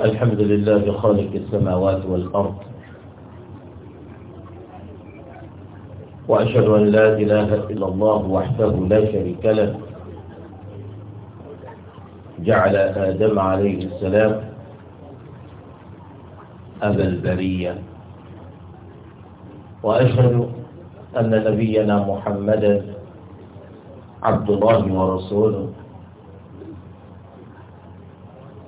الحمد لله خالق السماوات والأرض وأشهد أن لا إله إلا الله وحده لا شريك له جعل آدم عليه السلام أبا البرية وأشهد أن نبينا محمدا عبد الله ورسوله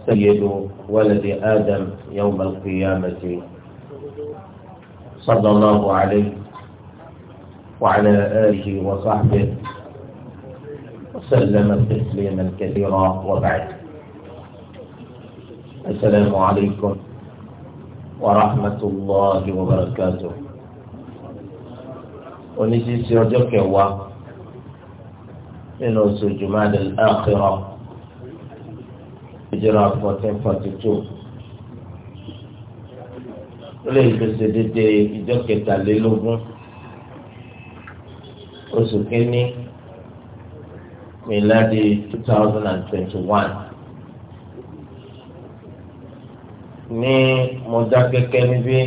سيد ولد آدم يوم القيامة صلى الله عليه وعلى آله وصحبه وسلم تسليما كثيرا وبعد السلام عليكم ورحمة الله وبركاته ونجي سيرجوك kẹwàá nínú oṣù jùmọ́ ìjírà fourteen forty two lè pèsè dédé ìjọ kẹtàlélógún oṣù kínní miladi two thousand and twenty one ní Mọdákẹ́kẹ́ níbí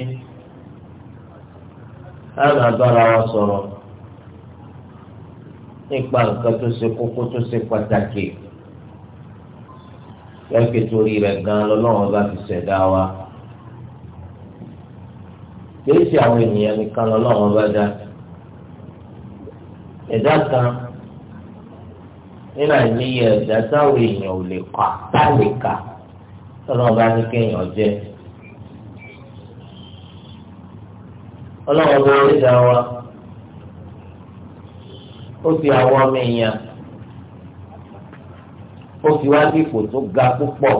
àwọn agbára wa sọ̀rọ̀ nípa nǹkan tó ṣe kókó tó ṣe pàtàkì lọ́kẹ́ torí rẹ̀ gan lọ́lọ́wọ́n bá fi ṣẹ̀dá wa kìí ṣe àwọn ènìyàn nìkan lọ́lọ́wọ́n bá dá ẹ̀dá kan nínú àìníyẹ ẹ̀dá táwọn èèyàn ò lè kà táàlì kà lọ́lọ́wọ́n bá ní kéèyàn jẹ́ ọlọ́wọ́n bá rí dá wa ó fi àwọn ọmọ èèyàn ó fi wá sí ipò tó ga púpọ̀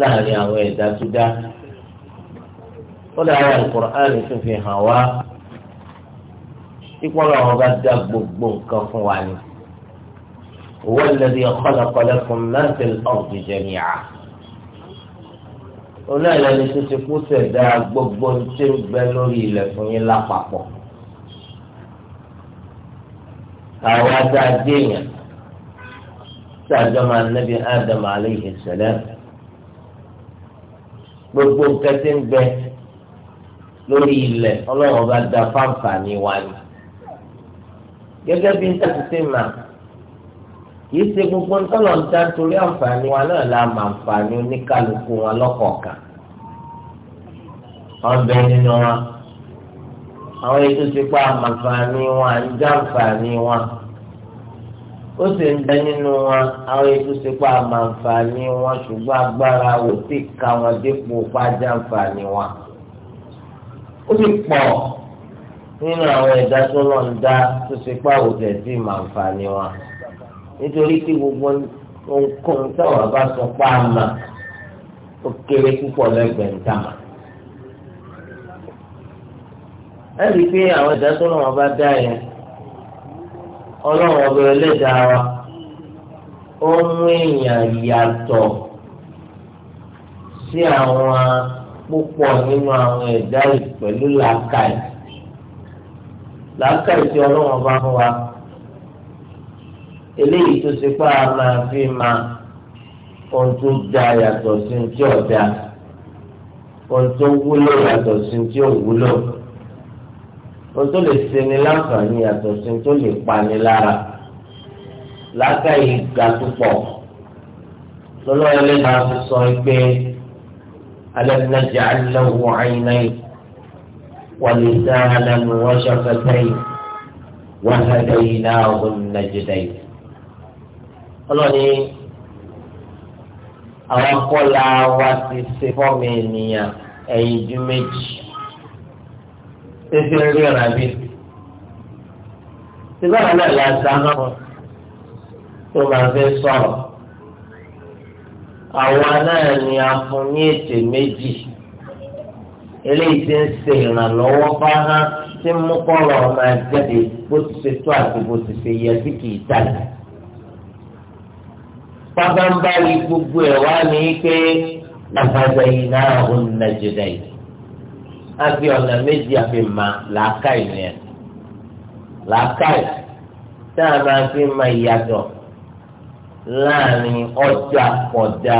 láàrin àwọn ẹ̀dá tó dá ó dára alukur'an tó fi hàn wá ipò làwọn bá dá gbogbo nǹkan fún wa ni huwa alladhi khalaqa lakum ma fil ardi jami'a onáìlẹ́ni tó ti kú ṣẹ̀dá gbogbo tí ń bẹ lórí ilẹ̀ yín lápapọ̀ àwọn adájẹ́ yẹn tí a jọ máa nẹ́bí Adam aleyhi sẹlẹm gbogbo nǹkan tí ń bẹ lórí ilẹ̀ ọlọ́run bá da fáǹfààní wa ni gẹ́gẹ́ bí níta ti ṣe mà kìí ṣe gbogbo ńtọ́lọ̀ ń dá torí àǹfààní wa náà la mà àǹfààní oníkálukú wọn lọ́kọ̀ọ̀kan ọ̀bẹ nínú wa àwọn ètò ti pa àmàǹfààní wọn àǹjàǹfààní wọn. ó sì ń bẹ nínú wọn àwọn ètò sípò àmàǹfààní wọn ṣùgbọ́n agbára ò sì ka wọn dípò pàjáǹfààní wọn. ó sì pọ̀ nínú àwọn ẹ̀dá tó lọ ń dá tó sípò àwòtẹ́ gbogbo ohunkóhun táwọn bá sọ pa àmà ó kéré púpọ̀ lẹ́gbẹ̀ẹ́ ntàmà. ẹ rí i pé àwọn ẹ̀dá ọlọ́run ọba ẹlẹ́dàá wa ó mú èèyàn yàtọ̀ sí àwọn púpọ̀ nínú àwọn ẹ̀dá yìí pẹ̀lú làákàyè làákàyè tí ọlọ́run ọba fún wa eléyìí tó ṣe pé a máa fi máa ohun tó da yàtọ̀ sí ohun tí ọ̀dà ohun tó wúlò yàtọ̀ sí ohun tí ò wúlò ohun tó lè ṣeni láǹfààní yàtọ̀ sí ohun tó lè pani lára lákàyè ga púpọ̀ lọ́lọ́ ẹlẹ́dàá fi sọ pé alam naj'al lahu 'aynayn wa lisanan wa shafatayn wa hadaynahu an-najdayn ọlọ́ni àwọn kọ́lá wa ti ṣe fọ́ọ̀mù ènìyàn ẹ̀yìn ju tètè ríra bí. Ìbára náà la dáná wọn tó máa fẹ́ sọ̀rọ̀. Àwa náà ni a fún ní ètè méjì. Eléyìí ti ń ṣe ìrànlọ́wọ́ fáhán tí mú kọ́rọ̀ ọmọ ẹgbẹ́de bó ti ṣe tó àti bó ti ṣe yẹ sí kìí dàgbà. Pápá ń bá rí gbogbo ẹ̀ wá ní pé làbàjẹ́ yìí náà ń nàjẹ̀dẹ̀ yìí àfi ọ̀nà méjì àfi mà làákàyè nìyẹn làákàyè tá a máa fi ma ìyàtọ̀ láàrin ọjà kọjá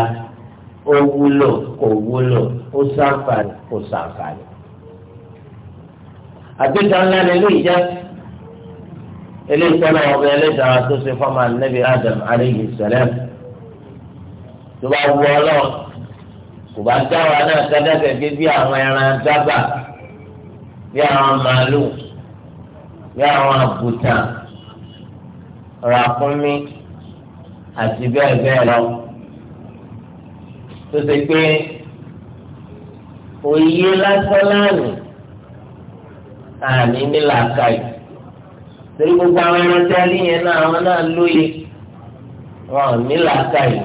ó wúlò kò wúlò ó ṣàǹfààní kò ṣàǹfààní. àgbéjọ ńlá ni ilé ìjẹ́ ilé ìtọ́nà ọ̀bẹ ẹlẹ́dàá tó ṣe fọ́ọ̀mù ànábì Adam alayhi salam tó bá wú ọlọ́run kò bá dá wa náà sádàkẹ́ gé bí àwọn ẹran dábà bí àwọn màálù bí àwọn àgùntàn ràkúnmí àti bẹ́ẹ̀ bẹ́ẹ̀ lọ tó ṣe pé òye lásán láàánú àní ní làákàyè torí gbogbo àwọn ẹran tí a rí yẹn náà àwọn náà lóye wọn ò ní làákàyè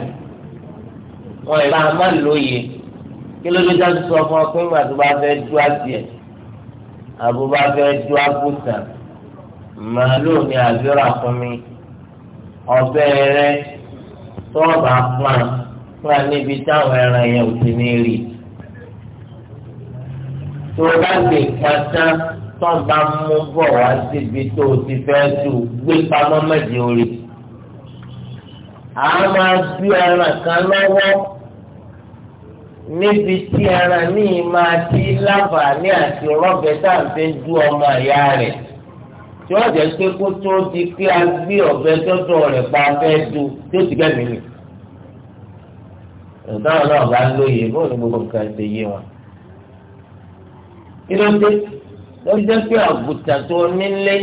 wọn ìlà má lóye kí ló dé dájú sọ fún ọ pé ìgbà tó bá fẹ́ dú adìẹ àbò bá fẹ́ dú àgùntàn màálù ni àbíọ́ra fún mi ọbẹ̀ rẹ tó ọba fún a fún a níbi táwọn ẹran yẹn ò ti ní rí tó o bá gbè pátá tó ń bá mú bọ̀ wá síbi tó o ti fẹ́ tù gbé pamọ́ mẹ́jẹ orí àá máa bí ẹran kan lọ́wọ́ níbi tí ẹran míì máa ti láǹfààní àti rọ́bẹ̀ tá à ń fi dú ọmọ ìyá rẹ̀ tí wọ́n jẹ́ pé kó tó di pé a gbé ọ̀bẹ tọ́tọ̀ rẹ̀ pa fẹ́ du tí ó ti gbẹ̀mí mi. ìdáhùn náà bá lóye bóun ni gbogbo nǹkan ṣe yé wọn. kí ló dé ló jẹ́ pé àgùntàn tó nílé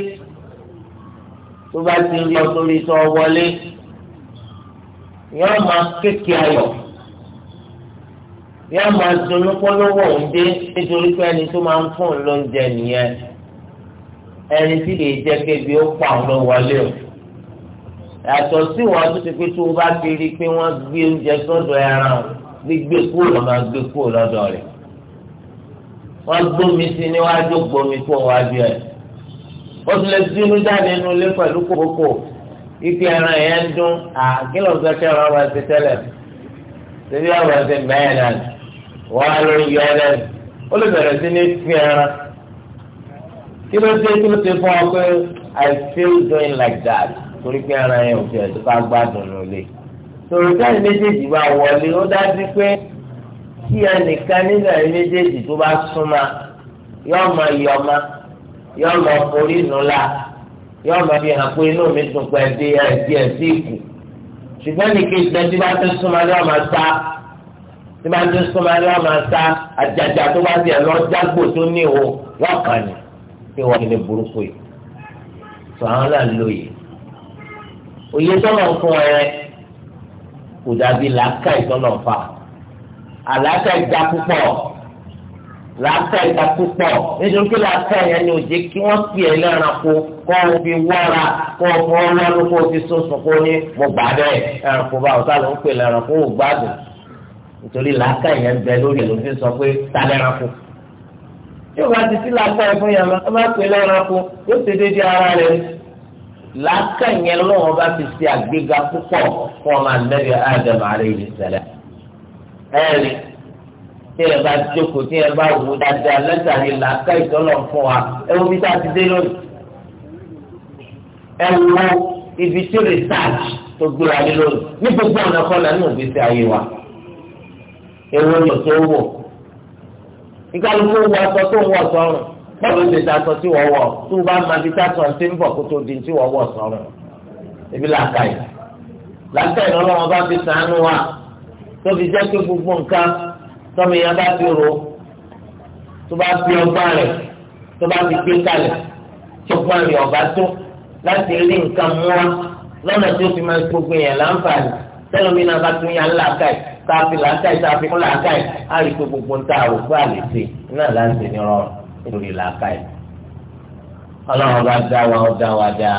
tó bá ti rí ọ sórí sọ wọlé yọ́n máa kéèké ayọ̀ yá máa dunú polówó òǹdé nítorí pé ẹni tó máa ń fún un lóúnjẹ nìyẹn ẹni tí kìí jẹ́ kébi ó pa òun ló wọlé o yàtọ̀ sí wọn tó ti pé tó o bá ti rí i pé wọ́n gbé oúnjẹ sọ́dọ̀ ẹran o gbígbé kúrò lọ́ máa gbé kúrò lọ́dọ̀ rẹ̀ wọ́n gbómi sí níwájú gbómi kó wájú ẹ̀ ó ti lè dínú jáde nínú ilé pẹ̀lú kòkòkò ibi ẹran yẹn ń dún àkìlọ̀ gbẹ́kẹ́ ọ̀rọ̀ ẹ̀sìn tẹ́lẹ̀ síbi ọ̀rọ̀ ẹ̀sìn bẹ́ẹ̀ náà wọ́n á lọ yọ ẹ lẹ́nu ó lè bẹ̀rẹ̀ sí ní fi ẹran kí ló dé kí ló dé fún ọ pé I feel doing like that torí pé ẹran yẹn ò fi ẹ̀sùn ká gbádùn ló lè torí táyì méjèèjì bá wọlé ó dájú pé kí ẹnìkan nínú ẹ̀ méjèèjì tó bá súnmọ́ yọ mọ ìyọmọ yọ mọ orí nùlá yọ mọ fi hàn pé inú mi dùn pẹ́ dé ẹ̀ díẹ̀ sí ìkù ṣùgbọ́n ní kí ìtẹ́jú bá tún súnmọ́ yọ mọ sá tí máa ń tún súnmọ́ ẹ lọ́ọ́ máa sá àjàjà tó bá tiẹ̀ lọ jágbó tó ní ìhò wọ́n kàn ní kí wọ́n ní burúkú yìí tó àwọn náà lóye òye tọ́lọ̀ ń fún ẹ kò dàbí làákà ìtọ́lọ̀ ń fa àlàákà ìjà púpọ̀ làákà ìjà púpọ̀ nítorí pé làákà yẹn ni òjé kí wọ́n pè é lẹ́ranko kọ́ ọ fi wọ́ra kọ́ ọ fọ́ ọ́ lọ́nu kó o fi sọ̀sọ̀ kó ní mo gbà bẹ́ẹ̀ ẹranko báwo tá ló ń pè lẹ́ranko ò gbádùn nítorí làákà yẹn bẹ lórí ló fi sọ pé ta lẹ́ranko yóò bá ti sí làákà yẹn fún yàrá ẹ bá pè lẹ́ranko yóò ṣe déédéé ara rẹ̀ làákà yẹn lọ́wọ́ bá ti ṣe àgbéga púpọ̀ fún ọmọ àlẹ́bí Ádámù alayhi salam ẹ̀rí tí ẹ bá jókòó tí ẹ bá wò dáadáa lẹ́tàrí làákà ìtọ́lọ̀ fún wa ẹ wo bí tá ti dé lónìí ẹ wo ibi tí research tó gbéra lé lónìí ní gbogbo ọ̀nà èrò yóò tó wò ìkàlùkù wọ aṣọ tó ń wọ sọrùn bọ́ọ̀lù lè ta aṣọ tí wọ́n wọ̀ tó bá máa fi tásọ̀ ṣe ń bọ̀ kó tó di tí wọ́n wọ̀ sọrùn ebi làákà yìí làákà yìí lọ́wọ́ bá fi sànú wa tó fi jẹ́ pé gbogbo nǹkan tọ́mi yẹn bá fi ro tó bá fi ọgbà rẹ̀ tó bá fi gbé kalẹ̀ tó gbà rẹ̀ ọ̀bá tó láti rí nǹkan mú wa lọ́nà tó fi máa gbogbo yẹn láǹfààní tẹ́lómi náà bá tún yà ń làákà yìí tààfi làákàyè tààfi fún làákàyè á rí pé gbogbo ń ta àròkú àlèsè náà láǹtẹ̀ ní rọrùn nítorí làákàyè. ọlọ́run bá dá wa ó dá wa dá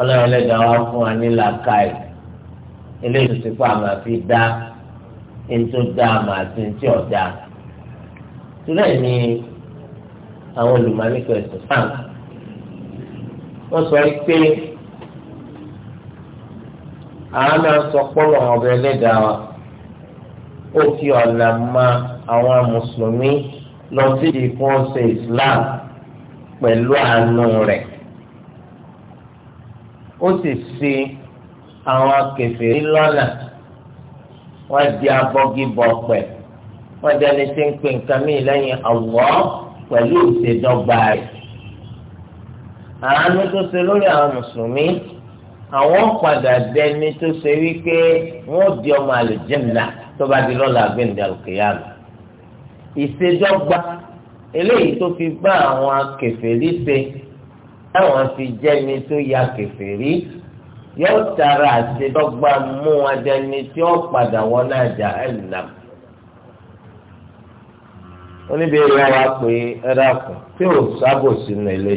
ọlọ́run lẹ́dàá wa fún wa ní làákàyè eléyìí ti fún àmà fi dá ẹni tó dá àmà àti ẹni tí ò dá. sílẹ̀ ni àwọn olùmọ̀ nípa ẹ̀sìn sáà wọ́n sọ pé àwọn náà sọ pọ́lọ̀ ọ̀bẹ ẹlẹ́dàá wa ó fi ọ̀nà ma àwọn mùsùlùmí lọ sí di fún ọ̀sẹ̀ Islam pẹ̀lú àánú rẹ̀ ó sì ṣe àwọn kèfèrí lọ́nà wọ́n di abọ́gibọ̀pẹ̀ wọ́n di ẹni tí ń pè nǹkan mí lẹ́yìn àwọ̀ pẹ̀lú ìṣèdọ́gba rẹ̀ àánú tó ṣe lórí àwọn mùsùlùmí àwọn padà dẹni tó ṣe wípé wọn di ọmọ àlùjẹmìnà tó bá di lọ́la gbẹ̀ǹdà òkèèyàmù ìṣèjọba eléyìí tó fi bá àwọn kèfèrí ṣe táwọn fi jẹni tó ya kèfèrí yóò tara àṣedọ́gba mú wọn dẹni tí ó padà wọn náà jà ẹ̀nà. oníbẹ̀rẹ̀ wa pé ẹ dákun tí ò sábò sínú ilé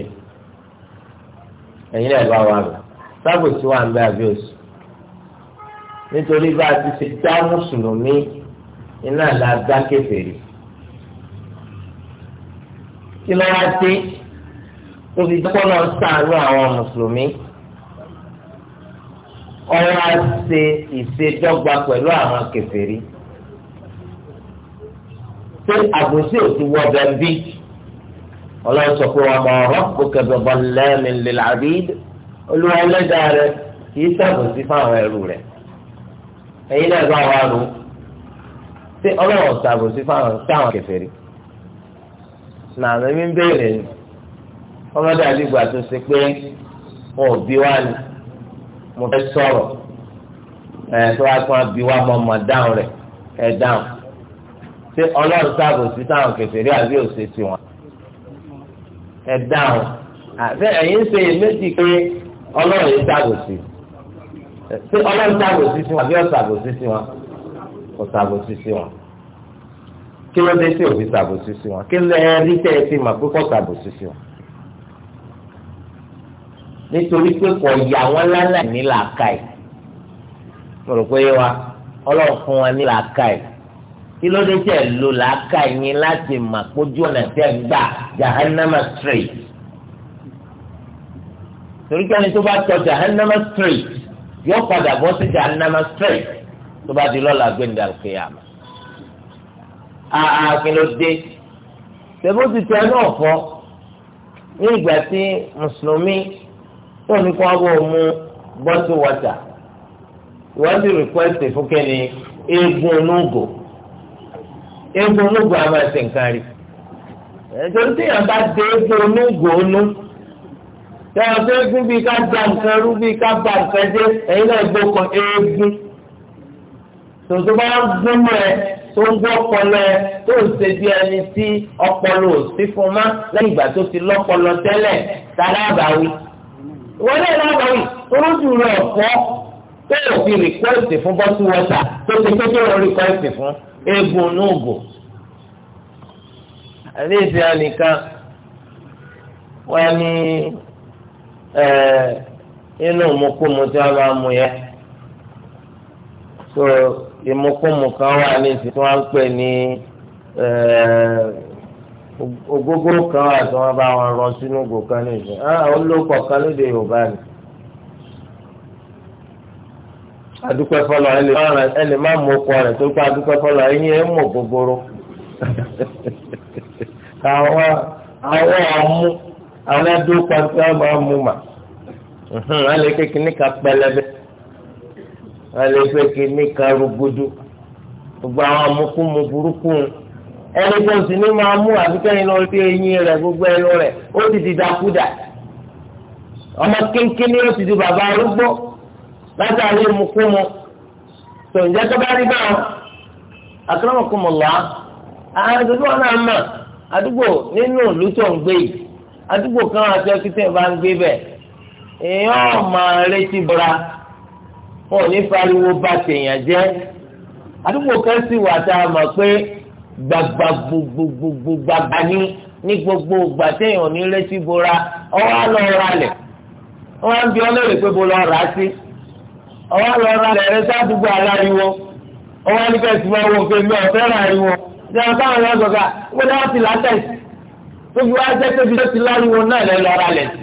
ẹ̀yin náà bá wà lọ sábòsí wà ń bẹ àbí òsì nítorí bá a ti ṣe dá mùsùlùmí iná la dá kèfèrí kí ló wá dé tó fi dúpọ́ náà ń sàánú àwọn mùsùlùmí ọ̀rọ̀ á ṣe ìṣèjọba pẹ̀lú àwọn kèfèrí pé àbòsí ò ti wọbẹ bí ọlọ́sọ̀kọ́ ọmọ ọ̀rọ̀ kò kẹ̀bẹ̀ bọ̀ lẹ́ẹ̀mí lè olúwa ẹlẹ́dàá rẹ kìí ṣàbòsí fáwọn ẹrú rẹ ẹ̀yin náà bá wa rò ṣé ọlọ́run ṣàbòsí fáwọn sáwọn kèfèrí nàánú mi ń béèrè ni ọmọdé àdìgbà tó ṣe pé wọn ò bí wá ni mo fẹ́ sọ̀rọ̀ ẹ̀ tó wá tún bí wá mọ́ mọ́ dáhùn rẹ̀ ẹ̀ dáhùn ṣé ọlọ́run ṣàbòsí sáwọn kèfèrí àbí òṣèṣì wọn ẹ̀ dáhùn àbẹ́ ẹ̀yin ṣe èméjì pé ọlọ́run yìí ṣàbòsí ṣé ọlọ́run ṣàbòsí sí wọn àbí ọ̀ṣàbòsí sí wọn ọ̀ṣàbòsí sí wọn kí ló dé sí òfin ṣàbòsí sí wọn kí ló rí tẹ́ ẹ sí mà pé kò ṣàbòsí sí wọn. nítorí pé kò yà wọ́n lálẹ́ ní làákàyè mo rò pé wa ọlọ́run fún wọn ní làákàyè kí ló dé tẹ̀ lò làákàyè láti mà pójú ọ̀nà tẹ̀ gbà jahannama straight torí pé ẹni tó bá tọ jahannama straight yóò padà bọ́ sí jahannama straight tó bá di lọ́la gbẹ̀ndé àlùkìyàmà. àà kí ló dé tẹ̀bó ti tẹ náà fọ́ ní ìgbà tí mùsùlùmí tó ní kó wọ́n mú bọ́tù wọ́tà wọ́n ti rìkwẹ́sì fún kẹ́ni eégún onúgò eégún onúgò a máa ṣe nǹkan rí. ẹ̀jọ̀ tí yàrá bá dé eégún onúgò onú yàrá tó gún bíi ká gba nǹkan rú bíi ká gba nǹkan jẹ ẹ̀yin náà gbó kan eégún tòtò bá gún mọ́ ẹ tó ń gbọ́ ọpọlọ ẹ tó ń ṣe bí ẹni tí ọpọlọ ò sí fún ma lẹ́yìn ìgbà tó ti lọ́pọlọ tẹ́lẹ̀ tá lábàáwí wọ́n lé lábàáwí olójú rẹ̀ ọ̀pọ̀ tó o fi rìkọ́ẹ̀tì fún bọ́tú wọ́tà tó ti kékeré rìkọ́ẹ̀tì fún eégún onúgò àdéhìí ti wọ́n ní. Ịnụ eh, ìmukúmu tí a bá mu yẹ so ìmukúmu kan wà ní ìsìn tí wọ́n pè ní ògógóró eh, kan wà tí wọ́n bá wọn rọ sínú ògò kan ní ìsìn àwọn ah, olóòpọ̀ kan lóde Yorùbá ni adúpẹ́ fọlọ má mú ọkọ àwọn ẹdún pàṣẹ ọmọ ọmọ mà wọn lè kékeré níka pẹlẹbẹ wọn lè kékeré níka rúgudu gbogbo àwọn amukumu burúkú ẹni tó sì ní máa mú àbíkẹ́yìn lọ sí eyín rẹ gbogbo ẹnu rẹ ó ti di dákúdà ọmọ kínkínní ó ti di bàbá arúgbó látàrí mukumu tó ń jẹ́ tó bá rí báwọn àwọn náà mọ̀ àdúgbò àdúgbò kan àti ọkítẹ́ bá ń gbé bẹ̀ èèyàn máa retí bọ́ra wọn ò ní pariwo bá tèèyàn jẹ́ àdúgbò kan sì wà tá a mọ̀ pé gbàgbà gbogbogbò gbàgbà ní ní gbogbo ìgbà téèyàn ní retí bọ́ra ọwọ́ lọ ra lẹ̀ wọ́n á ń bi ọlọ́rẹ̀ pé bó lọ rà á sí ọwọ́ lọ ra rẹ sádùúgbò aláriwo ọwọ́ nípa ìsúná owó pé mi ò fẹ́ rà ariwo ṣé ọ̀sán àwọn ọ̀gọ̀gà wọ́n dá sí látẹ̀sí gbogbo wa jẹ́ tóbi tó ti láriwo náà lẹ́ lọ́ra lẹ̀ sí.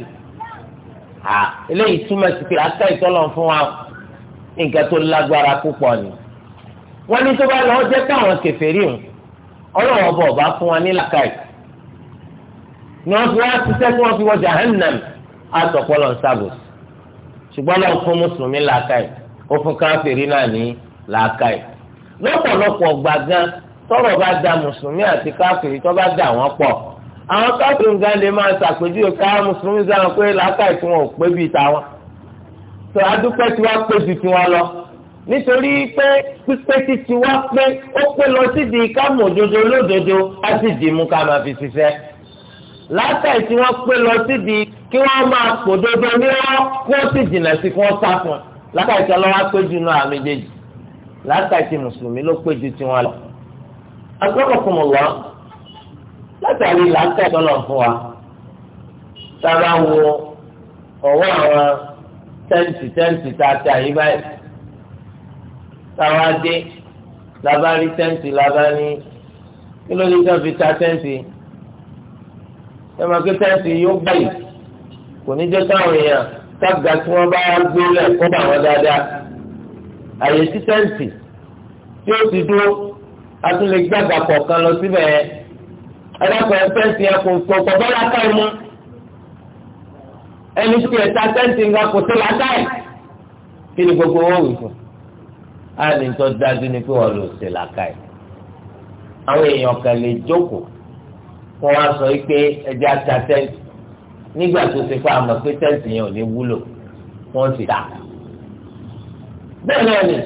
à eléyìí túmọ̀ sí pé àtọ́ ìtọ́lọ̀ fún wa nǹkan tó lágbára púpọ̀ ni. wọ́n ní tó bá lọ jẹ́ káwọn kèfèrí hùn ọlọ́run ọba ọba fún wa ní làkàì. ni wọ́n fi wá ṣiṣẹ́ tí wọ́n fi wọ jahannam àtọ̀pọ̀lọ̀ ń ṣàbòsí. ṣùgbọ́n lọ́n fún mùsùlùmí làkàì ó fún káfíìrì náà ní làkàì. lọ́pọ̀lọpọ̀ gbàgán tọ́rọ̀ bá da mùsùlùmí àti káfíìrì tó bá da wọ́n pọ̀ àwọn káàkiri nǹkan lè máa ṣàpèjúwe káwọn mùsùlùmí sáà pé làákàyè tí wọn ò pé bíi tàwọn tó adúpẹ́ tí wọ́n pé ju tiwọn lọ nítorí pé pípé tí tiwọn pé ó pé lọ sídìí kámọ̀ òdodo lódodo á sì dìímú ká máa fi ṣiṣẹ́ látàì tí wọ́n pé lọ síbi kí wọ́n máa pòdodo ní wọ́n kí wọ́n sì jìnnà sí kí wọ́n sá fún un látàì tí ọlọ́wọ́ péjú náà àmì jẹjì látàì tí mùsùlùmí ló péjú tí wọ́n lọ. agbọ́kọ̀kùnmọ̀ wá látàrí làákà ìtọ́lọ̀ fún wa sábà wo ọwọ́ àwọn tẹ́ǹtì tẹ́ǹtì tá a ta yìí báyìí táwa dé labá rí tẹ́ǹtì labá ní kí ló dé tó fi ta tẹ́ǹtì ẹ máa ké tẹ́ǹtì yóò báyìí kò ní jẹ́ káwọn èèyàn tága tí wọ́n bá gbé lẹ̀ kó bá wọn dáadáa àyè sí tẹ́ǹtì tí ó ti dúró a tún lè gbàgbà kọ̀ọ̀kan lọ síbẹ̀ yẹn ẹ̀dàpọ̀ ẹ̀fẹ́ sí ẹ̀ kò kò bọ́lá ká ẹ̀ mú ẹni tí ẹ̀ ta sẹ́ǹtì ńlá kò sí làákàyè kí ni gbogbo owó wì fún a ní tó dájú ni pé wọ́n lò sí làákàyè àwọn èèyàn kan lè jókòó kó wá sọ pé ẹjẹ́ ata sẹ́ǹtì nígbà tó ti fẹ́ àmọ̀ pé sẹ́ǹtì yẹn ò ní wúlò wọ́n sì dà bẹ́ẹ̀ náà ni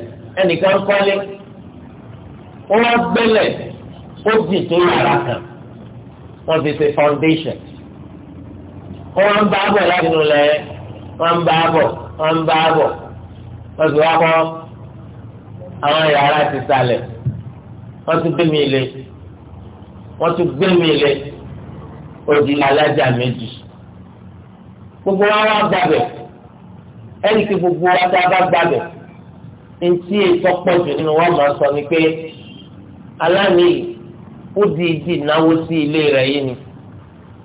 ẹnìkan kọ́lé wọ́n wá gbẹ́lẹ̀ ó dì tó yàrá kan wọ́n fi ṣe foundation wọ́n ń bá bọ̀ láti nù lẹ̀ wọ́n ń bá bọ̀ wọ́n ń bá bọ̀ wọ́n sì wá kọ́ àwọn yàrá ti sálẹ̀ wọ́n tún gbé mi lé wọ́n tún gbé mi lé odi alájà méjì gbogbo wa wá gbàgbẹ́ ẹni tí gbogbo wa tá a bá gbàgbẹ́ ntí ètò pọ̀jù nínú wọn máa sọ ni pé aláàmì yìí ó di ìdí ìnáwó sí ilé rẹ̀ yìí ni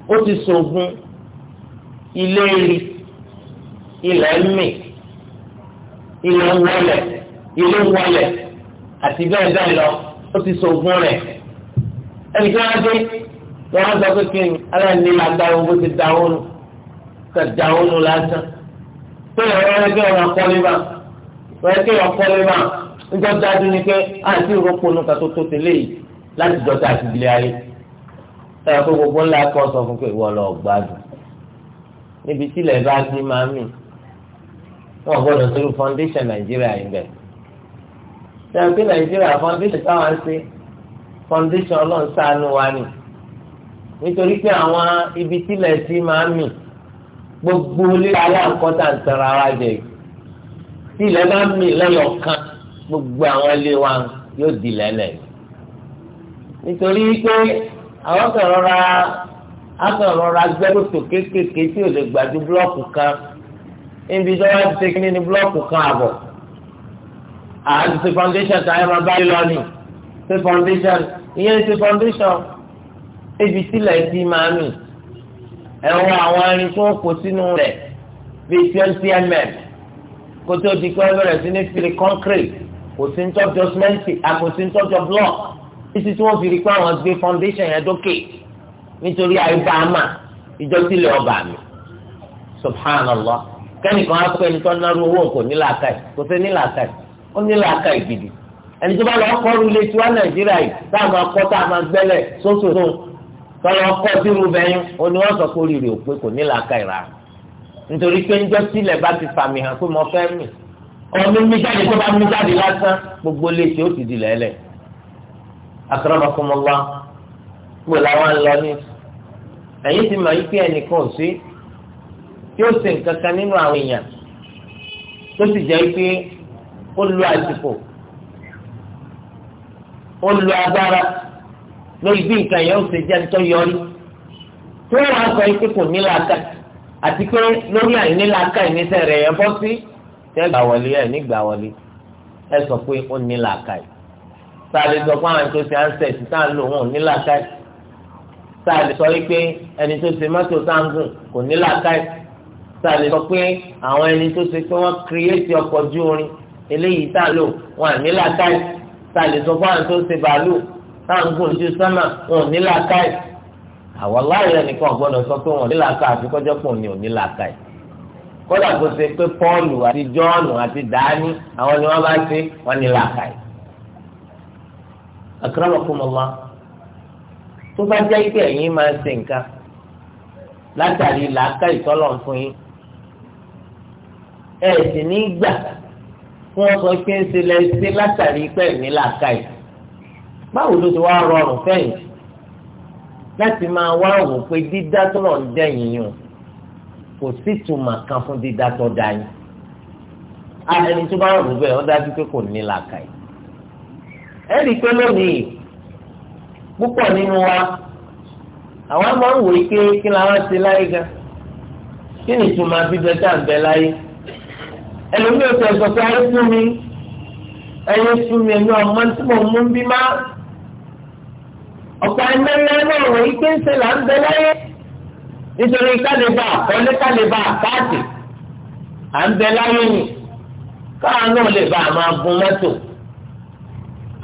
ó ti sògùn ilé rí ilẹ̀ mì ilẹ̀ wọlẹ̀ ilé wọlẹ̀ àti bẹ́ẹ̀ bẹ́ẹ̀ lọ ó ti sògùn rẹ̀ ẹnìkan á dé wọ́n á sọ pé kí ni aláǹdí la gba owó ti dáwó nu ká dáwó nu lásán pé ọ̀rọ̀ rẹ kí ọ̀rọ̀ kọ́lé bá ọ̀rọ̀ kí ọ̀rọ̀ kọ́lé bá ń jọ́ dájú ni pé àti ìrókò nu kàtó tó tẹ̀lé yìí láti dọ́ta àti ìdílé ayé sọ̀rọ̀ pé gbogbo ńlá kọ́ sọ fún pé ìwọ lọ gbádùn níbi tí ilẹ̀ bá gbé máa mì wọn gbọ́dọ̀ sórí foundation nàìjíríà yìí bẹ̀. sọ̀rọ̀ pé nàìjíríà foundation táwọn ń ṣe foundation ọlọ́run ṣàánú wa ni nítorí pé àwọn ibi tí ilẹ̀ sí máa mì gbogbo ilé ayé àkọ́tà ń tẹ̀ra ara jẹ tí ilẹ̀ bá mì lẹ́yọ̀ kan gbogbo àwọn ilé wa yóò di lẹ́lẹ̀ yìí nítorí pé àwọn sọ̀rọ̀ ra akọ̀rọ̀ ra gbẹ́lótò kéékèèké tí ò lè gbàdú búlọ́ọ̀kù kan níbi tí wọ́n ti ṣe kíní ní búlọ́ọ̀kù kan àbọ̀ àti ṣe foundation tàyẹ̀ máa bá lọ ní ṣe foundation ìyẹn ṣe foundation ebi sílẹ̀ ti máa mì ẹ̀wọ̀n àwọn irin tí wọ́n kó sínú rẹ̀ bíi twenty mm kótó di pé wọ́n bẹ̀rẹ̀ sí ní fili concrete kò sí ní tọ́jọ́ cement àkòsí ní tọ́jọ́ block títí tí wọ́n fi rí pé àwọn gbé foundation yẹn dókè nítorí àìbáàmà ìjọsílẹ̀ ọba mi subhanallah kẹ́nìkan á pẹ́ nítorí náírà owó kò ní làákàyè kò sí ní làákàyè ó ní làákàyè gidi ẹni tó bá lọ kọ́ru ilé tiwa nàìjíríà yìí tá a máa kọ́ tá a máa gbẹ́lẹ̀ sóṣòṣò tọ́lọ́ kọ́ sírú bẹ́yìn ó ní wọ́n sọ pé oríire òpin kò ní làákàyè rà nítorí pé ń jọ́sílẹ̀ bá ti fàmì hàn pé mo fẹ́ mi ọmọ mi jáde tó bá mi jáde lásán gbogbo ilé tí ó ti di lẹ́lẹ̀ akramakumullah gbò làwọn lọ ní ẹ̀yìn ti mọ̀ ike ẹnìkan ò sí tí ó sì nǹkan kan nínú àwọn èèyàn tó sì jẹ́ pé ó lu àsìkò ó lu agbára lórí bí nǹkan yẹn ó ṣe jẹ́ nítorí yọrí tí wọ́n wá sọ pé kò ní làákà àti pé lórí àìní làákà ìníṣẹ́ rẹ̀ yẹn bọ́ sí tẹ́ wọlé ẹ̀ nígbà wọlé ẹ sọ pé ó ní làákà yìí tá a lè sọ pé àwọn tó ṣe ansẹt tá a lò wọn ò ní làákàyè tá a lè sọ pé ẹni tó ṣe mọ́tò sáńgùn kò ní làákàyè tá a lè sọ pé àwọn ẹni tó ṣe pé wọ́n kírẹ́ẹ̀tì ọkọ̀ ojú orin eléyìí tá a lò wọn à ní làákàyè tá a lè sọ pé àwọn tó ṣe bàálù sáńgùn ojú sánmà wọn ò ní làákàyè àwọn láàyè ẹnìkan gbọ́dọ̀ sọ pé wọn ò ní làákàyè àfikọ́jọ́ pọ̀ ní ò ní làákàyè kódà kó ṣe pé pọ́ọ̀lù àti jọ́ọ̀nù àti dání àwọn ni wọ́n bá ṣe wọ́n ní làákàyè akramakumullah tó bá jẹ́ ike ẹ̀yin máa ń ṣe nǹkan látàrí làákà ìtọ́lọ̀ fún yín ẹ sì ní gbà fún ọkọ̀ pé ń ṣe lẹ́sẹ̀ látàrí pé ẹ̀mí làákà yìí báwo ló ti wá rọrùn fẹ́yìn láti máa wá wò pé dídá tọ́lọ̀ ń dẹ̀yìn yìí kò sí ìtumọ̀ kan fún dídá tọ́ da yín ẹni tó bá rò bẹ́ẹ̀ ó dájú pé kò ní làákà yìí ẹ rí i pé lónìí púpọ̀ nínú wa àwọn máa ń wò ó pé kí làwọn ṣe láyé gan kí ni ìtumọ̀ bíbẹ tá à ń bẹ láyé ẹlòmíì ò sọ̀sọ̀ pé ẹ fún mi ẹyẹ fún mi ẹ̀mí ọmọ tí mo mú bí má ọ̀pọ̀ ẹ̀mẹ́lẹ́ náà wò ó pé ń ṣe là ń bẹ láyé nítorí kálíbà àkọlé kálíbà àkáàtì à ń bẹ láyé yìí káà náà lè bá a máa gun mọ́tò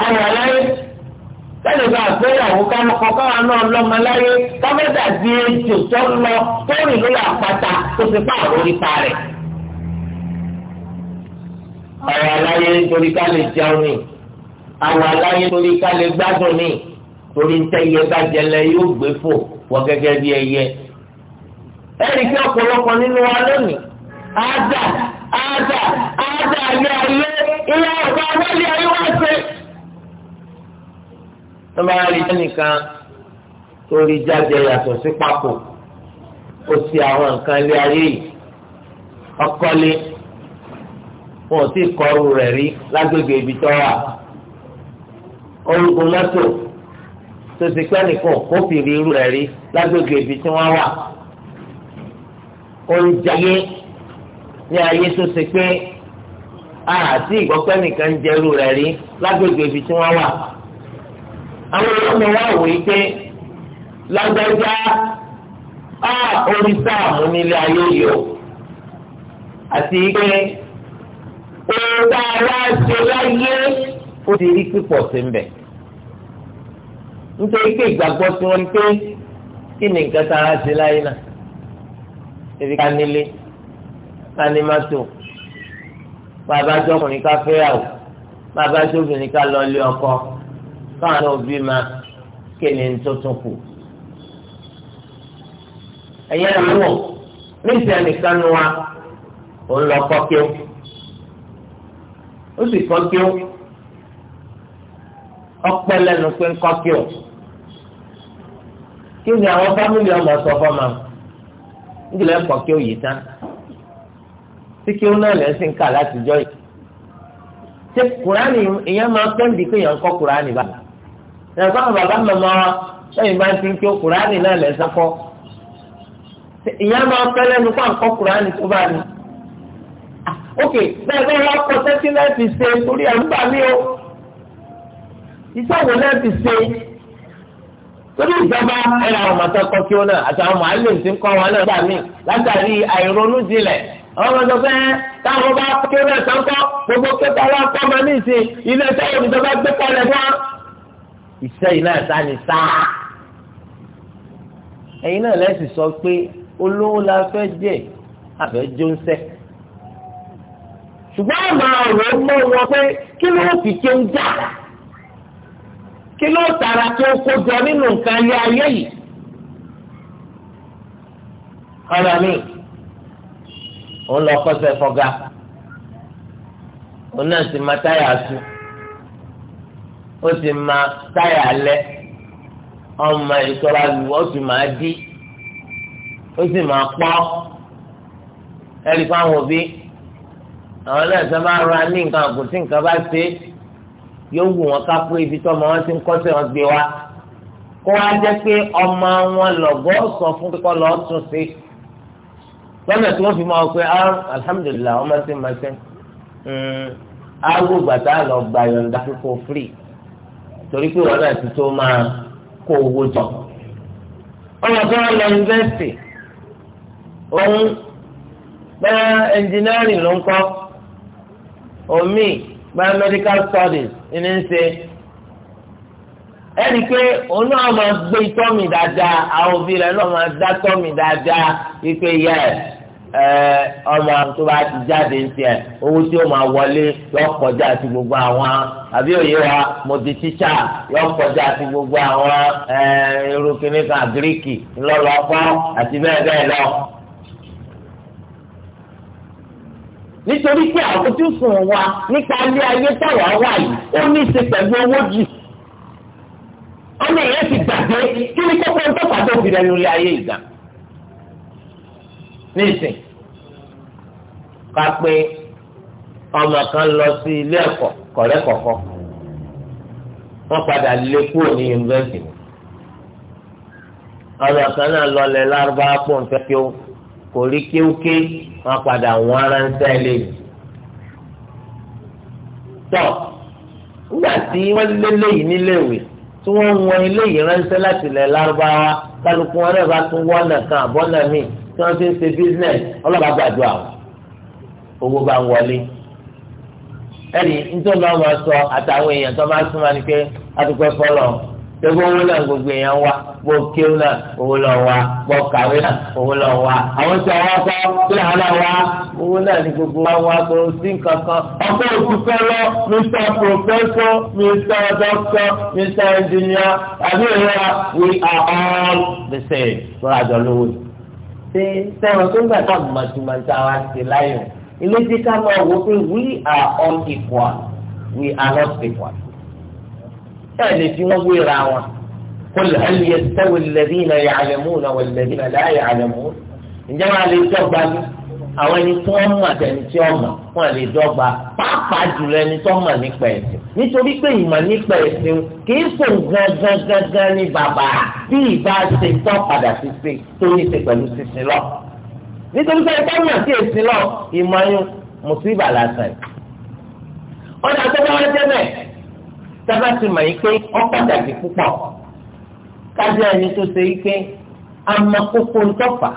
ayọ̀láyé lẹ́yìn bá àgbéyàwó kánukọ káwọn náà lọ́mọláyé kámẹ́tà di ejò tó ń lọ tó rìn lórí àpáta tó ti pa àrò nípa rẹ̀. ọ̀rọ̀ aláyé torí ká lè jẹun ni àwọn aláyé torí ká lè gbádùn ni torí ń tẹ́yẹ bá jẹlẹ yóò gbé fò wọ gẹ́gẹ́ bí ẹyẹ. ẹnì kí ọ̀pọ̀lọpọ̀ nínú wa lónìí ájà ájà ájà ayé ayé ilé ọ̀gá wọlé ayé wá sí tó bá rí ẹnìkan tó rí jáde yàtọ̀ sí papò ó sì àwọn nǹkan ilé ayé yìí ọkọlé wọn ò tí ì kọrù rẹ̀ rí lágbègbè ibi tó wà orúkọ mọ́tò tó ti pẹ́ nìkan kó fìrí irú rẹ̀ rí lágbègbè ibi tí wọ́n wà oúnjẹ ayé ní ayé tó ṣe pé àti ìgbọ́pẹ́ nìkan jẹ́rú rẹ̀ rí lágbègbè ibi tí wọ́n wà àwọn olóògùn wà wò yí pé lágbájá á orí sáàmù nílé ayé yìí o àti pé ohun tá a wá ṣe láyé ó ti rí pípọ̀ sí ń bẹ̀ nítorí pé ìgbàgbọ́ tí wọ́n pé kí ni nǹkan tá a ṣe láyé náà ebi ká nílé ká ní mọ́tò bàbá jọkùnrin ká fẹ́yàwó bàbá jọkùnrin ká lọ lé ọkọ káwọn náà bí ma kéde tuntun kù. ẹ̀yẹ́ ló wọ̀ níṣẹ́ nìkan nu wa òun lọ kọ́ kí ó ó sì kọ́ kí ó ọpẹ́ lẹ́nu pé ń kọ́ kí ó kí ni àwọn fámìlì ọmọ sọ fọmọ nígbìlẹ kọ́ kí ó yìí tán tí kí ó náà lẹ́sìn kà látijọ́ yìí ṣé kùránì ìyẹn máa pẹ́ǹdì pé èèyàn ń kọ́ kùránì báyìí ẹ̀fọ́ àwọn bàbá màmá wa lẹ́yìn bá ń ti ń kí kùránì náà lẹ̀ sọ́kọ́ ìyá máa fẹ́ lẹ́nu fún àkọ́ kùránì tó bá ní. ok bẹ́ẹ̀ bẹ́ẹ̀ wọ́n kọ sẹ́tí náà ti ṣe torí ẹ̀ ń bà mí o iṣẹ́ wo náà ti ṣe torí ìjọba ẹ̀rọ àwọn màtọ́ kọ́ kí ó náà àti àwọn màálù ti ń kọ́ wọn náà gbà mí látàrí àìronú jinlẹ̀ àwọn ọmọdé fẹ́ táwọn bá kéré ẹ̀sán kọ́ gbogbo kẹta wọn kọ́ ọmọ ní ìsìn ilé iṣẹ́ òdìjọba gbé kalẹ̀ fún wa iṣẹ́ yìí náà sáà ní sáà ẹ̀yin náà lẹ́sìn sọ pé olówó la fẹ́ jẹ́ àfẹ́ jóńsẹ́ ṣùgbọ́n àmọ́ ọ̀rọ̀ mọ́ wọn pé kí ló fi ṣe ń jà kí ló tara tó kó jọ nínú nǹkan ilé ayé yìí ọ̀rọ̀ mi òun lọ kọ́sẹ̀ fọ́gá òun náà sì máa táyà sùn ó sì máa táyà lẹ̀ ọmọ ìtọ́ra lu ó sì máa dí ó sì máa pọ́ ẹ̀rí fáwọn òbí àwọn náà sọ máa ra ní nǹkan àgùntí nǹkan bá ṣe yóò wù wọn ká pé ibi tó ọmọ wọn ti ń kọ́sẹ̀ wọn gbé wa kó wá jẹ́ pé ọmọ wọn lọ̀gọ́ sọ fún kíkọ́ lọ́ọ́ tún sí lọ́nà tí wọ́n fi máa pe ah, alhamdulilayi ọmọ sí máa ṣe àwọn hmm, gbàtà lọ gbàyọ̀ǹda kíkó free torí pé wọn náà ti tó máa kó owó jọ ọmọ tó wọn lọ yunifásitì òun bẹ́ẹ̀ ẹnjìnírìn ló ń kọ́ omi bẹ́ẹ̀ medical studies ní ń ṣe ẹnì pé òun náà máa gbé tọ́mì dáadáa àwọn òbí rẹ̀ náà máa dá tọ́mì dáadáa wípé yẹ́ẹ̀. ọmọ tó bá ti jáde ń tiẹ̀ owó tí ó máa wọlé yọ kọjá àti gbogbo àwọn àbí òye wa mo di tíṣà kọjá àti gbogbo àwọn irú kìnnì kan gíríkì ńlọlọpọ àti bẹ́ẹ̀ bẹ́ẹ̀ lọ. nítorí pé àfojúsùn wa nípa ilé ayé táwa wà yìí ó ní í ṣe pẹ̀lú owó jù ọmọ ìyẹn ti gbàgbé kí ni kókó ń tọ́ka tó fi rẹ̀ nílé ayé ìgbà. nísìn ká pé ọmọ kan lọ sí ilé ẹ̀kọ́ kọ̀lẹ́kọ̀ọ́kọ́ wọ́n padà lé kúrò ní yunifásitì ni ọmọ kan náà lọlẹ̀ lárúbáwá pọ̀ nfẹ́ kí ó kò rí kéwké wọ́n padà wọ́n aránsẹ́ lé mi. tọ́ nígbà tí wọ́n lé léyìí níléèwé tí wọ́n ń wọn iléyìí ránṣẹ́ láti ilẹ̀ lárúbáwá kálukú wọn náà bá tún wọ́nà kan àbọ́nà míì tí wọ́n ti ń ṣe business ọlọ́ba gbàdúrà owó bá ń wọlé ẹni nítorí wọn máa sọ àtàwọn èèyàn tó máa súnmọ́ ni pé adúpẹ́ fọlọ́ gbogbo owó náà gbogbo èèyàn wá bó kéwù náà owó lọ wá bó kàwé náà owó lọ wá àwọn tí àwọn kọ tí àwọn náà wá owó náà ní gbogbo wa wá kó sí kankan ọkọ òkúta lọ mr professor mr doctor mr engineer àbí ìrora we are all the same lọ́ra jọ lówó yìí ṣe sẹ́wọ̀n tó ń gbà tá màtúmọ̀tà wa ṣe láyọ̀ ilé tí ká máa wọ pé we are all equal we are not equal. ẹ lè fi wọn wéra wọn kó lẹ́yìn yẹ sẹ́wọ̀n lẹ́bí náà yà á lẹ́mú náà wọ̀ lẹ́bí náà láyà á lẹ́mú. ǹjẹ́ máa lè tọ́ gbani àwọn ẹni tí wọ́n mọ̀ àtẹni tí wọ́n mọ̀ wọ́n lè dọ́gba pàápàá jùlọ ẹni tó mọ̀ nípa ẹ̀sìn nítorí pé ìmọ̀ nípa ẹ̀sìn kì í fò gangan gangan ní bàbá bí ìbá ṣe tọ́ padà sí pé tó ní ṣe pẹ̀lú sísin lọ. nítorí pé ẹgbẹ́ mọ̀ sí èsìn lọ ìmọ̀ yín mùsíbà lásán. ọ̀dà tó bá wọ́n tẹ́lẹ̀ sábà ti mọ̀ yín pé ó pàtàkì púpọ̀ kájọ ẹni tó ṣe yí pé amakókó ń tọ́fà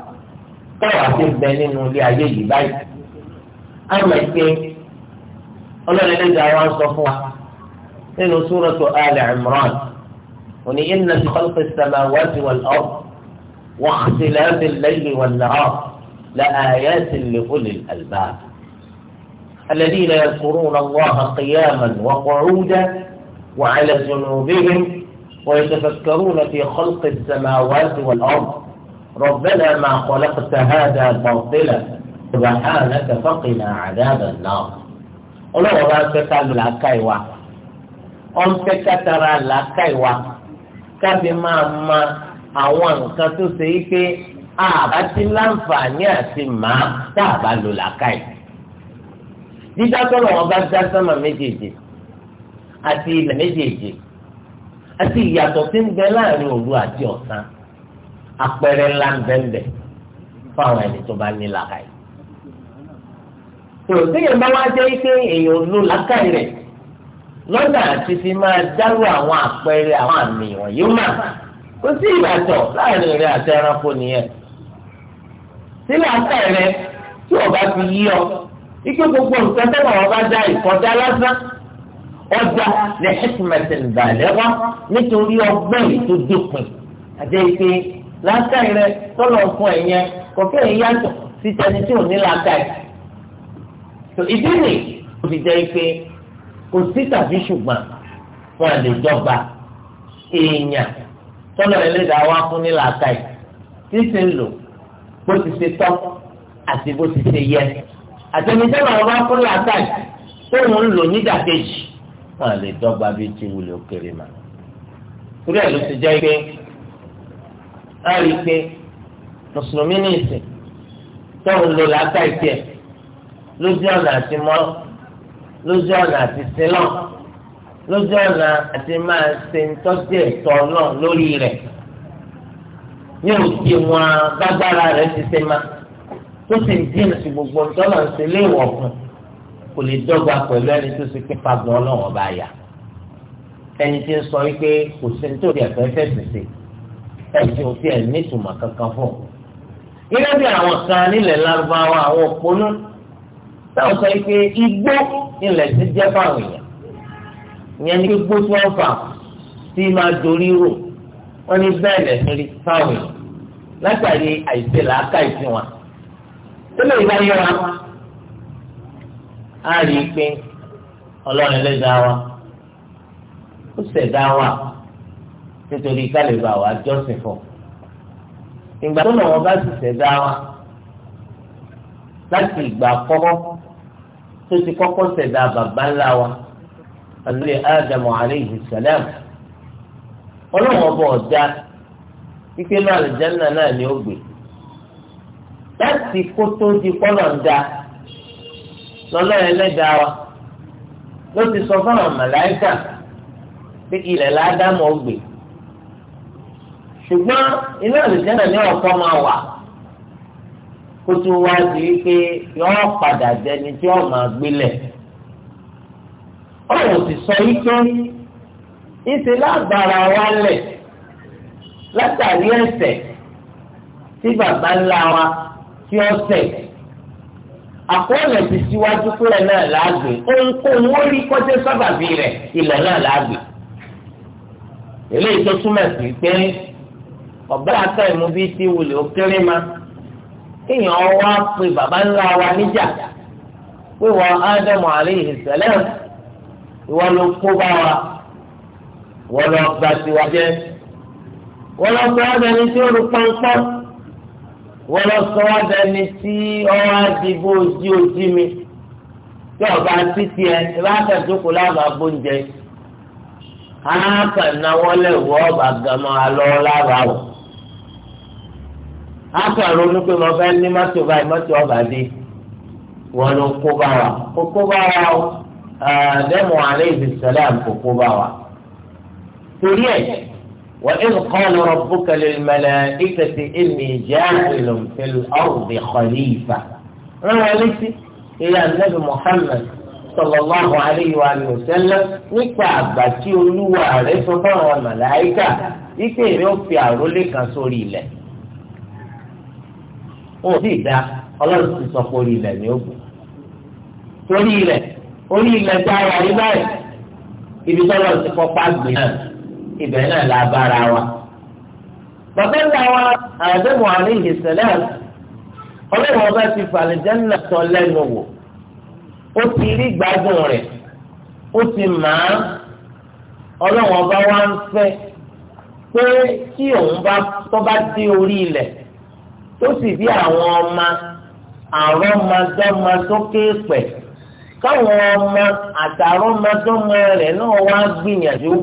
tọ́wọ́ àti bẹ nínú ilé ayé yìí báyìí àmọ́ pé ọlọ́run ẹlẹ́dàá wa ń sọ fún wa nínú tó alẹ́ imran òní iná ti kọ́ pé sàmà wá sí wọn lọ́wọ́ wọ́n ti lẹ́ẹ̀sì lẹ́yìn wọn lọ́wọ́ la ayé ti lè kó lè àlùbá. الذين يذكرون الله قياما وقعودا وعلى جنوبهم ويتفكرون في خلق السماوات والأرض ربنا ما خلقت هذا باطلا سبحانك فقنا عذاب النار ọlọ́wọ́ bá ń fẹ́ أم lu làákàyè wa ó ń fẹ́ ká tara làákàyè wa kábí máa ma àwọn nǹkan tó ṣe yí pé àbá ti láǹfààní àti màá tá a bá lu làákàyè. dídá tọ́lọ̀ wọn bá dá sánmà méjèèjì àti ilẹ̀ méjèèjì àti ìyàtọ̀ tí ń bẹ láàrin òru àti ọ̀sán apẹrẹ ńlá ńbẹ́ńbẹ́ fún àwọn ẹni tó bá ní làákàyè. tó téèyàn bá wá jẹ́ pé èèyàn ló làákàyè rẹ̀ lọ́nà àti fi máa dárò àwọn àpẹẹrẹ àwọn àmì wọ̀nyí mà kò sí ìyàtọ̀ láàrin rẹ̀ àti ẹranko nìyẹn. sí làákàyè rẹ̀ tí o bá fi yí ọ ike gbogbo nǹkan tẹ́lẹ̀ wọn bá dá ìkọjá lásán ọjà lẹ́hìnkìmẹ̀tì ìbàlẹ́wọ́ nítorí ọgbẹ́ ìtòdópin àti ike làákàyè rẹ tọ́lọ̀ fún ẹ̀ yẹn kọ̀kẹ́ yẹn yàtọ̀ sí tẹni tí ò ní làákàyè. tó ìdí nì kò fi jẹ́ pé kò sí tàbí ṣùgbọ́n fún àlejọba èèyàn tọ́lọ̀ ẹlẹ́dàá wá fún ní làákàyè tí sì ń lò bó ti ṣe tọ́ àti bó ti ṣe yẹ àtẹnudẹ́ náà wá fún làákàyè tóun ń lò nídàkejì wọn lè dọ́gba bí ti wulẹ̀ òkèrè mà. torí ẹ̀ ló ti jẹ́ pé á rí i pé mùsùlùmí ní ìsìn tóun lò láàkà ìtìẹ̀ lójú ọ̀nà àti mọ́ lójú ọ̀nà àti sílọ̀ lójú ọ̀nà àti máa ṣe ńtọ́jú ẹ̀tọ́ náà lórí rẹ̀ ní òkè wọn gbágbára rẹ̀ ti ṣe máa tó sì ń dín sí gbogbo ńtọ́nà ṣe léèwọ̀ fún kò lè dọ́gba pẹ̀lú ẹni tó ṣe pé fagbọ́n ọlọ́wọ́n bá yà ẹni tí ń sọ wípé kò sí ní ẹ̀fẹ́ fẹ́ sì ṣe ẹ̀sìn òsì ẹ̀ nítumọ̀ kankan fún un. gẹ́gẹ́ bí àwọn kan nílẹ̀ lárúbáwá àwọn òpónú táwọn sọ pé igbó nílẹ̀ ti jẹ́ fáwọn èèyàn ìyẹn ní igbó tí wọ́n fà tí máa dorí rò wọ́n ní bẹ́ẹ̀ lẹ́sìn rí fáwọn èèyàn látàrí àìsè làákà ìsìn tẹ́lẹ̀ ìgbà yọra á rí i pé ọlọ́run ẹlẹ́dàá wa ó ṣẹ̀dá wa nítorí kálíbà wa jọ́sìn fún ìgbà tó lọ́wọ́ bá sì ṣẹ̀dá wa láti ìgbà kọ́kọ́ tó ti kọ́kọ́ ṣẹ̀dá bàbá ńlá wa àlùyé ádámù alayhi salam ọlọ́wọ́ bọ̀ ọ̀dá ike náà àlùjáná náà ni ó gbé láti kó tó di kọ́nà ń da lọ́lọ́ wa ló ti sọ fún àwọn màláìkà pé ilẹ̀ ládàmú ó ṣùgbọ́n ilé àlùjánnà ni ọ̀kọ́ máa wà kó tún wá sí pé yọ́n padà jẹni tí wọ́n máa gbélẹ̀. ọ̀rọ̀ sì sọ yí pé ìṣe lágbára wa lẹ̀ látàrí ẹ̀ṣẹ̀ tí bàbá ńlá wa tí ó ṣẹ̀. àkọọ́lẹ̀ ti síwájú pẹ́rẹ́ náà láàgbé ohunkóhun ó rí kọ́jẹ́ sábàbí rẹ̀ ilẹ̀ náà láàgbé. eléyìí tó túmọ̀ sí pé. ọ̀bá àtọ̀ ìmú ti wulẹ̀ òkèrè ma kéèyàn wá pe baba ńlá wa níjà pé ádámù ìwọ bá wa wọ́n lọ gba tiwa jẹ́ wọ́n lọ sọ ọ́dà ni tí ó lu pọ́npọ́n wọ́n lọ sọ tí mi tí ọba títí ẹ bóúnjẹ wọ̀. akọ̀rọ̀ onípe mo fẹ́ ní mọ́tò báyìí mọ́tò ọba dé wọn ló kó bá wa kó kó bá wa o dẹ́mu aleyhi salam kó kó bá wa. torí ẹ̀ wọ́n ń kọ́ lọ́rọ̀ búkẹ́lẹ́ mẹ́lẹ́ ìkẹsì ẹ̀mí jẹ́ àìlùm fẹ́lẹ́ ọ̀rùbí khalifa. rárá létí ìyá nabi muhammad sallallahu alayhi wa sallam nípa àgbà tí olúwa rẹ̀ sọ fún àwọn màláìkà ike ìrẹ́ òfin àrólé kan sórí ilẹ̀ wọn ò sì dá ọlọ́run ti sọ pé orí ilẹ̀ ni ó gùn torí ilẹ̀ orí ilẹ̀ tá a wà ní báyìí ibi tọ́lọ̀ ti kọ́pá gbìn náà ibẹ̀ náà la bára wa. bàbá ńlá wa àdéhùn alayhi salam ọlọ́run ọba ti fàlìjẹ́nà tọ lẹ́nu wò ó ti rí gbádùn rẹ̀ ó ti màá ọlọ́run ọba wa ń fẹ́ pé tí òun bá tọ́ bá dé orí ilẹ̀ tó sì bí àwọn ọmọ àrọ́mọdọ́mọdókè pẹ̀ káwọn ọmọ àtàrọ́mọdọ́mọ rẹ̀ náà wá gbìyànjú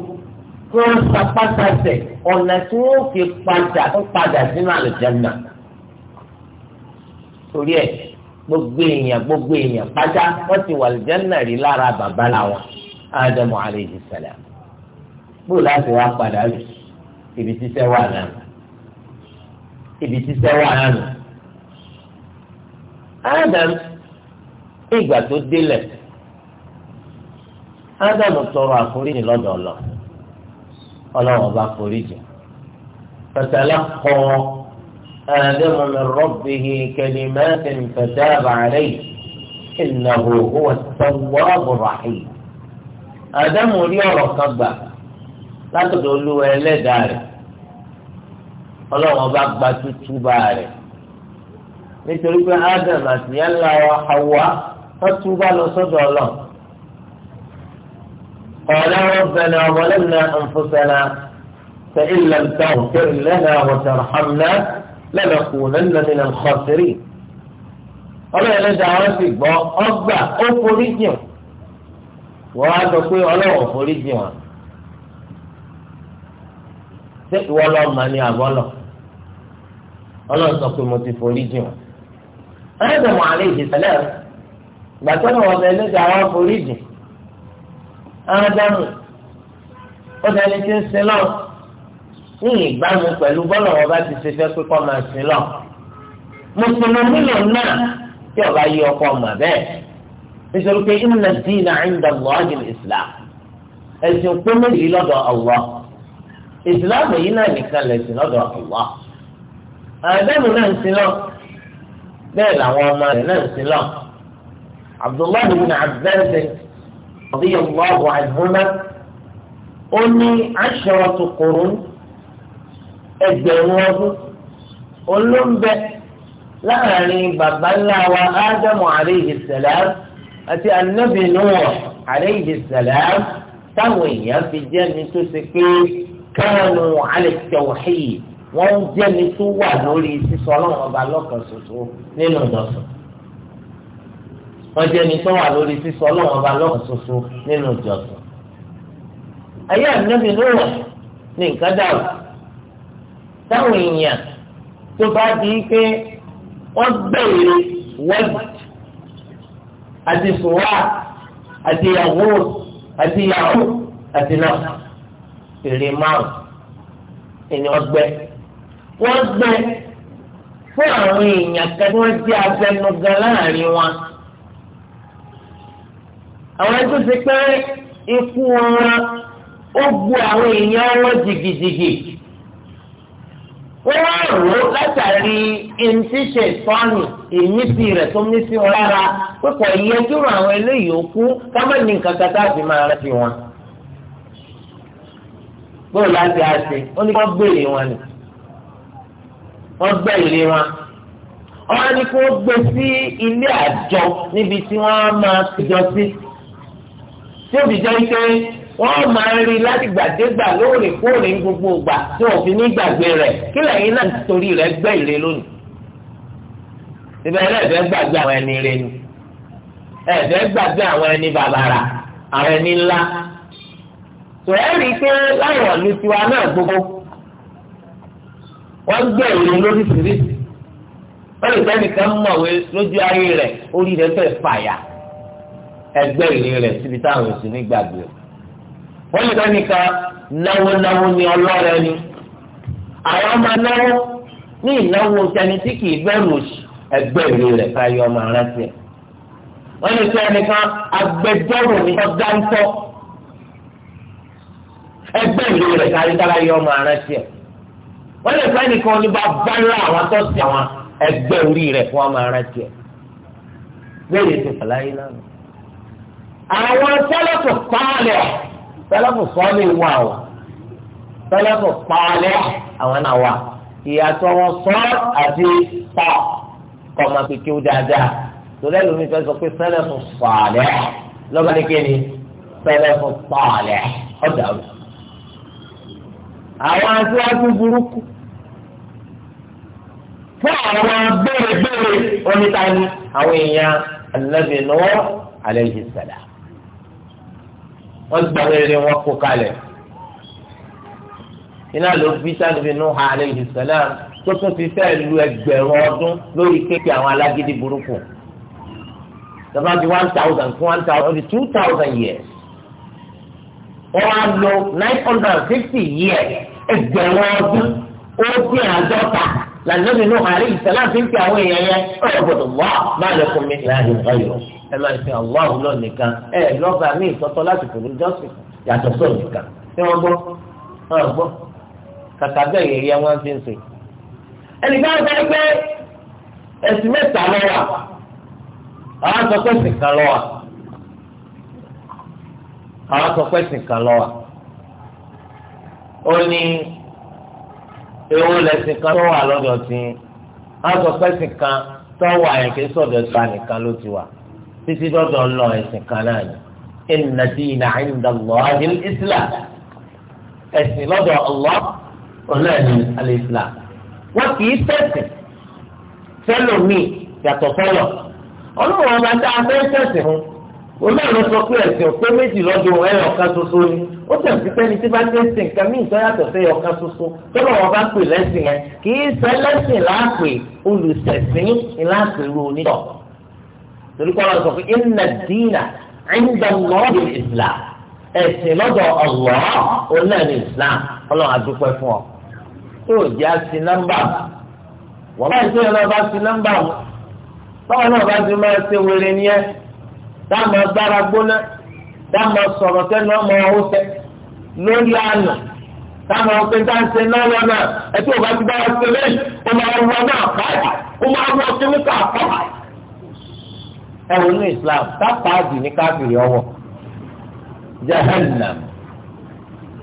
kí wọ́n sapásasẹ̀ ọ̀nà tí wọ́n fi padà tó padà sínú àlùjánnà. torí ẹ̀ gbogbo èèyàn gbogbo èèyàn pátá wọ́n ti wà àlùjánnà rí lára bàbá làwọn Ádámù alayhi salam bó láti wá padà rí ibi tí sẹ́wà náà ibi tí sẹ́wọ́ ara nù. Ádámù ní ìgbà tó délẹ̀ Ádámù tọrọ àforíjì lọ́dọ̀ ọ̀lọ́ ọlọ́wọ́n bá foríjì. فتلقى آدم من ربه كلمات فتاب عليه إنه هو التواب الرحيم آدم ولي ركبه لا تقولوا إلا دارك ọlọ́run ọba gba tútú bá rẹ̀ nítorí pé Adam àti yálà Hawa wọ́n tú bá lọ sọ́dọ̀ ọlọ́run ọ̀la rabbana zalamna anfusana fa in lam taghfir lana wa tarhamna lanakunanna minal khasirin ọlọ́run ẹlẹ́dàá wọn sì gbọ́ ọgbà ó forí jìn wọ́n á sọ pé ọlọ́run forí jìn wọn. ṣé ìwọ lọ mà ní àbọlọ Ọlọ́run sọ pé mo ti forí jì wọn ẹnìkan mọ àlẹ ìdìtẹlẹ gbàtọ́ ni wọn bẹ lẹ́sẹ̀ àwọn forí jì ádámù ó dání tí ń sin lọ ní ìbámu pẹ̀lú bọ́lọ̀ wọn bá ti ṣe pé máa ọba yí ọkọ nítorí ìsìláàmù yìí náà nìkan lẹ̀sìn lọ́dọ̀ àwọ̀ àdámù náà ń sin lọ bẹ́ẹ̀ làwọn ọmọ rẹ̀ náà ń sin lọ abdullahi bin abdulhasan radiyallahu anhuma ó ní asharatu qurun ẹgbẹ̀rún ọdún olóńbẹ láàrin baba ńlá wa ádámù alayhi salam àti anabi nuwa alayhi táwọn èèyàn fi jẹ́ ní tó ṣe pé. kánú alẹ́ tẹ̀wọ̀hìí wọ́n ń jẹ́ni tó wà lórí sísọ ọlọ́run ọba lọ́kàn ṣoṣo nínú ìjọsìn wọ́n jẹ́ni tó wà lórí sísọ ọlọ́run ọba lọ́kàn ṣoṣo nínú ìjọsìn. ayé ní bá di pé wọ́n bẹ̀rẹ̀ wẹ́ẹ̀dì àti yahoo àti yahoo àti èrè márùn ẹni ọgbẹ wọn gbẹ fún àwọn èèyàn kan tí wọn jẹ abẹnugan láàrin wọn àwọn ẹgbẹ́ ti pé ikú wọn ó gbu àwọn èèyàn wọn jìgìjìgì wọ́n wá rò ó látàrí ìmísíṣe ìtọ́nù ìmísí rẹ̀ tó mísí wọn lára pé kò yẹ àwọn eléyìí ó kú ká nǹkan kan tá a fi máa rántí wọn bóòlù láti àṣe ó ní kí wọ́n gbèrè wọn ni wọ́n gbẹ̀lé wọn wọ́n ní kí wọ́n gbé sí ilé àjọ níbi tí wọ́n máa péjọ sí tí òbí jẹ́ pé wọ́n máa rí láti gbàdégbà lóòrèkóòrè ní gbogbo ìgbà tí wọ́n fi ní gbàgbé rẹ̀ kí lẹ́yìn náà torí rẹ̀ gbẹ̀lé lónìí ìbẹ̀rẹ̀ ẹ̀fẹ́ gbàgbé àwọn ẹni rẹ̀ ni ẹ̀fẹ́ gbàgbé àwọn ẹni bàbàrà àwọn ẹni ńlá sọ̀rọ̀ rí i pé láwọn ìlú tiwa náà gbogbo wọ́n gbé ìlú lóríṣiríṣi wọ́n lè sẹ́nìkan mọ̀wé lójú ayé rẹ̀ orí rẹ̀ fẹ́ fàyà ẹgbẹ́ ìlú rẹ̀ síbi táwọn èsì nígbàgbé wọ́n lè sẹ́nìkan náwó náwó ní ọlọ́rẹ́ ni àwọn ọmọ náwó ní ìnáwó sẹni tí kì í bẹ̀rù ẹgbẹ́ ìlú rẹ̀ káyọ̀ ọmọ aráńtì wọ́n lè sẹ́nìkan agbẹjọ́rò ní ọ̀dáńtọ́ ẹgbẹ́ ìlú rẹ̀ kárí sáláyé ọmọ aránsì ẹ̀ wọ́n lè fẹ́ nìkan ní bá bá ńlá àwọn atọ́sí àwọn ẹgbẹ́ orí rẹ̀ fún ọmọ aránsì ẹ̀ bẹ́ẹ̀ yẹn ti fàlàyé lánàá. àwọn sẹ́lẹ̀fù pààlẹ̀ sẹ́lẹ̀fù sọ́ọ̀lẹ̀ wà o sẹ́lẹ̀fù pààlẹ̀ àwọn náà wà ìyàtọ̀ wọn sọ́ àti pọ̀ kọ́ máa fi kí ó dáadáa torí ẹlòmí fẹ́ sọ pé sẹ́lẹ̀fù pààlẹ̀ lọ́ba ní kéde sẹ́lẹ̀fù pààlẹ̀ ọ̀dà ọ̀dà àwọn aṣáájú burúkú fún àwọn béèrèbéèrè onítàní àwọn èèyàn Ànábì Nuh alayhi salam wọ́n gbà wẹrẹ wọn kó kalẹ̀ iná ló bí Ànábì Nuh alayhi salam tó tún fi fẹ́ lu ẹgbẹ̀rún ọdún lórí kéèké àwọn alágídí burúkú tọ́ba di one thousand fún one thousand two thousand years wọ́n á lo nine hundred and fifty years ẹgbẹ̀rún ọdún ó dín àádọ́ta lànàbí inú àárẹ̀ ìsàlám fi ń fi àwọn èèyàn yẹn ọ̀rọ̀ gbọ́dọ̀ wá máa lè fún mi láàyè ọ̀yọ́ ẹ máa ń fi Allah lọ nìkan ẹ lọ́ba mi ìtọ́tọ́ láti fòlù jọ́sìn yàtọ̀ sọ̀ nìkan ṣé wọ́n gbọ́ wọ́n gbọ́ kàkà bẹ́ẹ̀ yẹ̀yẹ́ wọ́n fi ń ṣe. ẹnìkan ń sọ pé ẹ̀sìn mẹ́ta lọ́wọ́ àwọn sọ pé ẹ̀sìn kan lọ́wọ́ àwọn sọ pé ẹ̀sìn kan lọ wà ó ní ewu lẹ́sìn kan tó wà lọ́dọ̀ tí àwọn sọ pé ẹ̀sìn kan tó wà yẹn kì í sọ̀dọ̀ ẹ̀sìn nìkan ló ti wà títí kan náà ni islam ẹ̀sìn lọ́dọ̀ Allah islam wọ́n kì í tẹ̀sìn sẹ́lòmíì yàtọ̀ sọ́lọ̀ ọlọ́run ọba dá abẹ́ tẹ̀sìn fún olóòrùn sọ pé ẹ̀sìn ọ̀pẹ méjì lọ́dún ẹ̀yọ̀kan ṣoṣo ni ó tẹ̀sí pẹ́ni tí bá dé sí nǹkan míì tó yàtọ̀ sí ẹ̀yọ̀kan ṣoṣo tọ́lọ̀ wọn bá pè lẹ́sìn yẹn kì í ṣe lẹ́sìn láàpè olùsẹ̀sìn ìlàpèrò onítọ̀ torí kọ́ lọ́dún sọ pé inna dina inda Allahi islam ẹ̀sìn lọ́dọ̀ Allah ọ̀nà ní islam ọlọ́run adúpẹ́ fún ọ yóò jẹ́ àti nọ́mbà wọ́n bá ń táàmù agbára gbóná táàmù sọ̀rọ̀ sẹ́nu ọmọ ọ̀húnṣẹ́ lórí àná táàmù ọ̀pẹ dáńsẹ̀ náà lọ́nà ẹtí ò bá ti bára sílẹ̀ ó máa wọ náà káàdì o máa wọ kíníkà kọ́ọ̀kì. ẹ wo ní Islam tápáàdì ní káfíìrì ọwọ́ jahannam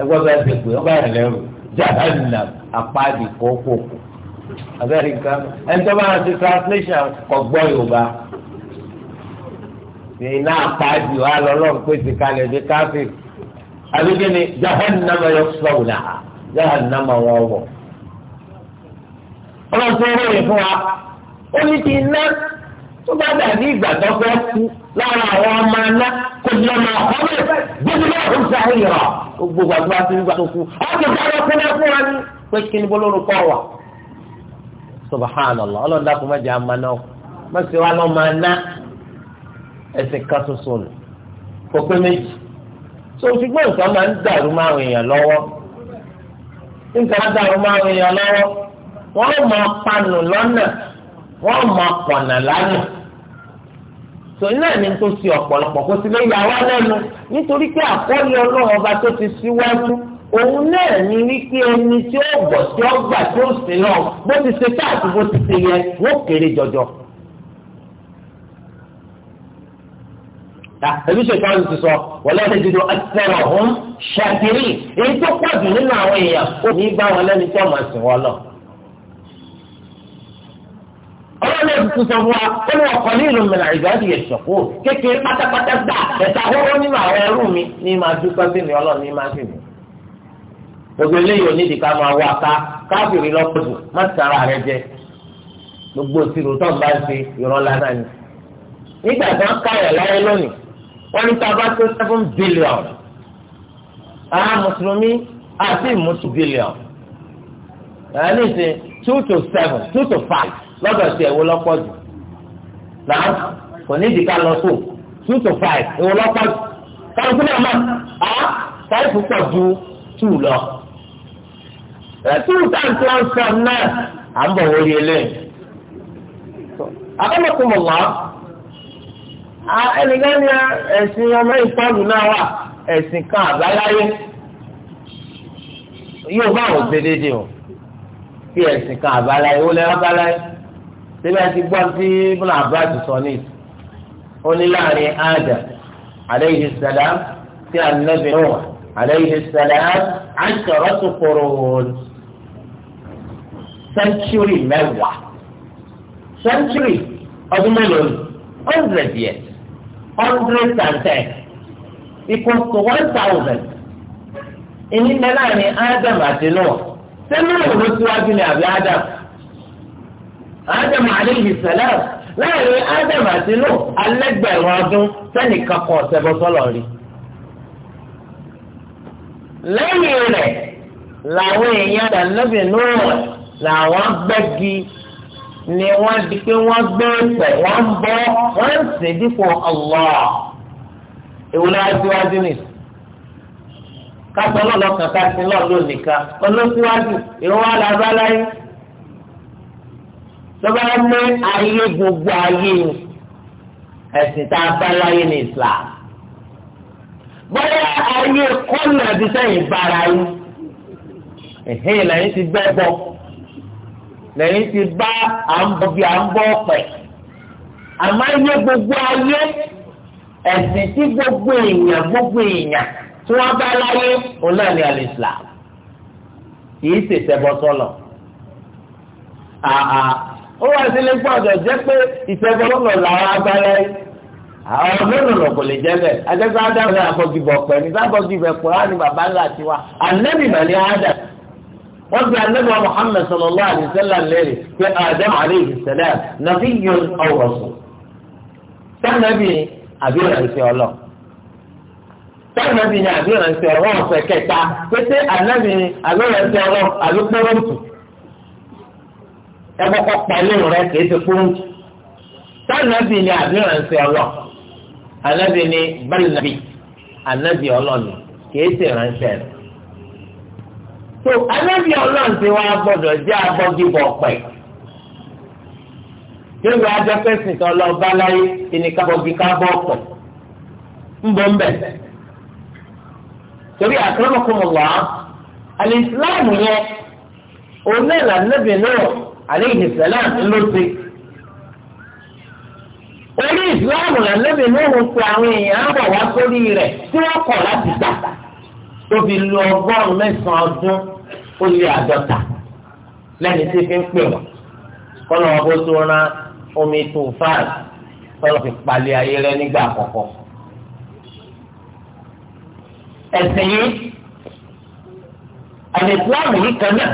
ẹgbẹ́ bá ti pè ọba yẹn lẹ́rù jahannam apáàdì kọ́kọ́kọ́ abẹ́rẹ́ nǹkan ẹni tó bá ti translation kọ̀ gbọ́ Yorùbá iná àpáàdì wa lọ́lọ́run pèsè kalẹ̀ bí káfíìn àbíkí ni jahannama yọ sọ̀rọ̀ náà jahannama wọ́n wọ̀. ọlọ́sọ ròyìn fún wa ó ní ti iná tó bá dàbí ìgbà tó fẹ́ kú lára àwọn ọmọ aná kò ní ọmọ àkọ́bẹ̀ gbogbo náà ó sá ìrọ̀ gbogbo àgbà tó ń tó kú ọ̀sẹ̀ tó lọ fún ẹkún wa ní pé kí ni bọ́lọ́run kọ́ wa. subhanallah ọlọ́run dákun má máa ná ẹsìn kan ṣoṣo nù kò pé méjì tó o ṣùgbọ́n nǹkan máa ń dàrú máa ń èèyàn lọ́wọ́ nǹkan máa ń dàrú máa ń èèyàn lọ́wọ́ wọ́n máa panù lọ́nà wọ́n máa pọ̀nà lánà tòun náà ni tó ṣe ọ̀pọ̀lọpọ̀ kó sì lè yà wá lẹ́nu nítorí pé àkọ́lé ọlọ́run ọba tó ti síwájú òun náà ní wípé ẹni tí ó gbọ̀ tí ó gbà tó sì lọ bó ti ṣe káàtì bó ti ṣe yẹ wọ́n kéré jọjọ. ẹbí ṣèkáàlù ti sọ wọlé ẹdídó ẹtẹrọ ọhún ṣàkiri èyí tó pọ̀ jù nínú àwọn èèyàn ó ní bá wọn lẹ́ni tí ọmọ ẹ̀sìn wọn lọ. ọlọ́run ẹ̀sìn ti sọ fún wa ó ní ọkọ̀ ní ìlú mìíràn ìgbàdì ìṣọ̀kú kékeré pátápátá gbà ẹ̀ta ahọ́wọ́ nínú àwọn ẹrú mi ní máa dúpẹ́ sí mi ọlọ́run ní máa sì mí. gbogbo eléyìí onídìí ká máa wá ká káfíìrì lọ́pọ̀jù má sara rẹ jẹ wọ́n ní tá a bá tó seven billion àwọn mùsùlùmí àti ìmùtù billion ẹ̀ ní ìsìn two to seven two to five lọ́dọ̀ sí ẹ̀wọ́ lọ́pọ̀ jù náà kò ní ìdíkà lọ tó two to five ẹ̀wọ́ lọ́pọ̀ jù káwọn fúnra máa á five púpọ̀ ju two lọ ẹ̀ two times one seven náà à ń bọ̀ wọlé eléyìí. àbẹ̀lẹ̀kùn mọ̀lá. a ẹ̀sìn ọmọ ìpọ́ọ̀lù náà wà ẹ̀sìn kan àbáláyé yóò bá àwọn ṣe déédéé o kí ẹ̀sìn kan àbáláyé ó lẹ́yìn àbáláyé síbẹ̀ ti gbọ́ sí ibùnà abájú sọ ní ìsìn ó ní láàrin ájà àlẹ́yìí sẹ́dá sí ànábì náà àlẹ́yìí sẹ́dá àṣọ̀rọ̀ tó kọ̀rọ̀ sẹ́ńtúrì mẹ́wàá sẹ́ńtúrì ọdún hundred years hundred and ten equals to one thousand èyí ń bẹ láàrin Adam àti Noah sẹ́nu òru síwájú ni àbí Adam Adam aleyhi salam láàrin Adam àti Noah alẹ́gbẹ̀rún ọdún sẹ́nìkan kan ọ̀sẹ̀ bọ́ sọ́lọ̀ rí lẹ́yìn rẹ̀ làwọn èèyàn dànù lẹ́bìn Noah làwọn gbẹ́gi. ni wọ́n di pé wọ́n gbé pẹ̀ wọn ń bọ́ wọ́n ń sè dípò Allah èwo ni síwájú ni kásán náà lọ́kàn ká náà ọlọ́síwájú gbogbo ayé ẹ̀sìn tá a bá láyé ní Islam bọ́lá ayé kọ́nà àti sẹ́yìn bára ìlànà lẹ́yìn ti bá à ń bọ̀ bí à ń bọ̀ pẹ̀ àmọ́ ayé gbogbo ayé ẹ̀sìn tí gbogbo èèyàn gbogbo èèyàn tí wọ́n bá láyé òun náà ní alìsílám kìí ṣèṣẹ́bọ sọ́lọ̀ àà ó wá sílé gbọ́dọ̀ jẹ́ pé ìṣẹ́bọ lọ́nà làwọn abẹ́rẹ́ àwọn mẹ́rànlọ́ kò lè jẹ́ bẹ́ẹ̀ adẹ́gbẹ́ adáwọ̀ àbọ̀gìbọ̀ pẹ̀ nígbà bọ̀gìbọ̀ pẹ̀ wá ní ńlá tiwa ànẹ́bìmọ̀ ní ádàbí wọ́n bí anábọ̀ Muhammad sallallahu alayhi wa sallam lẹ́rìí pé Adam alayhi salam nabiyyun aw rasul sanabi àbí ìrànṣẹ́ ọlọ́ sanabi ni àbí ìrànṣẹ́ ọlọ́ ọ̀sẹ̀ kẹta pété anábì ni àbí ìrànṣẹ́ ọlọ́ àbí pọ́rọ́ǹtù ẹ kọ́kọ́ pẹ̀lú rẹ kì í ti pọ́rọ́ǹtù sanabi ni àbí ìrànṣẹ́ ọlọ́ anábì ni bẹ́ẹ̀ nàbì anábì ọlọ́ni kì í ti ìrànṣẹ́ rẹ. so anábì ọla ti wá gbọ́dọ̀ jẹ́ abọ́gibọ̀ pẹ̀. Yorùbá ajọ́pẹ̀sìn tán lọ bá láyé ìní kábọ̀gì kábọ̀ pẹ̀. ń torí àkọ́rọ́mọkùnmọ̀lá alìsíláàmù yẹn òun náà lànàbì náà àléhìí sẹ́lám ló ti. orí ìsìláàmù náà ń àwọn èèyàn wá sórí rẹ̀ tí wọ́n kọ̀ láti ó lé àádọ́ta lẹ́ni tí fi ń pè wọ́n kọ́nà wọn bó tó rán omi tó fáàlì tọ́lọ́ fi palẹ̀ ayé rẹ nígbà àkọ́kọ́. ẹ̀sìn yìí àdìsílámù yìí kan náà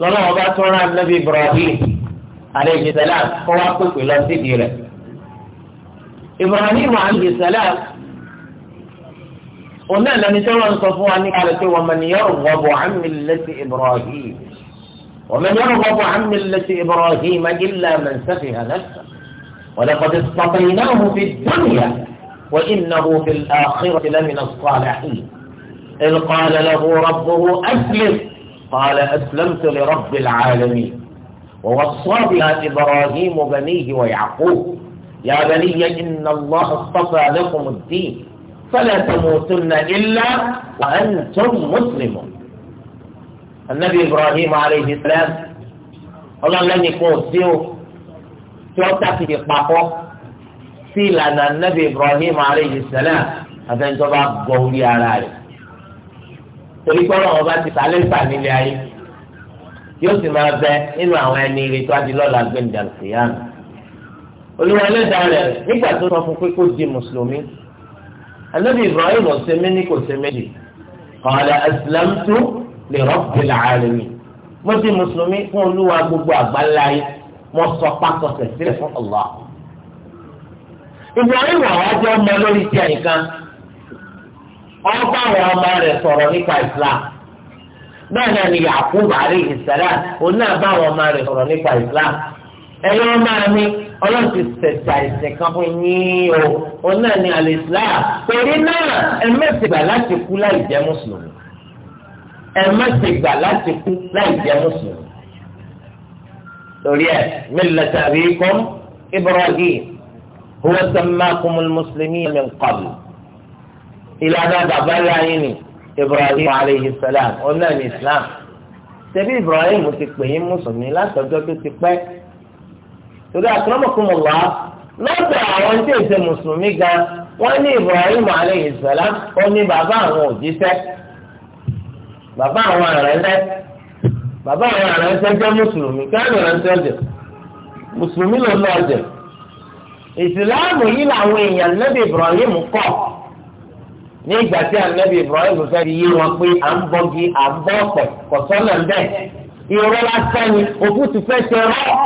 lọ́nà wọn bá tó rán Nabi Ibrahim alayhi salam kọ́ wá pèpè lọ sídìí rẹ̀ Ibrahim alayhi salam. òun náà lẹni tí wọn sọ fún wa ní kálí pé wọn mẹni yọrọ wọbọ amílẹsì ibrahim wọn mẹni yọrọ wọbọ amílẹsì ibrahim ilà mẹsàfì hànàfà ولقد اصطفيناه في الدنيا وإنه في الآخرة لمن الصالحين إذ قال له ربه أسلم قال أسلمت لرب العالمين ووصى بها إبراهيم بنيه ويعقوب يا بني إن الله اصطفى لكم الدين فلا تموتن إلا وأنتم مسلمون النبي إبراهيم عليه السلام Ọlọ́run lẹ́ni kó o sí o tí ó tàkìtì papọ̀ sí ìlànà Ànábì Ibrahim aleyhi sẹlẹm afẹnjọba gbọ orí ara rẹ̀ torí kọ́nà wọn bá ti sálẹ̀ sàmìlẹ̀ ayé yóò sì máa bẹ nínú àwọn ẹni ìrètò adìlọ́lá gbẹ̀ndàlùkìyàn olùwọlé dàrẹ̀ nígbà tó sọ fún pé kó di mùsùlùmí النبي ibrahim ọ̀sẹ̀mí ní kò sẹ́mí لرب العالمين. aslamtu li rabbil alamin mo ti mùsùlùmí fún olúwa gbogbo àgbáńlá yìí mo sọ pátọ̀sẹ̀ sílẹ̀ fún allah ibrahim àwọn ajọ́ ọmọ lórí tí a nìkan ọba àwọn ọmọ rẹ̀ sọ̀rọ̀ nípa islam bẹ́ẹ̀ náà ni yaqub alayhi salam òun náà bá àwọn ọmọ rẹ̀ sọ̀rọ̀ nípa islam ẹ̀yin ọmọ mi ọlọ́run ti ṣẹ̀ṣà ẹ̀sìn kan fún yín o òun náà ni al-Islam torí náà ẹ mẹ́sì gbà láti kú láì jẹ́ mùsùlùmí ẹ mẹ́sì gbà láti kú láì jẹ́ mùsùlùmí torí ẹ millata abikum Ibrahim huwa sammakumul muslimina min qabl ìlànà bàbá láyé ni Ibrahim alayhi salam òun ni Islam tẹ̀bí Ibrahim ti pè é mùsùlùmí látọjọ́ tó ti pẹ́ torí akramakumullah lọ́dọ̀ àwọn tí èsè mùsùlùmí gan wọ́n ní Ibrahim alayhi salam ó ní bàbá àwọn òjíṣẹ́ bàbá àwọn àrẹ́lẹ́ bàbá àwọn àrẹ́lẹ́ jẹ́ mùsùlùmí káàdì ránṣẹ́ ọ̀jẹ̀ mùsùlùmí ló lọ ọ̀jẹ̀ ìsìláàmù yìí làwọn èèyàn nẹ́bí Ibrahim kọ́ ní ìgbà tí ànẹ́bí Ibrahim fẹ́ yé wọn pé à ń bọ́gi à ń bọ́ ọ̀pẹ̀ kọ̀sọ́nà bẹ́ẹ̀ ìrọ́lá sẹ́ni òkú ti fẹ́ ṣe rọ́ọ̀.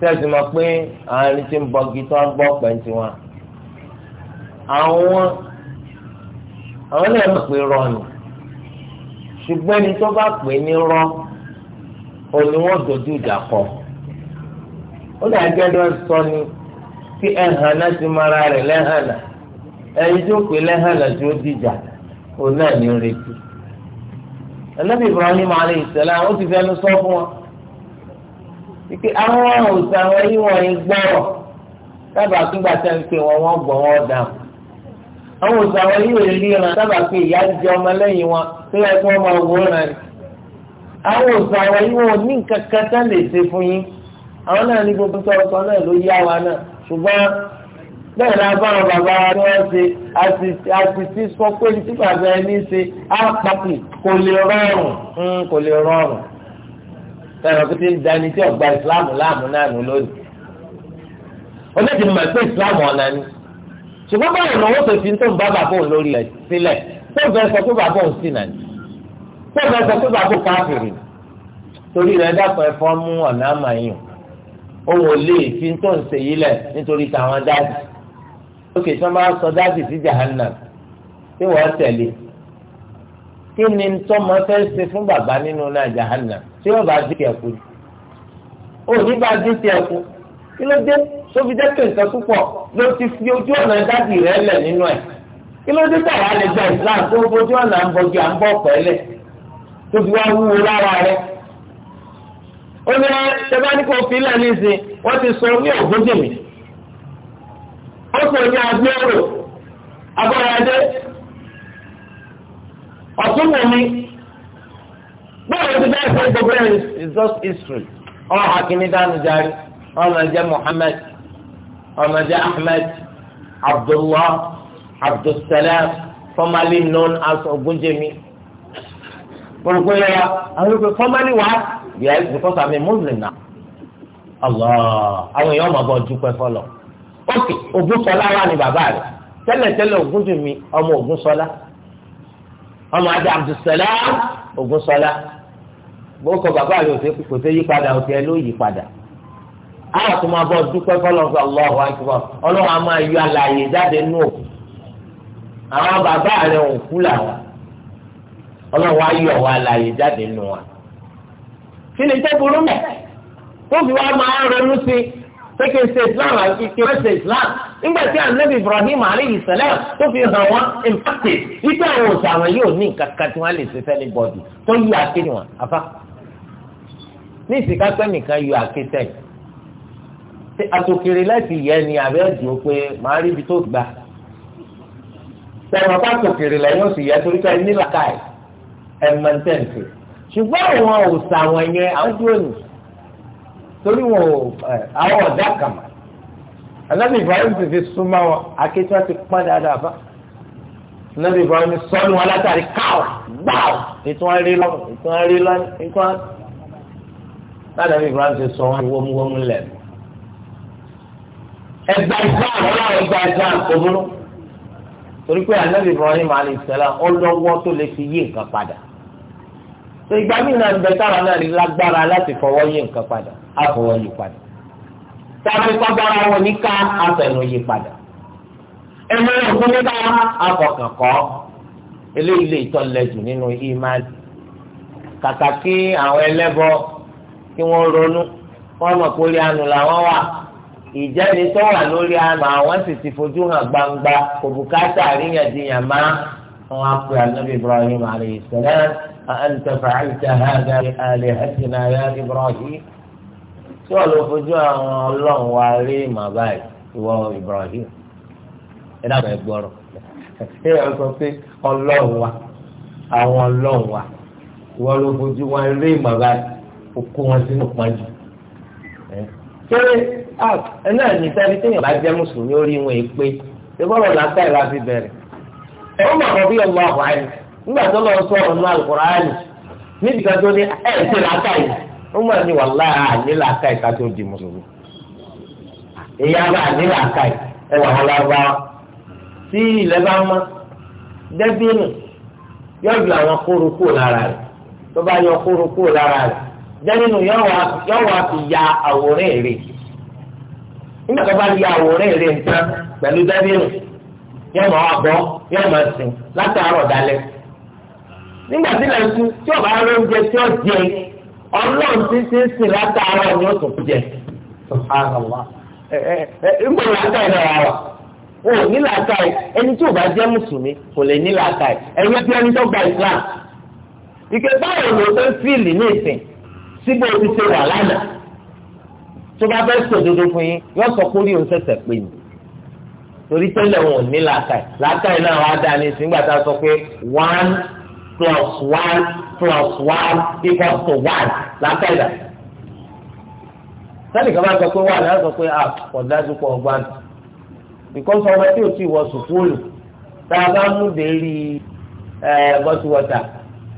sẹ́ẹ̀sì mọ̀ pé àwọn ẹni tí ń bọ́gi tó ń gbọ́ pẹ̀ntì àwọn àwọn náà rọ ni ṣùgbọ́n ẹni tó bá pè ní rọ ò ní wọ́n dojú ìjà kọ. ó dàgbẹ́ ló ń sọ ni kí ti mara rẹ̀ lẹ́hànà ẹni tó pè lẹ́hànà tí ó dìjà òun náà ní retí. ẹlẹ́bí Ibrahim alayhi salam ó ti fẹ́ ìpè àwọn òòsàn àwọn yìí wọ́n ń gbọ́rọ̀ sábà túgbà tẹ́ ń pè wọ́n wọ́n gbọ́ wọ́n dà àwọn òòsàn àwọn yìí wọ́n ríran sábà pé ìyá jẹ ọmọ lẹ́yìn wọn tó yẹ kí wọ́n máa wòran ni àwọn òòsàn àwọn yìí wọ́n ní kankan tán lè ṣe fún yín àwọn náà ní gbogbo sọ̀rọ̀sọ náà ló yá wa náà ṣùgbọ́n bẹ́ẹ̀ ni abáwọn bàbá wa ni wọ́n ṣe àṣìṣe sọ pé tí bàbá ẹni ṣe á pàtì kò lè rọrùn hmm, kò lè rọrùn táwọn kò ti ń dání tí ọgbà ìsìláàmù láàmú náànú lónìí onídìí mọ̀ pé ìsìláàmù ọ̀nà ni ṣùgbọ́n báyìí lọ́wọ́ tó fi ń tó ń bá bàbá òun lórí rẹ̀ sílẹ̀ tó ń fẹ́ sọ pé bàbá òun sì nàní tó ń fẹ́ sọ pé bàbá òun káfìrì torí rẹ̀ dákun ẹ̀fọ́ mú ọ̀nà àmàyàn òun ò lè fi ń tó ń ṣe yí lẹ̀ nítorí táwọn dáàdì lókè tí wọ́n bá sọ dáàdì sí jahannam tí wọ́n tẹ̀lé kí ni tọ́mọ fẹ́ ṣe fún bàbá nínú náà jahanna tí yóò bá dín tiẹ̀ kú ó ní bá dín tiẹ̀ kí ló dé tó ti fi ojú ọ̀nà dáàbì rẹ̀ lẹ̀ nínú ẹ̀ kí ló dé tàwa lè gba Islam tó fojú ọ̀nà ń bọ̀jú à ń bọ̀ pẹ́lẹ̀ tó wá wúwo lára ó ní nísìn wọ́n ti sọ ní ògbójèmí ó ọ̀tún wò mí báwo ti bá ẹsẹ̀ gbogbo ẹ̀ is just history ọmọ hakimi dánú jari ọmọ jẹ Muhammad ọmọ jẹ Ahmed Abdullah Abdulsalam formerly known as Ogunjemi kpọlọpọ yẹ ya àwọn olùkọ́ formerly wa yes because I'm a Muslim now Allah àwọn èèyàn ọmọ bọ̀ dúpẹ́ fọlọ́ ok Ògúnsọlá wà ní bàbá rẹ̀ tẹ́lẹ̀tẹ́lẹ̀ Ògúndùnmi ọmọ Ògúnsọlá ọmọ adé abdulsalam ogunṣọlá gbókò bàbá rẹ òsè kò sí yípadà òsè ẹ ló yípadà àwọn tó máa bọ dúpẹ́ fọlọ́fọ́ ọlọ́wọ́ àìsàn ọlọ́wọ́ a máa yọ àlàyé jáde nù àwọn bàbá rẹ òkú làwọn ọlọ́wọ́ ayọ̀ wọ àlàyé jáde nù wọn kí ni tó burú mẹ́ kó fi wá máa ronú sí pé kí n ṣe islam àti kí n ṣe islam nígbà tí anabi ibrahim aleyhi salam tó fi hàn wọn ìmpákì wípé àwọn òòsàn àwọn yóò ní nǹkan kan tí wọn lè ṣe fẹ́ni bọ́ọ̀dì tó yí àké ni wọn afá ní ìsìkápẹ́ nìkan yọ àké sẹ́yìn àtòkèrè láti yẹ ni àbẹ́ ẹ̀dùn pé màá rí ibi tó gbà sẹ́wọ̀n bá tòkèrè lẹ́yìn oṣù yẹ torí ká ní làkàì ẹ̀mọ̀ntẹ́ǹtì ṣùgbọ́n àwọn òòsàn àwọn yẹn àwọn dúró nì torí wọn àwọn ọ̀dà kàmá anabi ibrahim ti fi súnmọ́ wọn akéwì wọn ti pọ́n dáadáa bá anabi ibrahim sọ́nù wọn látàrí káwọ̀ gbáwọ̀ ètò wọn rí lọ́wọ́ ètò wọn rí lọ́wọ́ ètò wọn. anabi ibrahim ti sọ wọn wọ́múwọ́mú lẹ̀. ẹgbà islam ọlọ́run ẹgbà islam kò burú torí pé anabi ibrahim alayisalaam ọlọ́wọ́ tó lè fi yí nǹkan padà. ìgbà mí tàbí kọ́gbára wọn ní ká afẹnuyi padà ẹnu náà fún níta afọkànkọ́ eléyìí lè tọ́lẹ̀jù nínú ìmáàlì kàkà kí àwọn ẹlẹ́bọ kí wọ́n ronú wọ́n mọ̀ pé orí àánú làwọn wà ìjẹ́ni tó wà lórí àánú àwọn sì ti fojú hàn gbangba kò bùkátà àríyànjiyàn má wọn á pè ànábì Ibrahim alayhi salam anta fa'alta hadha bi alihatina ya Ibrahim. tí wọn lọ fojú àwọn ọlọrun wa rí ìwọ Ibrahim ẹ dàgbà ẹgbọrọ ẹ sọ pé ọlọrun wa àwọn ọlọrun wa ìwọ ló fojú wọn rí màbá òkú wọn sínú pọ́njú ṣé ẹ náà ní sẹ́ni tí yàrá jẹ́ mùsùlùmí ó rí wọn èpè ṣé bọ́lọ̀ làákà ìlà fi bẹ̀rẹ̀ ẹ ó mọ̀ bí ọmọ ọ̀hún àyè nígbà tó lọ sọ ọ̀nà àlùkò ọmọ ni wàláyà ànílà káì ká di mùsùlùmí ìyá bá ànílà káì ẹ wà wọn lárúbáwá tí ilẹ̀ bá mọ́ dẹ́bínú yóò ju àwọn kóró kúrò lára rẹ̀ tó bá yọ kóró kúrò lára rẹ̀ dẹ́bínú yóò wá fi ya àwòrán èrè nígbà tó bá ya àwòrán èrè nǹkan pẹ̀lú yóò yóò sìn látàárọ̀ dalẹ̀ nígbà tí ọlọ́run tí ṣe ń sìn látara ni ó tún jẹ ìgbà làákà yìí náà wà o ò ní làákà yìí ẹni tí ò bá jẹ́ mùsùlùmí kò lè ní làákà yìí ẹ̀yẹ́ bí ẹni tó gba Islam ìké báwo ló fẹ́ fíìlì ní ìsìn síbi o ti ṣe wà lánàá tó bá fẹ́ sòdodo fún yín yóò sọ pé orí òun pé ni torí tẹ́lẹ̀ wọn ò ní làákà yìí làákà yìí náà wà dá ní ìsìn gbàtà sọ pé one plus one plus one equals to one látẹ̀dà. sani kaba sọ pé one náà sọ pé a ah, kò dájú pọ̀ ọgbọ́n because ọmọ tí o ti wọ sùkúlù tá a bá mú dérí bọ́tíwọ́tà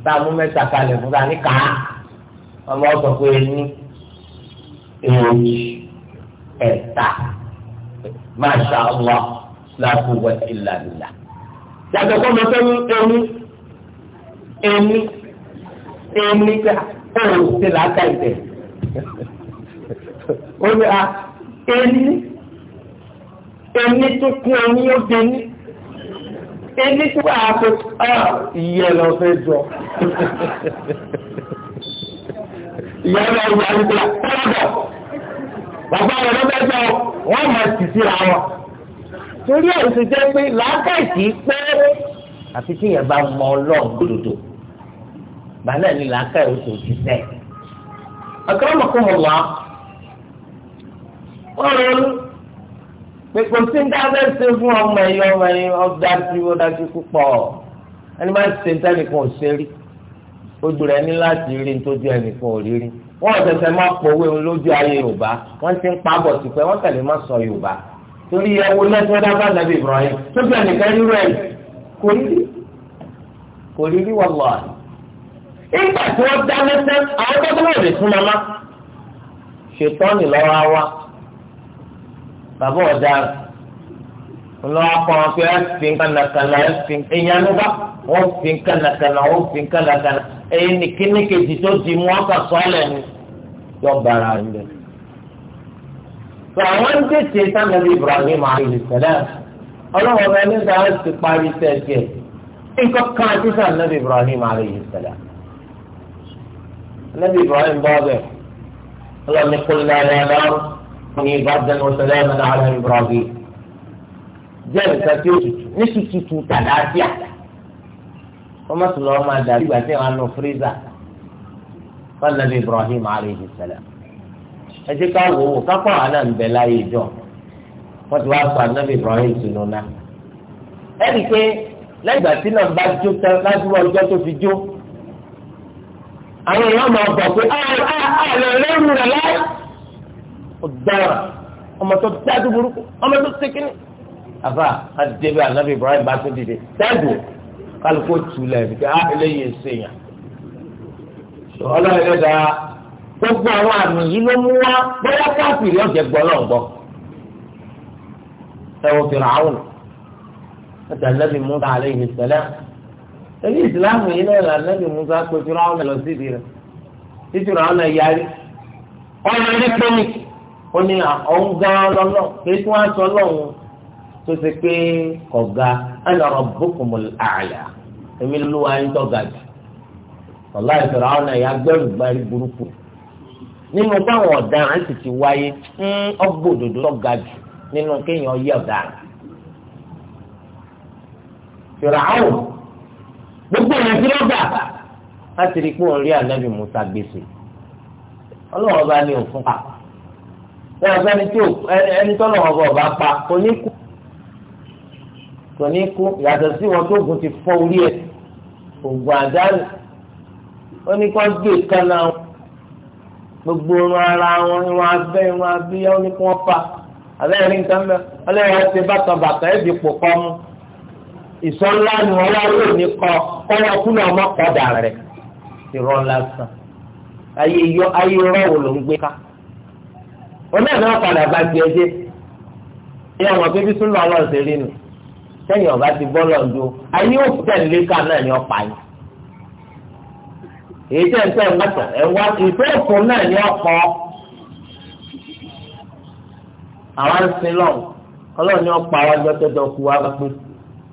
tá a mú mẹ́ta kalẹ̀ fún ta ní kàá ọmọ sọ pé ní èyí ẹ̀ta masha allah la quwwata illa yàtọ̀ kọ́ mọ́tò ní ẹni ẹni ẹni pé ó ti làákà ìtẹ̀. ó ní a ẹni ẹni tó kún ẹni ó dé ní ẹni tó bá a tó ìyẹ lọ fẹ́ jọ. ìyá náà yà ń gbà tọ́lọ̀ bàbá rẹ̀ ló bẹ́ẹ̀ jọ wọ́n máa sì síra wọn. torí ẹ̀ ń ṣe jẹ́ pé làákà pé àfi tí yẹn bá mọ ọlọ́run gbòdòdò bàálà ni làákà oṣù òṣìṣẹ́ àkàràmọ̀kọ́mọ̀lá wọ́n rẹ̀ ọ́nú pẹ̀pọ̀ tí ń dábẹ́ ṣe fún ọmọ ẹ̀yọ ọmọ ẹ̀yọ ọ̀dájú ọ̀dájú púpọ̀ ẹni máa ń ṣe nítẹ́nìkan ò ṣe rí ojú rẹ̀ ní láti rí nítorí ẹnìkan ò rí rí wọ́n ọ̀sẹ̀sẹ̀ máa pòwe lójú ayé yorùbá wọ́n ti ń pàbọ̀ tipẹ́ wọ́n tẹ̀lé má sọ yorùbá torí ẹwo lẹ́sẹ̀ dábà nàbí Ibrahim tóbi ẹnìkan rírọ̀ ẹ̀ kò rí rí kò rí rí wàlúwàlú nígbà tí wọ́n dá lẹ́sẹ̀ àwọn tó tó wọlé fún mama ṣètọ́nì lọ́wọ́ wa bàbá ọ̀daràn lọ́wọ́ kọ́ wọn pé ẹ̀sìn kànàkànà ẹ̀sìn ìyanúbá wọ́n fi kànàkànà wọ́n fi kànàkànà ẹ̀yìn nìkíní kejì tó di mú ọkà sọ́ọ̀lẹ̀ ni yọ bàrà rẹ̀. àwọn ń tètè sanabi Ibrahim alayhisalaam ọlọ́wọ́ bẹ́ẹ̀ nígbà wọ́n ti parí sẹ́ẹ̀kẹ́ nǹkan kan àti sanabi Ibrahim alayhisalaam. النبي إبراهيم بابه الله قلنا يا نار كوني بردا وسلاما على إبراهيم jẹ́ nǹkan tí ó tutù ní tututu tàdáfíà wọ́n má sùn lọ́wọ́ máa dàbí ìgbà tí wọ́n á nu fírísà wọ́n nàbí Ibrahim aleyhi salam ẹ jẹ́ ká wò ó kápá àná ń bẹ láyé jọ wọ́n ti wá sọ ànábì Ibrahim sínú náà ẹ rí i pé lẹ́gbàá tí náà bá jó tán láti wọ́n ọjọ́ tó fi jó àwọn èèyàn máa gbà pé ah, ah, ah, àlọ́ lẹ́rù rẹ̀ láì ọ̀daràn ọmọ tó dájú burúkú ọmọ tó tẹ́kínì. àbá adébẹ̀ anábì Ibrahim bá tún dìde tẹ́gùn kálukó tulẹ̀ nípa eléyìí ṣèyàn. ọlọ́run ẹ̀dá gbogbo àwọn àmì yìí ló mú wá bóyá káfíìrì ọ̀jẹ̀ gbọ́ náà gbọ́. ẹ̀wọ̀n fìrà áwùn ẹ̀dá anábì Musa alayhi salam ẹbí ìsìláàmù yìí náà lànàbì musa pé fúráwọn lọ ọ̀nà yarí ọ̀nà ó ní pé tí wọ́n lọ́hùn tó ṣe pé a'la èmi ló wá ń tọ́ga jù ọ̀la ìfẹ̀rẹ̀ ọ̀nà ìyá gbẹ́rù gbárí burúkú nínú táwọn ọ̀daràn sì ti wáyé hmm, ọgbọ́dọ̀dọ̀ tọ́ga jù nínú kéèyàn yí ọ̀daràn gbogbo ìrántí lọ́gbà láti rí i pé òun rí ànábì Musa gbèsè ọlọ́wọ́ bá ní òfun pa ẹ ọ̀sẹ́ni tí ẹni tọ́lọ̀ wọn bọ̀ bá pa kò ní kú kò ní kú yàtọ̀ sí wọn tó gùn ti fọ́ orí ẹ̀ ògùn àdáni ó ní kó gbé kánà gbogbo irun ara wọn irun abẹ́ irun abíyá ó ní kó wọ́n pa àbẹ́rẹ́ nǹkan mẹ́ ọlẹ́yìn ọ̀sẹ̀ bàtàn bàtàn ẹ̀ dìpọ̀ kọ́ mu. ìsọ̀nlá ni wọ́n wá lò ní kọ́ kọ́lọ́ kúlọ̀ ọmọ kọ́dà rẹ̀ ìrọ̀ sàn ayé yọ ayé ló ń gbé ká wọn náà náà padà bá gbé ẹjẹ ọmọ bíbí tún lọ sẹ́yìn ọba ti bọ́ lọ́dún ayé òkú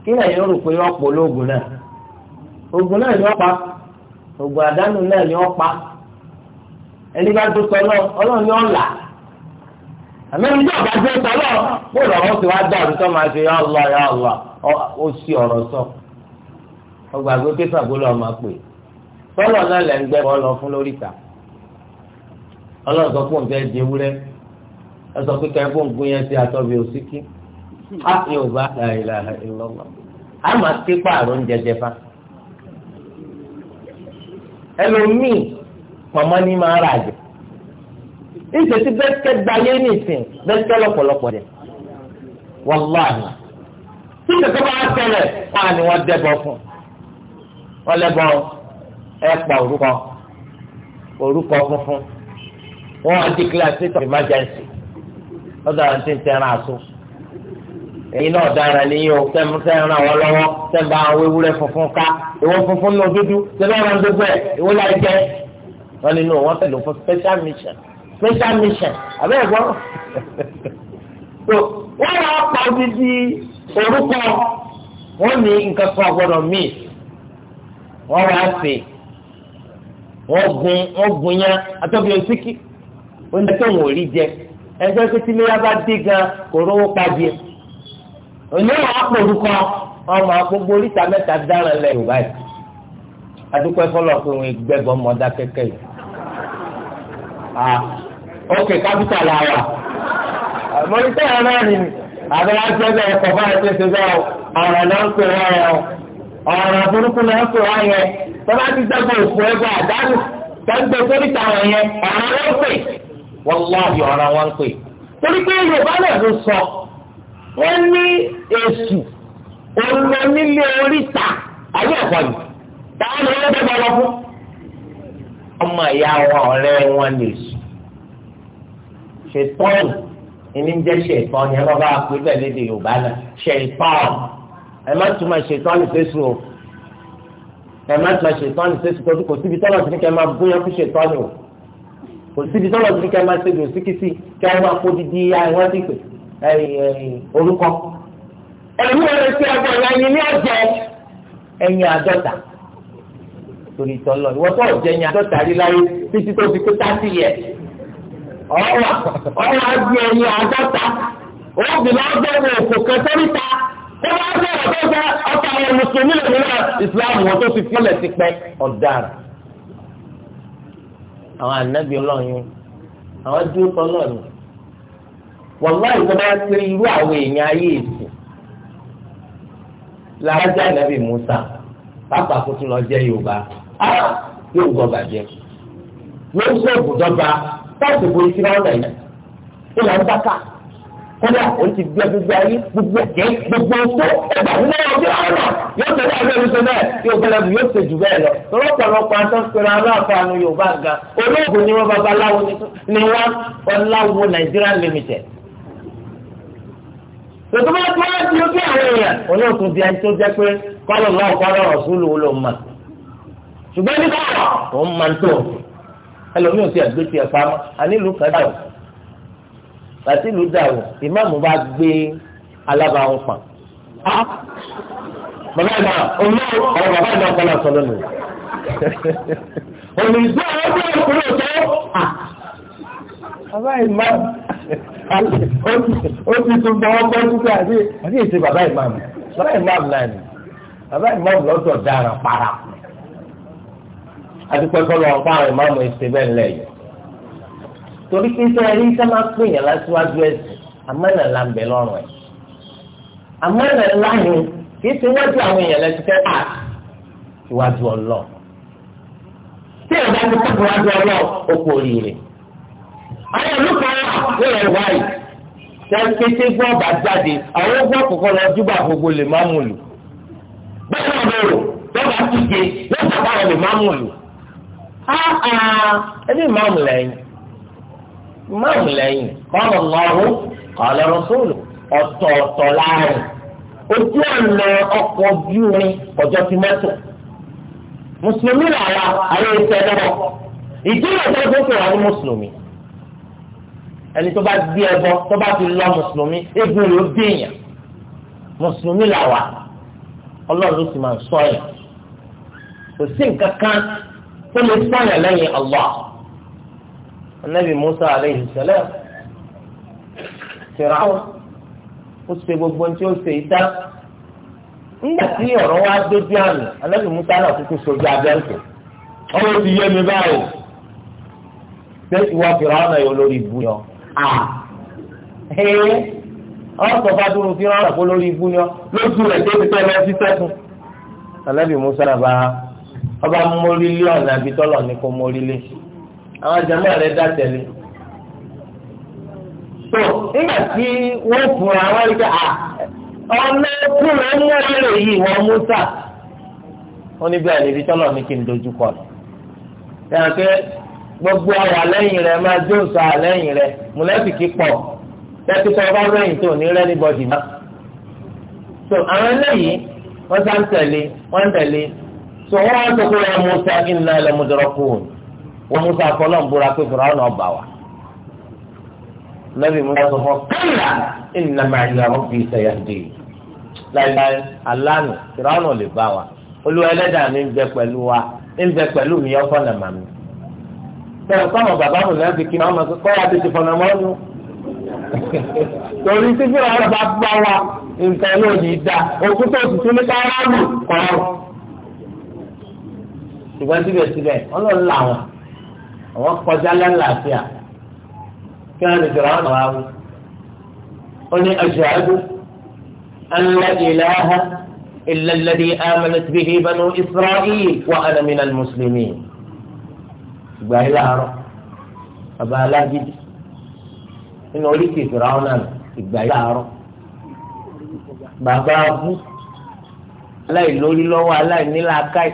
kí lẹ́yìn rò pé yọ pọ̀ lóògùn náà oògùn náà yọ pa oògùn àdánù náà yọ pa ẹni bá tó sọ ọlọ́run yọ là àmẹ́rin sọ náà lọ́wọ́ wá dá máa ṣe yọ lọ yọ lọ ó sì ọ̀rọ̀ sọ ọgbà gbé sàgbólọ́ máa pè sọ́lọ̀ náà lẹ́ ń gbẹ́ bọ́ lọ fún lóríta ọlọ́run sọ fún òun fẹ́ di ewúrẹ́ ẹ a yóò bá ilaha illallah a máa ké pààrọ̀ ń jẹjẹ fa ẹlòmíì pọ̀mọ́ ní máa rà jẹ ìṣètí bẹ́tẹ̀ gbayé nìsín bẹ́tẹ̀ lọ́pọ̀lọpọ̀ jẹ wàláhì tí kẹ̀kẹ́ bá ṣẹlẹ̀ wà ní wọ́n dẹ́bọ̀ fún wọ́n lẹ́bọ̀ ẹ̀ pa orúkọ orúkọ funfun wọ́n á di kíláàsì tó emergency lọ́dọ̀ àwọn tí ń tẹran àṣọ èyí náà dára níyìn o tẹ́ ń ràn wọ́n lọ́wọ́ tẹ́ ń bá àwọn ewúrẹ́ funfun ká ìwọ funfun náà dúdú tẹ́ bá wọn gbogbo ẹ̀ ìwọ láì jẹ́ wọn nínú wọn pẹ̀lú fún special mission special mission àbẹ́ ẹ̀gbọ́n so wọ́n lọ pa odidi orúkọ wọ́n ní nǹkan kan gbọ́dọ̀ míì wọ́n wá sí wọ́n gun wọ́n gun yẹn atọ́bi osiki oúnjẹ tó ń wò rí jẹ ẹgbẹ́ pété léyà bá dé gan kò rówó pa díẹ̀ òní àwọn akpọ̀dùkọ ọmọ gbogbo oríta mẹ́ta dára lẹ yorùbá yìí adúpẹ́ fọlọ́ pé wọn gbẹgbọ́ mọ́dá kẹ́kẹ́ yìí ah ok kápítà la wà mọ̀lítẹ́ ẹ̀rọ ni àbẹ̀ àjẹbẹ̀ ẹ̀kọ́ bá ẹ̀ṣẹ̀ ṣe bẹ́ẹ̀ o ọ̀rọ̀ náà ń pè wọ́n yẹn o ọ̀rọ̀ burúkú náà ń pè wọ́n yẹn tọ́lá ti dẹ́gbẹ̀ òkú ẹgbẹ́ àdánù tẹ́gbẹ́ sóríta wọn yẹn ọ̀rọ̀ wọn ń pè wọ́n lọ́ọ̀bì ọ̀rọ̀ wọn ń pè torí pé yorùbá náà ló sọ wọ́n ní èsù òǹlọ nílé oríta àbí ẹ̀kọ́ ni táwọn ní wọ́n dẹ́gbà lọ fún. ọmọ ìyá wọn ọ̀rẹ́ wọn lè sùn. ṣètọ́nù ìní ń jẹ́ ṣètọ́nù ẹ lọ́ba pé bẹ́ẹ̀ lédè Yorùbá náà ṣètọ́nù ẹ má túmọ̀ ṣètọ́nù fésù o ẹ má túmọ̀ ṣètọ́nù fésù tó kò síbi tọ́lọ̀ sí ni kẹ́ máa bóyá fún ṣètọ́nù o kò síbi tọ́lọ̀ sí ni kẹ́ máa ṣe orúkọ ẹ̀mí ọ̀rẹ́ sí ẹgbẹ́ ọ̀la ẹni ní ọ̀jẹ̀ ẹ̀yìn àádọ́ta torí tọ́lọ̀ ìwọ́n tó ọ̀jẹ̀ ẹ̀yìn àádọ́ta rí láyé títí tó fi kó tásì yẹ ọ̀rọ̀ ọ̀rọ̀ àgbẹ̀ ẹ̀yìn àádọ́ta òbí náà bẹ̀rẹ̀ òkú kan sẹ́ríta ó wá bẹ̀rẹ̀ tó sọ ọ̀tá àwọn mùsùlùmí lòun náà ìsìláàmù wọn tó fi fílẹ̀ ti pẹ́ ọ̀daràn àwọn wàláì tó bá ti rí irú àwọn èèyàn ayé èsì làájá nàbì Musa pápá kó tún lọ jẹ Yorùbá ah, yóò gbọ́ bàjẹ́ yóò sọ ìbùdọ́gba táàtì bo ìsirá nàìjíríà ó là ń dáká kódà ó ti gbé gbogbo ayé gbogbo ẹ̀jẹ̀ gbogbo ọ̀tọ̀ ẹ̀gbà nínú ọjọ́ ọ̀nà yóò tẹ̀lé àwọn ẹ̀rọ̀sọ náà yóò tẹ̀lé bí yóò ṣe jù bẹ́ẹ̀ lọ lọ́pọ̀lọpọ̀ àtọ́sọ̀rọ̀ aláàfáàánú Yorùbá ga olóògùn ni wọ́n babaláwo ni wọ́n ọ̀làwọ̀ Nàìjíríà limited tòtò bá tó wá di ojú àwọn èèyàn olóòtú di ẹni tó jẹ pé kọlọ lọ kọlọ ọsùlù ló mà ṣùgbọ́n ní báwọ̀ ó ń máa ń tó ẹlòmíì ò ti ẹ̀gbẹ́ tiẹ̀ pamọ́ ànílù kan dà wọ̀ bàtí ìlú dà wọ̀ ìmáàmù bá gbé alábàáhùn pa bàbá ìgbà òun ọ̀rọ̀ bàbá ìgbà ọ̀pọ̀lọ̀ sọ lónìí òun ìgbà ọ̀pọ̀lọ̀ sọ lónìí. bàbá ìmáàmù ó ti tún bọ́ ọgbọ́n títí àbí àbí ètò bàbá ìmáàmù bàbá ìmáàmù náà ni bàbá ìmáàmù lọ́dọ̀ dára para àtúpẹ́ kọ́lọ́ ọ̀pá àwọn ìmáàmù ẹ̀sìn bẹ́ẹ̀ lẹ̀ yìí torí pé sọ ẹni sọ máa pè yàn lásìwájú ẹ̀sìn amánà ńlá ń bẹ lọ́rùn ẹ̀ amánà ńlá ni kì í ti wájú àwọn èèyàn lẹ́sìn fẹ́ pa ìwájú ọlọ́ọ̀ tí ìrọ̀lẹ́ ti kọ́ ìwájú ọlọ́ọ̀ ó kú oríire àwọn ìlú nílẹ̀ wáyé tẹ́tẹ́tẹ́ gbọ́ bá jáde àwọn ọgbọ́n kọ̀ọ̀kan lọ júbà gbogbo lè má mú lù bẹ́ẹ̀ náà bẹ̀rù tọ́ba kíkẹ́ lọ́sà bá lè má mú lù ẹni ìmáàmù lẹ́yìn ìmáàmù lẹ́yìn kọ́lọ̀ lọ́rùn kọ́lọ̀ rọ́sọ́lù ọ̀tọ̀ọ̀tọ̀ láàrin ojú ọ̀nà ọkọ̀ ojú irin ọjọ́ ti mẹ́tò mùsùlùmí làwọn àwọn ìṣẹ̀lẹ̀ wọn ìdílé ọjọ́ tó kọ̀ wá ní mùsùlùmí ẹni tó bá gbé ẹbọ tó bá ti lọ mùsùlùmí egun rẹ̀ ó dèèyàn mùsùlùmí là wà ọlọ́run ló sì máa ń sọ ẹ̀ kò sí nǹkan kan tó lè sọ̀yàn lẹ́yìn Allah anabi Musa aleyhi salam fìràwọ̀ ó ṣe gbogbo ohun tí ó ṣe ìdá nígbà tí ọ̀rọ̀ wa dójú àmì anabi Musa náà kúkú sojú abẹ́ǹtò ọmọ ti yé mi báyìí pé ìwà fìràwọ̀ náà yóò lórí ibú yọ. ẹ ọsọ bá dúró fi hàn àpò lórí ibú ni ọ lójú rẹ tó ti tẹ lọ sí sẹkùn. alábì musa nàbà ọba mórílé ọ̀nà àbí kò àwọn jẹ̀mọ́ rẹ̀ dá tẹ̀lé. tó nígbà tí wọ́n fún àwọn ẹgbẹ́ ah, ọ̀nà rẹ̀ ń wọ́n musa. wọ́n ní dojú gbogbo ọ̀rọ̀ àlẹ́yìn rẹ̀ máa jó sọ àlẹ́yìn rẹ̀ mùlẹ́fìkì pọ̀ tẹ́tí bá rẹ̀yìn tó ní rẹ́ni bọ́dì má. so àwọn eléyìí wọ́n sá ń tẹ̀lé wọ́n ń tẹ̀lé so wọ́n wá sọ pé wọ́n Musa inna lamudrakun wọ́n Musa fọlọ́ ń búra pé fúráwọn ọba wa. lẹ́bi Musa sọ fún kálá inna ma'iya rabbi sayahdi láìláì aláàánú fúráwọn ò lè bá wa olúwa ẹlẹ́dàá mi ń bẹ pẹ̀lú bẹ́ẹ̀ sọ́mọ bàbá mi náà ti kí máa ma sọ kọ́ adé ti fọnà mọ́ nù. torí títí wọn bá bá wa nǹkan yóò ní í da òkúta òtútù ní káráàlú kọ́ọ̀rọ̀. ṣùgbọ́n síbẹ̀síbẹ̀ ọlọ́run làwọn àwọn kọjá lálàáfíà kí wọ́n lè jọra wọn wáwú. ó ní ashhadu an la ilaha illa alladhi amanat bihi banu isra'il wa ana minal muslimin ìgbà yìí láàárọ̀ bàbá alágídí nínú oríkì ìfìràwọn náà ìgbà yìí láàárọ̀ bàbá abú aláìlórí lọ́wọ́ aláìníláàkáì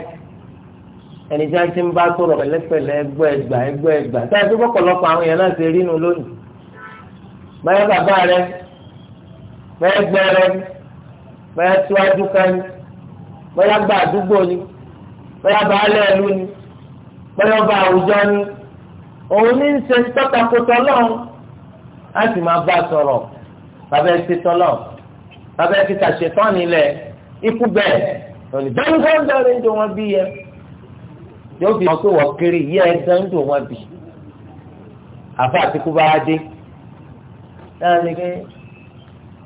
ẹni tí wọ́n ti ń bá sọ̀rọ̀ pẹ̀lẹ́pẹ̀lẹ́ ẹgbẹ́ ẹgbà ẹgbẹ́ ẹgbà táyà tó pọ̀pọ̀lọpọ̀ àwọn èèyàn náà ṣe rí nu lónìí báyọ̀ bàbá rẹ báyọ̀ gbẹ rẹ báyọ̀ tíwájú kan ni báyọ̀ gbà àdúgbò ni báyọ̀ bàálẹ̀ ẹlú ni bẹ́ẹ̀ ọba àwùjọ ni òun ní í ṣe tọ́takùtọ̀ lọ́hùn á máa bá a sọ̀rọ̀ bàbá ẹ ti tọ́lọ̀ bàbá ẹ ti tàṣetán nílẹ̀ ikú bẹ́ẹ̀ lónìí dáńgọ́ńdọ́rẹ́ ń dùn wọn bí yẹ yóò fi hàn pé wọ́n kéré yí ẹ dáńdùn wọn bì àfa àtikú bá wá dé náà ni pé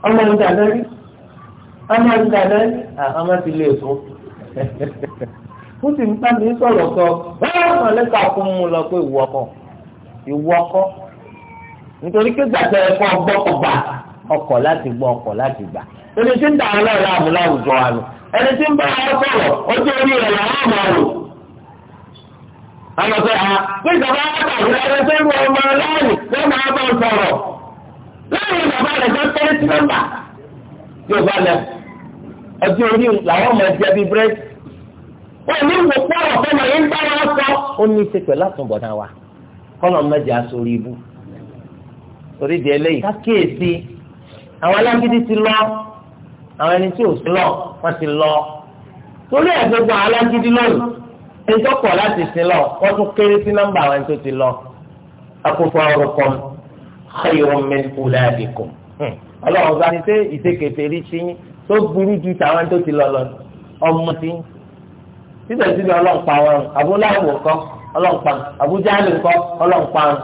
ọmọ ń dà lórí ọmọ ń dà lórí ọmọ ti lè fún. ó sì ń bá mi sọ̀rọ̀ sọ báwo náà lẹ́ka fún un lọ pé ìwọ kọ ìwọ kọ nítorí pé gbàgbé ẹ̀kọ́ ọgbọ́ ọgbà ọkọ̀ láti gbọ́ ọkọ̀ láti gbà ẹni tí ń dà ọ́ lọ́ọ̀lá àmì láwùjọ wa lò ẹni tí ń bá ọ sọ̀rọ̀ ojú orí rẹ̀ làwọn àmọ̀ lò. àwọn ọ̀sẹ̀ àá pé ìjọba àtàkùn ẹni tó ń wọ ọmọ láàyè ló máa bá ọ sọ̀rọ̀ láàyè bàbá òní wò pọ̀rọ̀ fọmọ yín bá wọn sọ. ó ní í ṣe pẹ̀lú àtúbọ̀tán wa kọ́lọ̀ mẹ́jẹ asorí ibú torí di eléyìí kákíyèsí àwọn alágídí ti lọ àwọn ẹni tí ò sí lọ wọ́n ti lọ torí ẹ̀ gbogbo àwọn alágídí lónìí ẹni tó pọ̀ láti sí lọ wọ́n tún kéré sí nọ́mbà àwọn ẹni tó ti lọ akókò ọrọ̀ kan xeyọ̀ọ́ mẹ́kúlẹ̀ àdìkù ọlọ́run bá ní sẹ́ ìṣèkèfé rí sí tó burú ju tàwọn tó ti lọ lọ ọmọ sí síbẹ̀síbẹ̀ ọlọ́ọ̀pá wọn abúláwò kọ́ ọlọ́ọ̀pá abújáde kọ́ ọlọ́ọ̀pá wọn.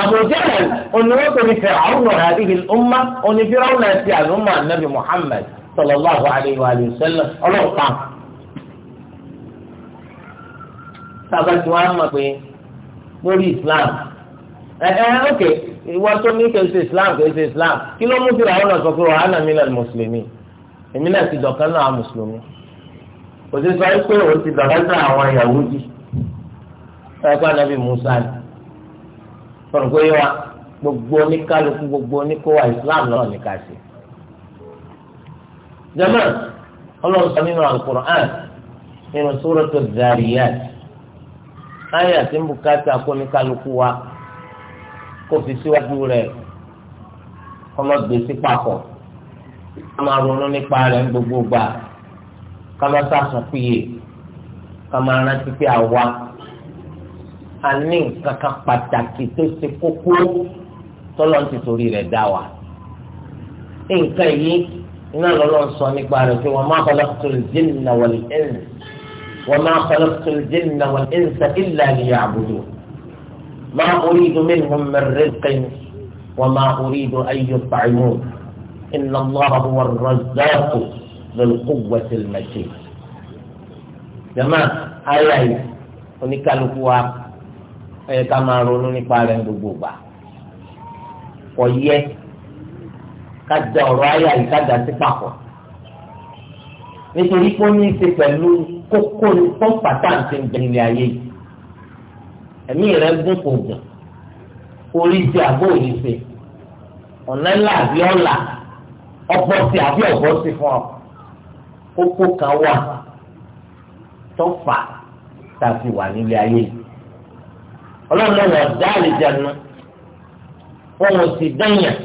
àbújáde oníwọ́tò ní fẹ́ àwọn àdìgì ọmọ onífẹ́ràn náà ti àlùmọ́ ànábì Muhammad sallallahu alayhi wa sallam ọlọ́ọ̀pá. sábà tí wọ́n mọ̀ pé lórí Islam ẹ ẹ ok ìwọ́n tó ní kẹ́sì Islam kẹ́sì Islam kí ló mú sí àwọn ọ̀sán pé wàhánà mi náà mùsùlùmí èmi náà ti dọ̀kan náà mùsùlùmí kò sí sọ pé òun ti dọ̀kan náà àwọn Yahudi ẹ̀ka nàbì Musa ni fọ̀rọ̀ pé wa gbogbo oníkálukú gbogbo oníkówà Islam náà ní ká ṣe. jama ọlọ́run sọ nínú Al-Qur'an nínú Suratu Dhariyat ayé àti mbùkátà kó oníkálukú wa kó fi síwájú rẹ̀ kọ́mọ́ gbèsè papọ̀ ká máa ronú nípa rẹ̀ ń gbogbo gbà ká máa sàfún péye ká máa rántí pé àwa a ní nǹkan kan pàtàkì tó ṣe kókó tọ́lọ́ ti torí rẹ̀ dá wa. nǹkan yìí iná lọ́lọ́ sọ nípa rẹ̀ pé wa ma khalaqtul jinna wal insa wa ma khalaqtul jinna wal insa illa liya'budun. ما أريد منهم من رزق وما أريد أن يطعمون إن الله هو الرزاق ذو القوة المتين jama aya yìí oníkálùkù wa ẹ ká máa ronú nípa rẹ̀ gbogbo gbà kò yẹ ká da ọ̀rọ̀ aya yìí ká dà sí nítorí pé ó ní í ṣe pẹ̀lú kókó tó pàtàkì ń bẹ ayé yìí ẹ̀mí rẹ̀ gún kò gùn orí ṣe àbó òní ṣe ọ̀nà ńlá àbí ọ̀la ọbọ̀sì àbí ọbọ̀sì fún ọ kókó kan wà tọ́fà tàbí wà nílé ayé yìí ọlọ́run lọ́wọ́ ọ̀dá àlejànú wọn ò sì dáyàn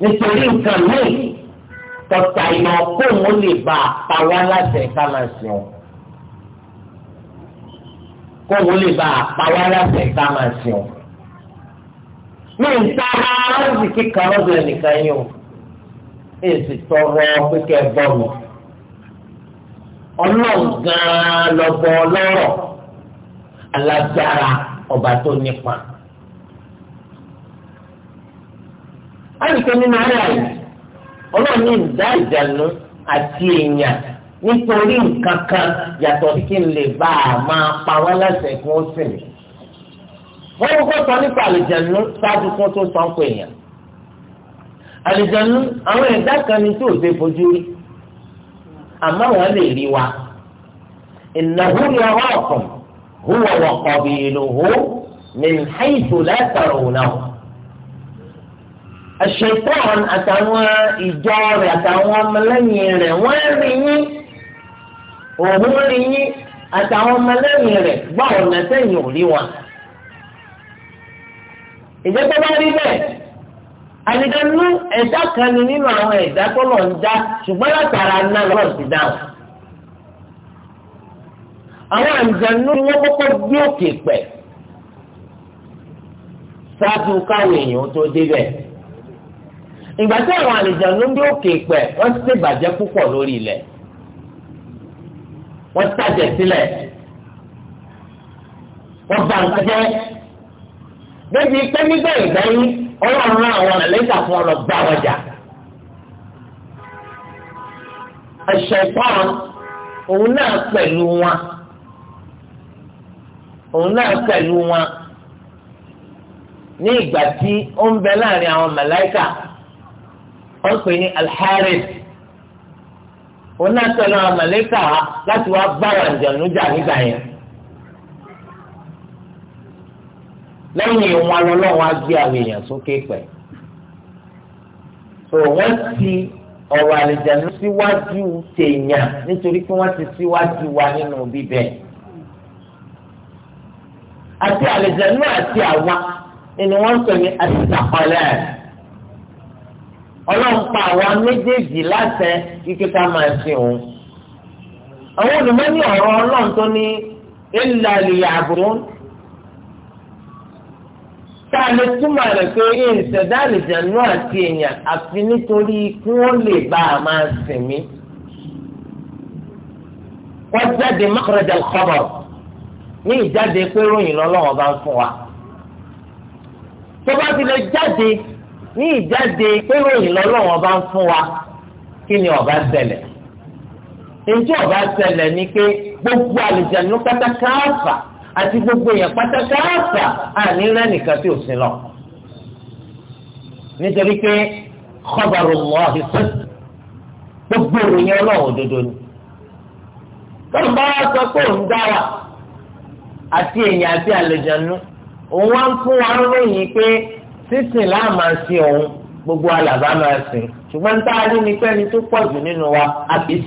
nítorí nǹkan míì tọ́ta ìmọ̀ ọ̀pọ̀n ó lè bá àpáwá láti ẹ̀ka máa sìn ọ́ kóun ó lè bá àpáwá láti ẹ̀ka máa sìn ọ́ mi ń ta ara ọ̀sìn kíkan lọ́dọ̀ ẹnìkan yín o èsì tọrọ pípẹ́ bọ́ọ̀lù ọlọ́run gan-an lọ́bọ̀ ọlọ́rọ̀ alágbára ọba tó nípa. àyíkẹ́ nínú ara yìí ọlọ́run ní ìdá ìjànú àti èèyàn nítorí nǹkan kan yàtọ̀ sí kí n lè bá a máa pa wọ́n lẹ́sẹ̀ kí wọ́n sì mí. wọ́n kọ́kọ́ sọ nípa àlùjànú ṣáájú kí wọ́n tó sọ ń pè èèyàn àlìjánu àwọn ẹ̀dá kan ní tí ò ṣe fojú rí àmọ́ wọn lè rí wa ìnáwó ni ọwọ́ ọ̀kan huwa wa qabiluhu min haythu la tarawnahu. àṣetán àtàwọn ìjọ rẹ̀ àtàwọn ọmọlẹ́yìn rẹ̀ wọ́n rí yín òun rí yín àtàwọn ọmọlẹ́yìn rẹ̀ gbọ́ ọ̀nà sẹ́yìn ò rí wọn. ìjọba bá rí bẹ́ẹ̀. àyẹ̀dánú ẹ̀dá kan ni nínú àwọn ẹ̀dá lọ ń dá ṣùgbọ́n látara ná lọ ti dá àwọn àǹjẹ̀nú ni wọ́n kọ́kọ́ gbé òkè pẹ̀ ṣáájú káwọn èèyàn tó débẹ̀. ìgbà tí àwọn gbé òkè pẹ̀ wọ́n ti bàjẹ́ púpọ̀ lórí ilẹ̀ wọ́n tàjẹ̀ sílẹ̀ ọlọ́run náà àwọn àlẹ́kà fún ọ lọ gbá wọn jà. ẹ̀ṣẹ̀ ìpọ́n òun náà pẹ̀lú wọn òun náà pẹ̀lú wọn ní ìgbà tí ó ń bẹ láàrin àwọn màláíkà ó pè ní alḥaris òun náà pẹ̀lú àwọn màláíkà láti wá gbá wọn nígbà yẹn. lẹ́yìn wọn lọ́lọ́run á gbé àwọn èèyàn sókè pẹ̀. so wọ́n ti ọ̀rọ̀ àlìjáde síwájú tèèyàn nítorí pé wọ́n ti síwájú wa nínú bíbẹ̀. àti àlìjáde àti àwa ni wọ́n ń pè ní àtìsàkọ́lẹ̀. ọlọ́run pa àwọn méjèèjì láṣẹ kíkẹ́ ká máa ṣe òun. àwọn olùmọ́ni ọ̀rọ̀ ọlọ́run tó ní illa liya'budun tá a lè túmọ̀ rẹ̀ pé ìṣẹ̀dá àlìjànú àti èèyàn àfi nítorí kí wọ́n lè bá a máa sìn wọ́n jáde makhraja al-khabar ní ìjáde pé ròyìn lọ́lọ́wọ́ bá ń fún wa. tó bá ti lè jáde ní ìjáde pé ròyìn lọ́lọ́wọ́ bá ń fún wa kí ni ó bá ṣẹlẹ̀. èyí tí ni pé gbogbo àlìjànú pátákáfà àti gbogbo èèyàn pátákó àṣà àní rẹ́nìkan tí ò sí lọ. nítorí pé kọ́bàrò wọ́n ọ̀hìn sí gbogbo ìròyìn ọlọ́run òdodo ni. tọ́lù bá wá sọ pé òun dá wa àti èèyàn àti àlejànú òun wá ń fún wa lóyìn pé sísìn láà sí òun gbogbo alàbá máa sìn ṣùgbọ́n ń táa ni pé tó pọ̀ jù nínú wa á sìn.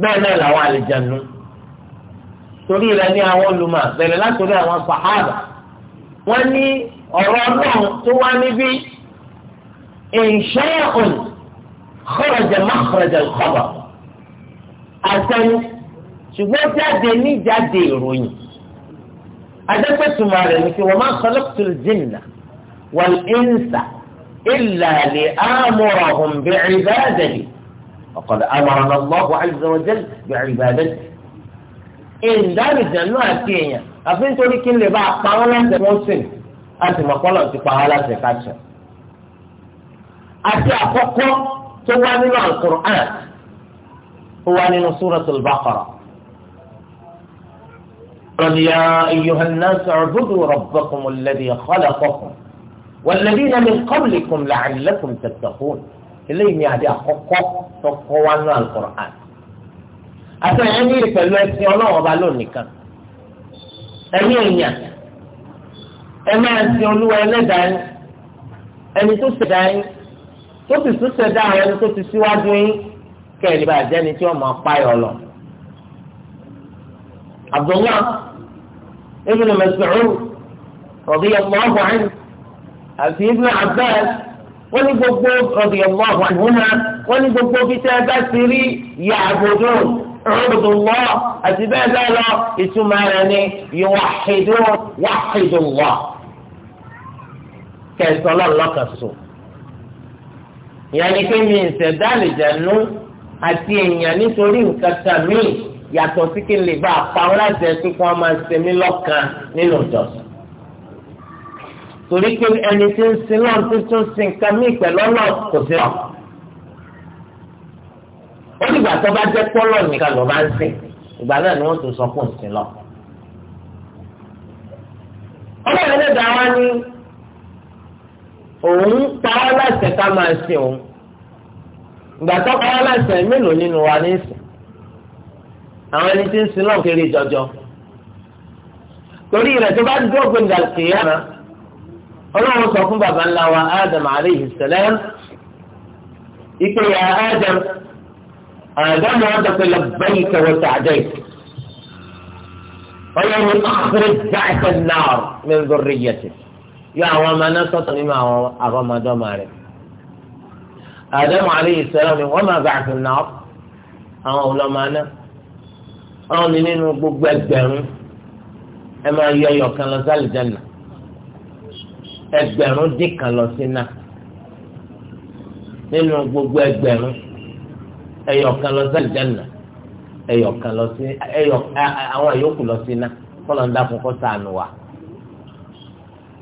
bẹ́ẹ̀ náà làwọn àlejànú torí rẹ̀ ní àwọn olùmọ̀ bẹ̀rẹ̀ látòrí àwọn sàhábà wọ́n ní ọ̀rọ̀ náà tó wá níbí ìṣẹ́yẹ̀kùn kharaja má al kọ́bà àtẹnu ṣùgbọ́n jáde níjáde ìròyìn adẹ́pẹ́ tuma rẹ̀ ni kí wọ́n máa khalaqtul jinna wal insa illa li'amurahum bi'ibadati. وقد أمرنا الله عز وجل بعبادته ìdánìjànú àti èèyàn àfi nítorí kí n lè bá a pa wọn láti wọn sìn láti mọ kọ́lọ̀ ti pa wọn láti káṣọ. àti àkọ́kọ́ tó wá nínú Al-Qur'an ó wá nínú Suratul Baqara. قل يا أيها الناس اعبدوا ربكم الذي خلقكم والذين من قبلكم لعلكم تتقون إليه يعني أخوك تقوى القرآن àtẹ̀yẹ́ ní ìpẹ̀lú ẹsìn ọlọ́run ọba lónìí kan ẹ̀mí èèyàn ẹ máa sin olúwa ẹlẹ́dàá yín ẹni tó ṣẹ̀dá yín tó sì tún ṣẹ̀dá àwọn ẹni tó ti síwájú yín kẹ́ẹ̀lì bá jẹ́ni tí wọ́n máa páyọ̀ lọ. Abdullah ibn Mas'ud radiyallahu anhu àti ibn Abbas wọ́n ní gbogbo radiyallahu anhuma wọ́n ní gbogbo bí tẹ́ ẹ bá ti rí ya'budun ọ̀rọ̀dùnlọ́ àti bẹ́ẹ̀ bẹ́ẹ̀ lọ ìtumọ̀ rẹ̀ ni ìwàhídó wàhídùnlọ́ kẹsàn lọ́lọ́kan so. ìyẹn pé mi ìṣẹ̀dá lè jẹ̀nu àti èèyàn nítorí nǹkan kan míì yàtọ̀ sí kí n lè bá a pa wọn láti ẹ̀ kí wọ́n máa ṣe mí lọ́kan nínú ìjọsìn torí pé ẹni tí ń sin náà tuntun sin nǹkan míì pẹ̀lú ọ̀nà kò sí náà. nígbà tó bá jẹ́ pọ́lọ̀ nìkan ló máa ń sìn ìgbà náà ni wọ́n tún sọ fún ìsìn lọ. ọlọ́run lè wa ní òun pa ọ́ láṣẹ ká máa sìn òun ìgbà tó pa ọ́ láṣẹ mélòó nínú wa ní sìn àwọn ẹni tí ń sin náà kéré jọjọ torí rẹ̀ tó bá dúró gbẹ̀ngà kìíyàmá ọlọ́run sọ fún baba ńlá wa Adam aleyhi ìpè ya أعدام وضف لبيك وسعديك ويوم أخرج بعث النار من ذريته يا وما نصت لما أغمى دمارك آدم عليه السلام وما بعث النار أو لما أنا أو منين gbogbo ẹgbẹ̀rún ẹ máa yọ ẹyọ kan lọ sálì jẹnà ẹgbẹ̀rún ẹyọkan lọ sí àlùjánnà ẹyọkan lọ sí ẹyọ àwọn lọ sí iná kọlọ ń dákun wa.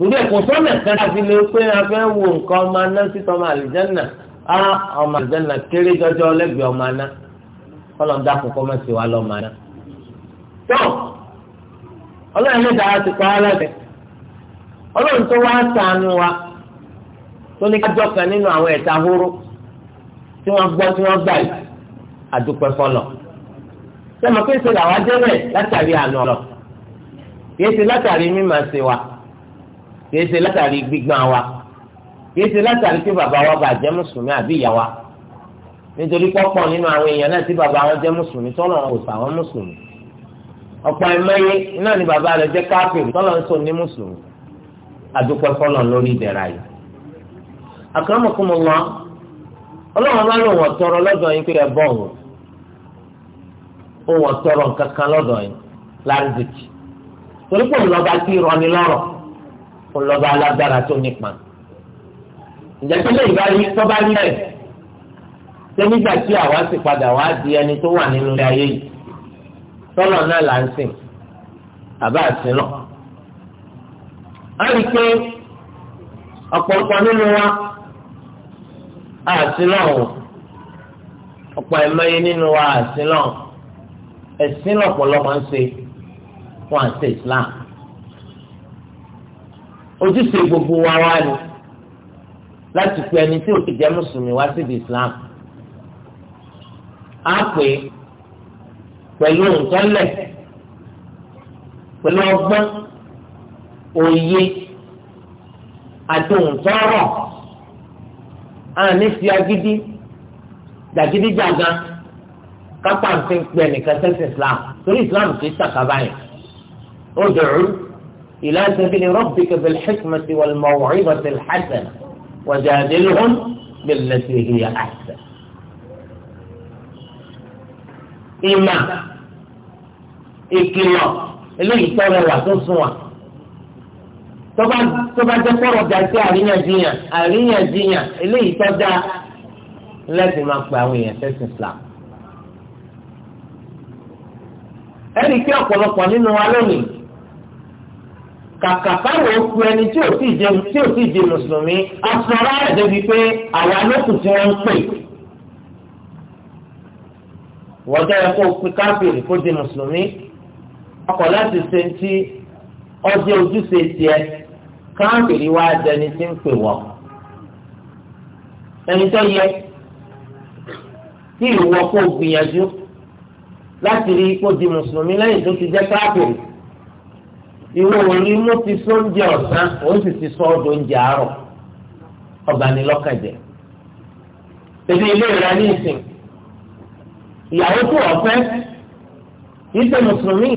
ìdí ẹ̀kọ́ sọ́nà kan láti lè pé wo nǹkan ọmọ aná sí tọmọ àlùjánnà á ọmọ àlùjánnà kéré jọjọ lẹ́gbẹ̀ẹ́ ọmọ aná kọlọ ń dákun sí wa lọ́mọ aná. tó ọlọ́run ní ti pa á ọlọ́run wa tó ní kájọ́ kan nínú àwọn ẹ̀ta horo tí wọ́n gbọ́ tí adúpẹ́ fọlọ́ sẹ́mi pé ṣe làwọn látàrí àná lọ kìí látàrí mímọ̀ ṣe wa kìí látàrí wa látàrí pé bàbá wa bá jẹ́ mùsùlùmí àbí ìyá wa nítorí pọ́pọ́ nínú àwọn èèyàn náà tí bàbá wọn jẹ́ mùsùlùmí tọ́lọ̀ mùsùlùmí ọ̀pọ̀ ẹ̀mẹ́yẹ náà ni bàbá rẹ̀ jẹ́ káfíìn tọ́lọ̀ ń sọ ní mùsùlùmí adúpẹ́ fọlọ̀ lórí ìdẹ̀ra yìí. ọlọ́run bá ó wọ́n tọrọ nǹkan kan lọ́dọ̀ yìí lárídìkì torí pé ńlọba tí ìrọ̀ni lọ́rọ̀ ńlọba alágbára tó nípa ǹjẹ́ tó lè bá rí tó bá rí rẹ̀ ṣé nígbà tí àwa sì padà wá di ẹni tó wà nínú ilé ayé yìí tọ́lọ̀ náà là ń sìn àbá àsìn lọ. rí i pé ọ̀pọ̀lọpọ̀ nínú wa àsìn ọ̀pọ̀ ẹ̀mọ́yé nínú wa àsìn lọ́hùn ẹ̀sìn lọ́pọ̀lọpọ̀ ń ṣe wọn àti Islam ojúṣe gbogbo wa wá ni láti pe ẹni tí ò ti jẹ́ mùsùlùmí wá síbi Islam á pè é pẹ̀lú òǹtọ́lẹ̀ pẹ̀lú ọgbọ́n òye àti òǹtọ́rọ̀ àní fi agídí dàgídí jàgán. kápá ti ń pè nìkan sẹ́sìn islam torí islam ti ṣàkàbà yẹn ó dùrù ila sabili rabbika bil hikmati wal maw'izati al hasana wajadilhum billati hiya ahsan. ìmà ìkìlọ̀ eléyìí tọrọ wà tó sùn wà tọba tọba jẹ kọrọ gàtí àríyànjiyàn àríyànjiyàn eléyìí tọ́ da lẹsìn máa pè àwọn èèyàn sẹ́sìn islam. ẹnì kí ọ̀pọ̀lọpọ̀ nínú wa lónìí kàkà káwọn oku ẹni tí ò sì jẹ tí ò sì jẹ mùsùlùmí asọ̀rọ̀ rẹ̀ débi pé àwa lókùn tí wọ́n ń pè wọ́n jẹ́ kó pe káfíìrì kó di mùsùlùmí ọkọ̀ láti ṣe ti ọjọ́ ojúṣe tiẹ̀ káfíìrì wa dẹni tí ń pè wọ́n ẹni tó yẹ kí ìwọ kó gbìyànjú láti rí ipò di mùsùlùmí lẹ́yìn tó ti jẹ́ káàpù ìwọ òní mú ti sọ oúnjẹ ọ̀sán òun sì ti sọ ọdún oúnjẹ àárọ̀ ọ̀bànilọ́kànjẹ́ tẹ̀lé ilé rẹ ní ìsìn ìyàwó tó ọ̀fẹ́ yìí ṣe mùsùlùmí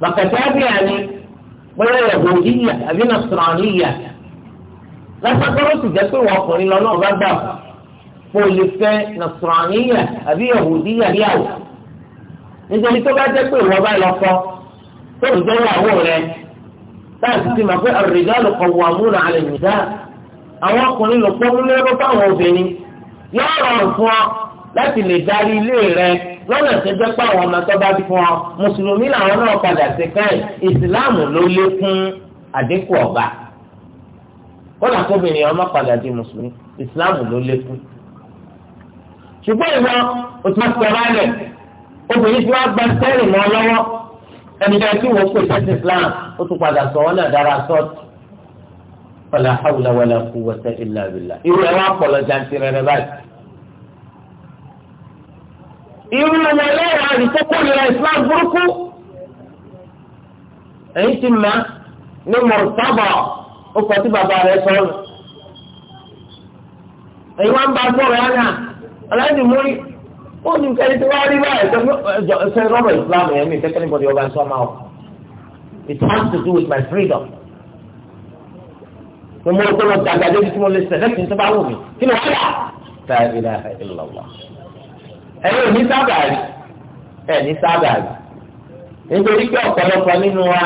bàkàtà bí àní bóyá yàgò yíyà àbí nàṣàrán yíyà lásàkọ́rọ́ sì jẹ́ pé wọ́n ọkùnrin lọ́nà ọ̀bá gbà fún olùfẹ́ nàṣàrán yíyà àbí yàgò yíyà yàwó nítorí tó bá jẹ́ pé ìwọ bá lọ kọ́ tó ń jẹ́ ìyàwó rẹ táàsì ti mọ̀ pé ar-rijalu qawwamuna 'ala an-nisaa àwọn ọkùnrin lò pọ́ múlẹ̀ lọ́pọ̀ àwọn obìnrin yóò rọrùn fún ọ láti lè darí ilé rẹ lọ́nà tó jẹ́ pé àwọn ọmọ tó bá fún ọ mùsùlùmí làwọn náà padà sí káyìn ìsìláàmù ló lékún àdínkù ọ̀gá kódà kóbìnrin ọmọ padà di mùsùlùmí ìsìláàmù ló lékún ṣùgbọ́n ìwọ òtún obìnrin tí wọ́n gba sẹ́rìn mọ́ lọ́wọ́ ẹni náà tí wọ́n pè sẹ́sìn Islam ó tún padà sọ ọ́ náà dára sọ́ọ̀tù. fala hawla wala quwwata illa billah irú ẹ̀ wá pọ̀lọ̀ jantirẹrẹ báyìí. irú ẹ̀ lẹ́yìn àdìsókò nira Islam burúkú. èyí ti mọ̀ ní mọ̀tàbà ó kọ́ sí bàbá rẹ̀ sọ́ọ̀nù. èyí wá ń bá a sọ̀rọ̀ yánà aláìdìmúrí ó ní kẹ́ni tí wọ́n rí báyìí ṣe rọ́rọ̀ ìsìlámù yẹn mi ìfẹ́ kẹ́ni bọ̀dì ọba ẹ̀ṣọ́ máa wọ̀ it has to do with my freedom mo mọ ọgbọ́n ọjà àgbà débi tí mo lè sẹ̀lẹ́kì tó bá wù mí kí ni wọ́n yà tá a rí náà ẹ̀ lọ́wọ́ ẹ̀yin ò ní sábà rí ẹ̀ ní sábà rí nítorí pé ọ̀pọ̀lọpọ̀ nínú wa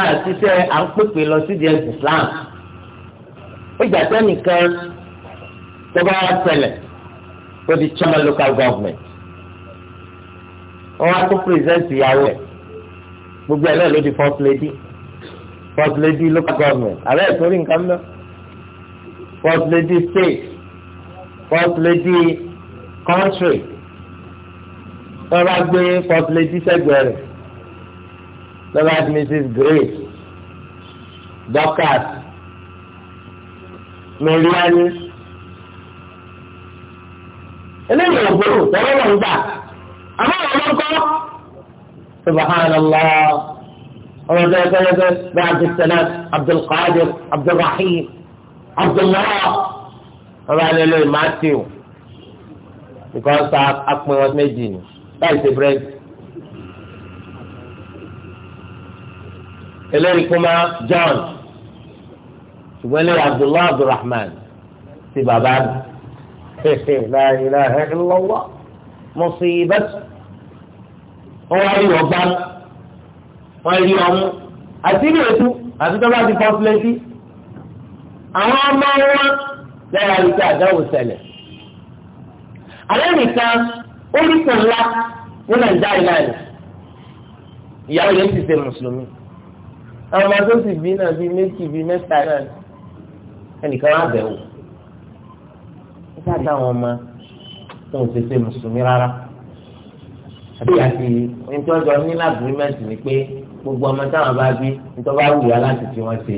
à ń ṣiṣẹ́ à ń pèpè lọ sí ìdíyẹ ìsìlámù ó jà sẹ́nìkan tó bá wá ṣẹlẹ̀ For the chairman local government wọ́n wá tó present ìyàwó ẹ̀ gbogbo ẹ̀ náà ló di first lady first lady local government àbẹ́ ẹ̀ sórí nǹkan mọ́ first lady state first lady country wọ́n bá gbé first lady sẹ́gbẹ̀ẹ́ rẹ̀ lọ́ba mrs grace dorcas mary alice. eléyìí ò gbòòrò tọ́lọ́ lọ ń gbà àmọ́ àwọn ọmọ kọ́ subhanallah ọmọ bẹ́ẹ̀ bẹ́ẹ̀ bẹ́ẹ̀ bẹ́ẹ̀ abdulsalam abdulkadir abdulrahim abdullah ọba nílò matthew because apin wọn méjì ni láì ṣe bírèdì eléyìí kúmá john ṣùgbọ́n eléyìí abdullah abdulrahman ti bàbá mi. la ilaha illallah musibat wọn wá rí ọgbà wọn rí ọmú àti ní ètú àti tó bá ti fọ́ sílẹ̀sì àwọn ọmọ wọn lẹ́yìn àríkà àdáwò ṣẹlẹ̀ alẹ́ nìkan ńlá ní nàìjíríà náà ìyàwó yẹn ti ṣe mùsùlùmí àwọn ọmọ tó sì bí náà bíi méjì bíi mẹ́ta náà ẹnìkan wá bẹ̀wò dáadáa wọn ma tó ń ṣe ṣe mùsùlùmí rárá àti àti ìtọ́jọ ní lágbèrímẹ́ǹtì ni pé gbogbo ọmọ táwọn bá bí nítorí bá wù wá láti fi wọn ṣe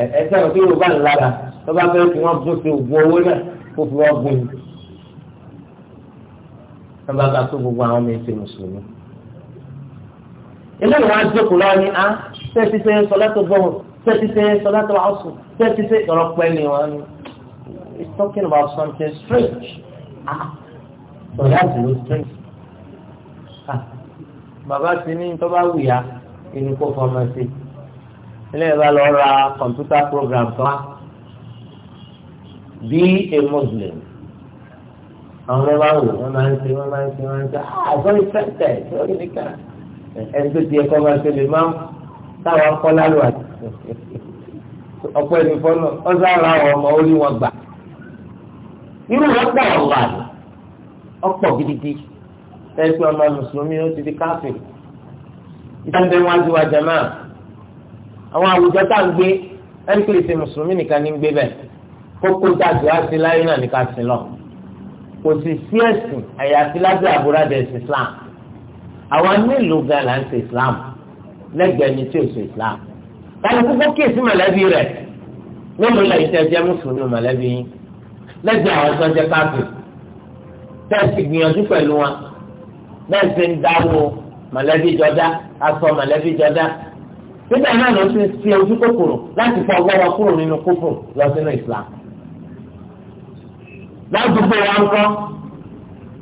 ẹ ẹ sẹ́wọ̀n tí yorùbá ń lára tó bá fẹ́ fi wọ́n gún sí ògùn owó náà kó fi wọ́n gún un wọ́n bá ga tó gbogbo àwọn ọmọ ẹ̀ṣẹ̀ mùsùlùmí. ilé ìwà àjòkù lọ ni a tẹ́tí sẹ́yìn sọ́lá tó bọ̀ tẹ́tí sẹ́yìn sọ́lá tó wà ọ̀sùn tẹ́tí sẹ́yìn sọ́lá pẹ́ ni wọ́n ní. He's talking about something strange. Ah, so that's no strange. Ah, bàbá ti ní tó bá wù yá inú kó fọmọ sí. Ilé ìbá lọ ra computer program kan. Be a Muslim. Àwọn ọmọ máa ń wò wọ́n máa ń ṣe wọ́n máa ń ṣe wọ́n máa ń ṣe ah very excited very nìkan. Ẹni tó ti ẹ̀kọ́ máa ṣe lè máa ń táwọn akọ́ lálùwà. Ọ̀pọ̀ ẹ̀dùn fọ́nà ọ̀sán ara ọmọ orí wọn gbà irú wọn pọ̀ ọ̀gá rẹ̀ ọ̀pọ̀ gidigidi ẹgbẹ́ ọmọ mùsùlùmí ó ti di káfíìn ìdáǹdé wọn ti wá jẹmọ́ àwọn àwùjọ tá à ń gbé ẹnikẹ́ni ti mùsùlùmí nìkan ní gbé bẹ́ẹ̀ kókó jáde wá sí láyé náà nìkan sí lọ kò sì sí ẹ̀sìn àyàfi lábẹ́ àbúradà ẹ̀sìn Islam àwọn mélòó gan la ń ṣe Islam lẹ́gbẹ̀ẹ́ ni tí ò ṣe Islam kálukú kó kíyèsí mọ̀lẹ́bí rẹ̀ mélòó lẹ́yìn tẹ́ jẹ́ mùsùlùmí mọ̀lẹ́bí yín lẹ́gbẹ̀ẹ́ àwọn tó ń jẹ́ káfíìn tẹ́sí gbìyànjú pẹ̀lú wọn bẹ́ẹ̀ sì ń dáwọ́ mọ̀lẹ́bí jọdá aṣọ mọ̀lẹ́bí jọdá nígbà náà ló ti ṣe ojú kòkòrò láti fọ ọgbọ́n wọn kúrò nínú kófò lọ sínú Islam ládùúgbò wa ń kọ́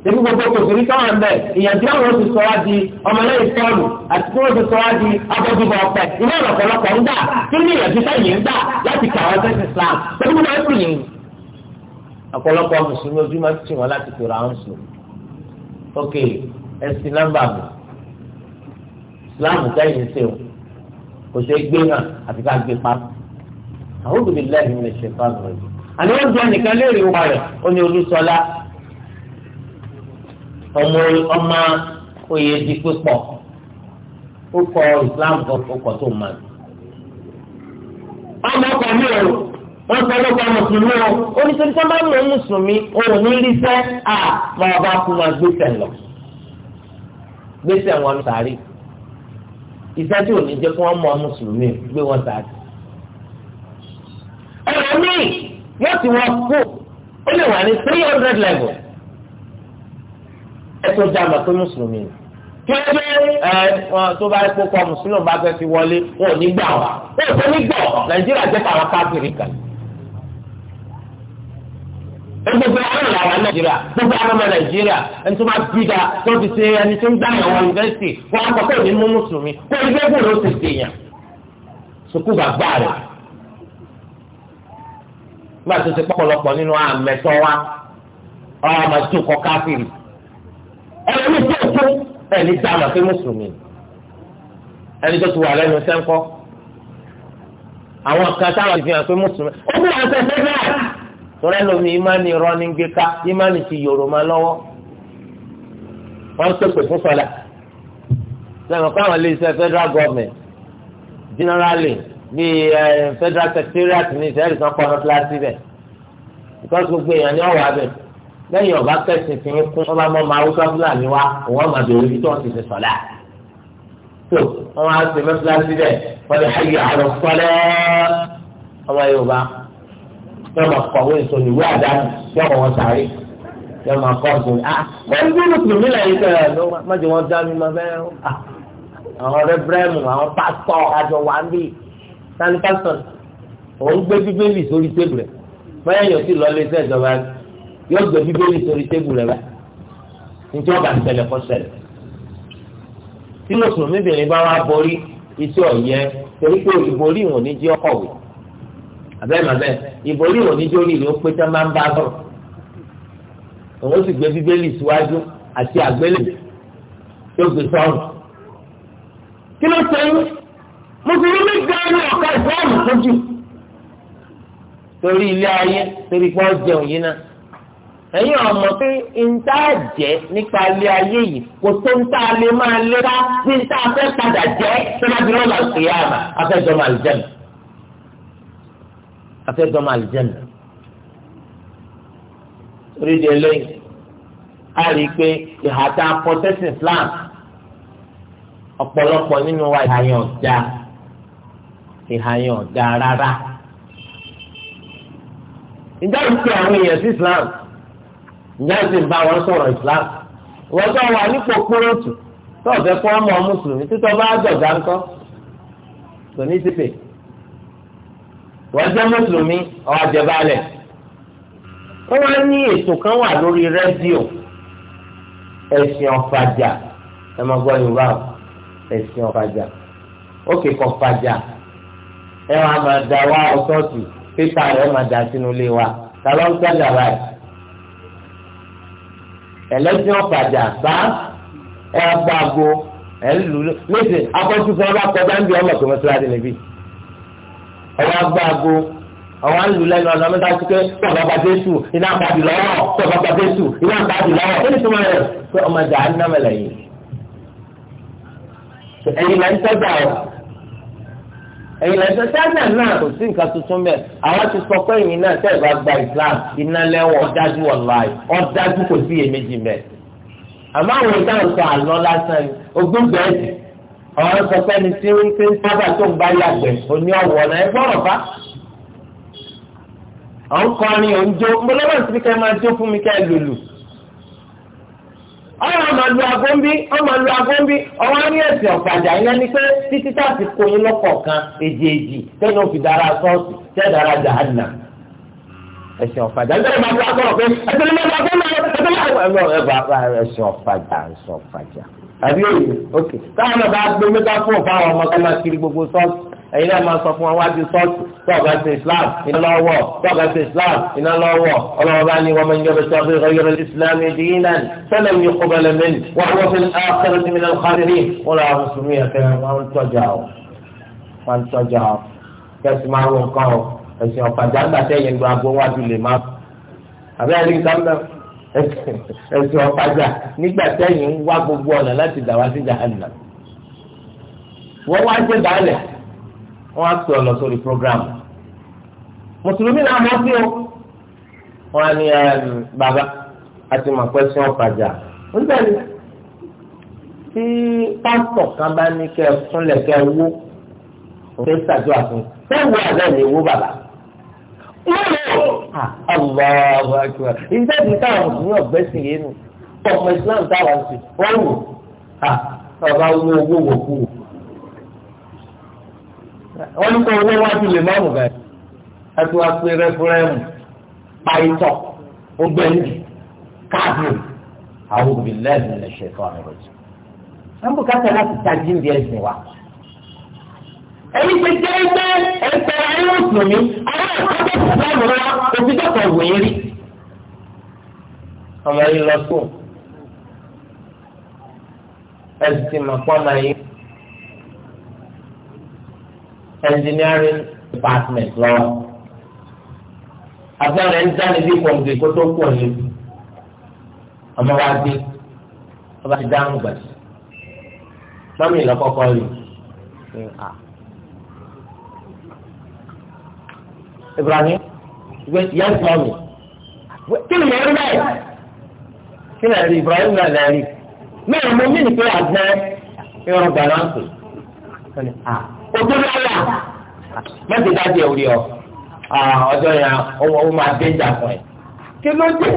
ebi gbogbo kòkòrò káwọn ń bẹ ìyànjú àwọn oṣù sọ wá di ọmọlẹ́yìn sọ́ọ̀lù àti tí wọ́n ti sọ wá di abọ́dúbọ̀ ọ̀pẹ ìmọ̀ ọ̀pọ̀lọpọ̀ ń gbà kí ni ìyànjú sẹ́yìn ń gbà láti kà wọ́n sẹ́sì Islam tó kí wọ́n ń pè yín ọ̀pọ̀lọpọ̀ mùsùlùmí ojú máa ń tì wọ́n láti pèrò àwọn mùsùlùmí. ok ẹ̀sìn nọ́mbà mi islam sẹ́yìn ṣe o kò ṣe gbé náà àti ká gbé pa. àwọn òbí lẹ́yìn lè ṣe fáwọn ọ̀rẹ́. àní wọ́n jẹ́ nìkan léèrè wa rẹ̀ ó ní olúṣọlá ọmọ ọmọ oyè di pípọ̀ ó kọ islam kan ó kọ tó máa. ọmọ ọkọ mi ò wọ́n sọ lọ́pàá mùsùlùmí o oníṣẹ́ni sábà ń lọ mùsùlùmí òun ní rí sẹ́ à máa bá kú máa gbèsè lọ gbèsè wọn sàárì iṣẹ́ tí ò ní jẹ́ kí wọ́n mọ mùsùlùmí gbé wọn sàárì. ọ̀rọ̀ mi yóò ti wọ́n kú ó lè wà ní three hundred level ẹ tó dáa mọ̀ pé mùsùlùmí ni kí wọ́n gbé ẹ tó bá kó kọ́ mùsùlùmí bá fẹ́ fi wọlé wọn ò ní gbà wá wọn ò tó ní gbọ̀ nàìjíríà jẹ́ tàwọn káfíìrì kan gbogbo àwọn ọ̀la wa nàìjíríà gbogbo àwọn ọmọ nàìjíríà ẹni tó bí da tó fi ṣe ẹni tó ń gbà yàn wọn yunifásitì wọn kọ kó ní mú mùsùlùmí kó ní gbogbo ló ti ṣe yàn sukù bàbá rẹ nígbà tó ti pọ̀pọ̀lọpọ̀ nínú àmẹtọ wa ọ̀rọ̀ àmà tó kọ káfíìrì ẹni ní tó kú ẹni tá a mà fi mùsùlùmí ẹni tó ti wà lẹ́nu sẹ́ńkọ́ àwọn kan táwọn ti fi hàn pé mùsùlùmí ó bí wọn sẹ́ńkọ́ náà tọ́lá lomi ìmánì rọ́ọ̀nì gbé ká ìmánì ti yòrò máa lọ́wọ́ wọ́n ń pèpè fún sọ́lá sẹ́wọ̀n káwọn ilé iṣẹ́ federal government generally bí federal secretariat ní ìṣẹ́rì kan pọ́n kíláàsì bẹ̀ because gbogbo èèyàn ní ọ̀wà bẹ̀ lẹ́yìn ọ̀bá kẹsì fi ń kún ọba mọ́mọ́ haúsá fúlàní wa òun ọmọ àbẹ̀wò ibi tí wọ́n ti fi sọ̀lá tó wọ́n á ti mẹ́fúlàsì bẹ̀ wọ́n ti hayya ala sọ́lá ọmọ yorùbá yóò máa kọ owó èso ìwé àdáni yóò kọ wọn sáré yóò máa kọ ọ̀sùn ah, ní. wọ́n ń bí mùsùlùmí lẹ́yìn tẹ̀ ló má jẹ́ wọ́n dá mi máa fẹ́ ah, àwọn rẹ́bírẹ́mù àwọn pásítọ̀ àjọ wà ń bì sani pásítọ̀ òun gbé bíbélì sórí tébù rẹ̀ báyọ̀ yóò sì lọ́lé iṣẹ́ ìjọba yóò gbé bíbélì sórí tébù rẹ̀ báyìí nítorí ọba ìṣẹ̀lẹ̀ kọ́ ṣẹlẹ̀ tí mùsùlùmí bìnrin bá wá borí iṣẹ́ ọ̀yẹ́ torí pé olùborí ìwọ̀n ní jí ọkọ̀wé abẹ́màbẹ́ ìbòrí oníjórí ló pé tẹ́ máa ń bá sọ̀rọ̀ òun sì gbé bíbélì síwájú àti àgbélé tó gbé sọ̀rọ̀ kí ló sẹ́yìn mùsùlùmí gan ni ọ̀ka ìsọ́ọ̀mù sójú torí ilé ayé torí pé ó jẹun yìí náà ẹ̀yin ọmọ pé ntá jẹ́ nípa ilé ayé yìí kò tó ntá lè máa lé bá bí ntá fẹ́ padà jẹ́ tó bá ti lọ́la ìyá àmà afẹ́jọ́ máa jẹun afẹ́dọ́mọ àlìjẹ́nà torí di eléyìí a rí i pé ìhà tá a kọ sẹ́sìn Islam ọ̀pọ̀lọpọ̀ nínú wa ìhà yẹn ọ̀dà ìhà yẹn ọ̀dà rárá ìjà ń pe àwọn èèyàn sí Islam ìjà ń sì ń bá wọn sọ̀rọ̀ Islam wọ́n tó wà nípò kúròtù tó ọ̀fẹ́ fún ọmọ mùsùlùmí títọ́ bá dọ̀gá ńkọ́ kò ní ti pè é wọ́n jẹ́ mùsùlùmí ọ̀hún àjẹbálẹ̀ wọ́n wá ní ètò kan wà lórí rédíò ẹ̀sìn ọ̀fàjà ẹ máa gbọ́ yorùbá ẹ̀sìn ọ̀fàjà òkè kọ̀fàjà ẹ máa máa da wá ọ̀tọ́ọ̀tì pépà rẹ̀ máa da sínú ilé wa ta ló ń sẹ́jà báyìí ẹlẹ́sìn ọ̀fàjà sá ẹ gbàgbó ẹ lù lẹ́sìn akọ́sùn fún ọba kọjá ń bí ọmọ tó mọ́ síláàdì níbí ọwọ́ agbáago àwọn àlù lẹ́nu ọ̀nà mẹ́ta ti pé tọ́ba gba jésù iná àgbàdì lọ́wọ́ tọ́ba gba jésù iná àgbàdì lọ́wọ́ kí ni tó máa rẹ̀ pé ọmọ ẹ̀dá anámẹ́lẹ̀ yìí. ẹ̀yin là ń tọ́jà ọ̀ ẹ̀yin là ń tọ́jà sáànà náà kò sí nǹkan tuntun bẹ́ẹ̀ àwọn ti sọ pé ẹ̀yin náà tẹ̀gbà gba islam iná lẹ́wọ̀n ọ̀dájú wàláì ọ̀dájú kò sí iyèméjì mẹ́ àmọ́ àwọn ìdáhùn sọ àlọ́ lásán ni ogún bẹ́ẹ̀ àwọn sọ pé ẹni tí ń tí ń sábà tó ń bá yàgbẹ́ òní ọ̀wọ́ náà ẹ gbọ́rọ̀ bá. àwọn kọrin òǹjọ mbọlọ́bà sí kẹ́ máa jó fún mi kẹ́ lòlù. ọ̀rọ̀ ọmọ lu agóńbí ọmọ lu agóńbí ọwọ́ á ní ẹ̀sìn ọ̀gbàjà yẹn ni pé títí lọ́kọ̀ọ̀kan èjì èjì tẹ́lẹ̀ òfin dára ẹ̀sìn ọ̀fàjà ẹ̀sìn ọ̀fàjà ẹ̀sìn ọ̀fàjà ẹ̀sìn ọ̀fàjà ẹ̀sìn ọ̀fàjà àbí òye ok táwọn náà bá gbé mẹ́ta fún ọ̀fà àwọn ọmọ kan máa kiri gbogbo ṣọ́ọ̀ṣì ẹ̀yin náà máa sọ fún wa wájú ṣọ́ọ̀ṣì tó ọ̀gá ṣe islam iná lọ́wọ́ tó ọ̀gá ṣe islam iná lọ́wọ́ ọlọ́wọ́ bá ní wọ́n máa ń yọ̀bẹ̀ sọ pé ọ̀yọ̀rọ̀ islam dínán sẹ́lẹ̀ mi kò bẹ̀rẹ̀ mẹ́ni wọ́n wọ́n fi àkàrà ti mìíràn kárí wọ́n lọ àwọn sùnmí ẹ̀fẹ́ wọn ń tọ́jà wọn ń tọ́jà kẹ́sì máa wọ nǹkan ọ̀ ẹ̀sìn ọ̀pàdé àgbàtẹ́ yẹn lu aago wájú lè má àbẹ́ àrí nǹkan náà ẹ̀sìn ọ̀pàdé nígbà tẹ́yìn ń wá gbogbo ọ̀nà láti dà wá sí jahanna wọ́n wá jẹ́ baálẹ̀ wọ́n á pè ọ̀nà sórí programu mùsùlùmí náà mọ̀ sí o wọ́n á ní bàbá àti màpẹ́sìn ọ̀pàdé nígbà yìí tí pásítọ̀ kan bá ní kẹ́ ẹ fúnlẹ̀ kẹ́ ẹ wó òfin ṣàjọ àfún fẹ́ wo àbẹ́ mi wó bàbá. Ah, Allahu akbar. Ìjẹ́ ìdí táwọn mùsùlùmí ọ̀gbẹ́sìn yé nu. Ọmọ Ìsìláàmù táwọn sì wọ́n wò. Ah, bàbá wo owó wò kú wò. Wọ́n ní kó owó wájú lè má mú bẹ́ẹ̀. A ti wá pé rẹ́fúrẹ́mù pàìtọ̀ ọgbẹ́ni káàdì àwọn òbí lẹ́ẹ̀mí lè ṣe fún àwọn ìrọ̀jù. Wọ́n bùkátà láti tají ń bí ẹ̀sìn wa ẹni pé jẹ́ ẹgbẹ́ ẹgbẹ́ ayé mùsùlùmí àwọn àkọ́kọ́ ìsìlámù wa òfin dọ́kọ̀ wòye rí. ọmọ yìí lọ sùn ẹsì mọ̀pọ́nà yìí engineering department lọ́wọ́ abẹ́rẹ́ ń dá níbi kọ̀ǹgì kó tó pọ̀ ní ọmọ wa dé ọba ti dáhùn gbàdí mọ́mí ìlọ́kọ́kọ́ rí. Ibrahim yes mami kí ni ẹ̀rí náà kí ni ẹ̀rí Ibrahim náà lẹ́rí mẹ́rin mo ní ìpè àgbẹ̀ ìrọ̀ gbàrántì ojú náà yà mẹ́tì dájú ẹ̀ wúri ọ ọjọ́ yẹn ó máa dé ìjà fún ẹ kí ló dé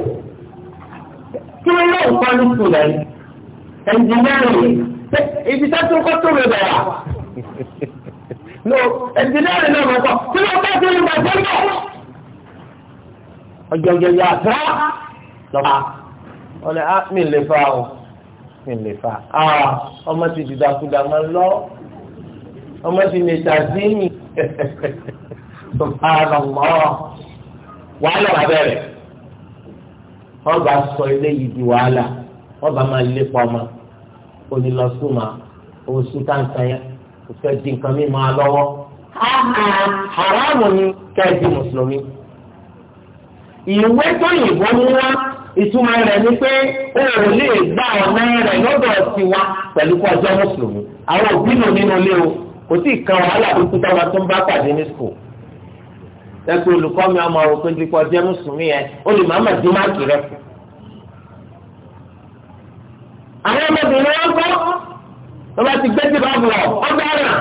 kí ló lọ́ọ̀ kọ́ ní sùn lẹ́yìn ẹnjìnírì ibi tá a tún kọ́ tó rẹ̀ bẹ̀rẹ̀ lo ẹnjìnírì náà mọ̀ sọ tí wọ́n bá ti rìn bàjẹ́ lọ. ọjọ́jọ́ yà sá lọ́wọ́ ọ̀nà á mi lè fa o mi lè fa ah, ọmọ ti dìdàkudà máa lọ ọmọ ti lè ta sí mi sọ̀tàlọ́mọ́ wàhálà wà bẹ̀rẹ̀ wọ́n bá sọ eléyìí di wàhálà wọ́n bá máa lépa ọmọ onílọ́sùnmá owó sùn táǹtàn yẹn kò fẹ́ di nǹkan mi máa lọ́wọ́ haramu ni kẹ́ẹ̀dì mùsùlùmí. ìwé tó yìnbọn mú wá ìtumọ̀ rẹ̀ ni pé o ò lè gbà ọ̀nà rẹ̀ lọ́dọ̀ tiwa pẹ̀lú kó ọjọ́ mùsùlùmí àwọn òbí nù nínú ilé o kò tí ì kan wàhálà kúkú táwa tó ń bá pàdé ní sùkùl lẹ́kọ̀ọ́ olùkọ́ mi ọmọ àwọn òpin ti kọ́ jẹ́ mùsùlùmí yẹn ó lè má má dín máàkì rẹ̀ àwọn ọmọbìnrin wọn kọ́ lọ́ba ti gbé tí bàbá wọ̀ ọgbà náà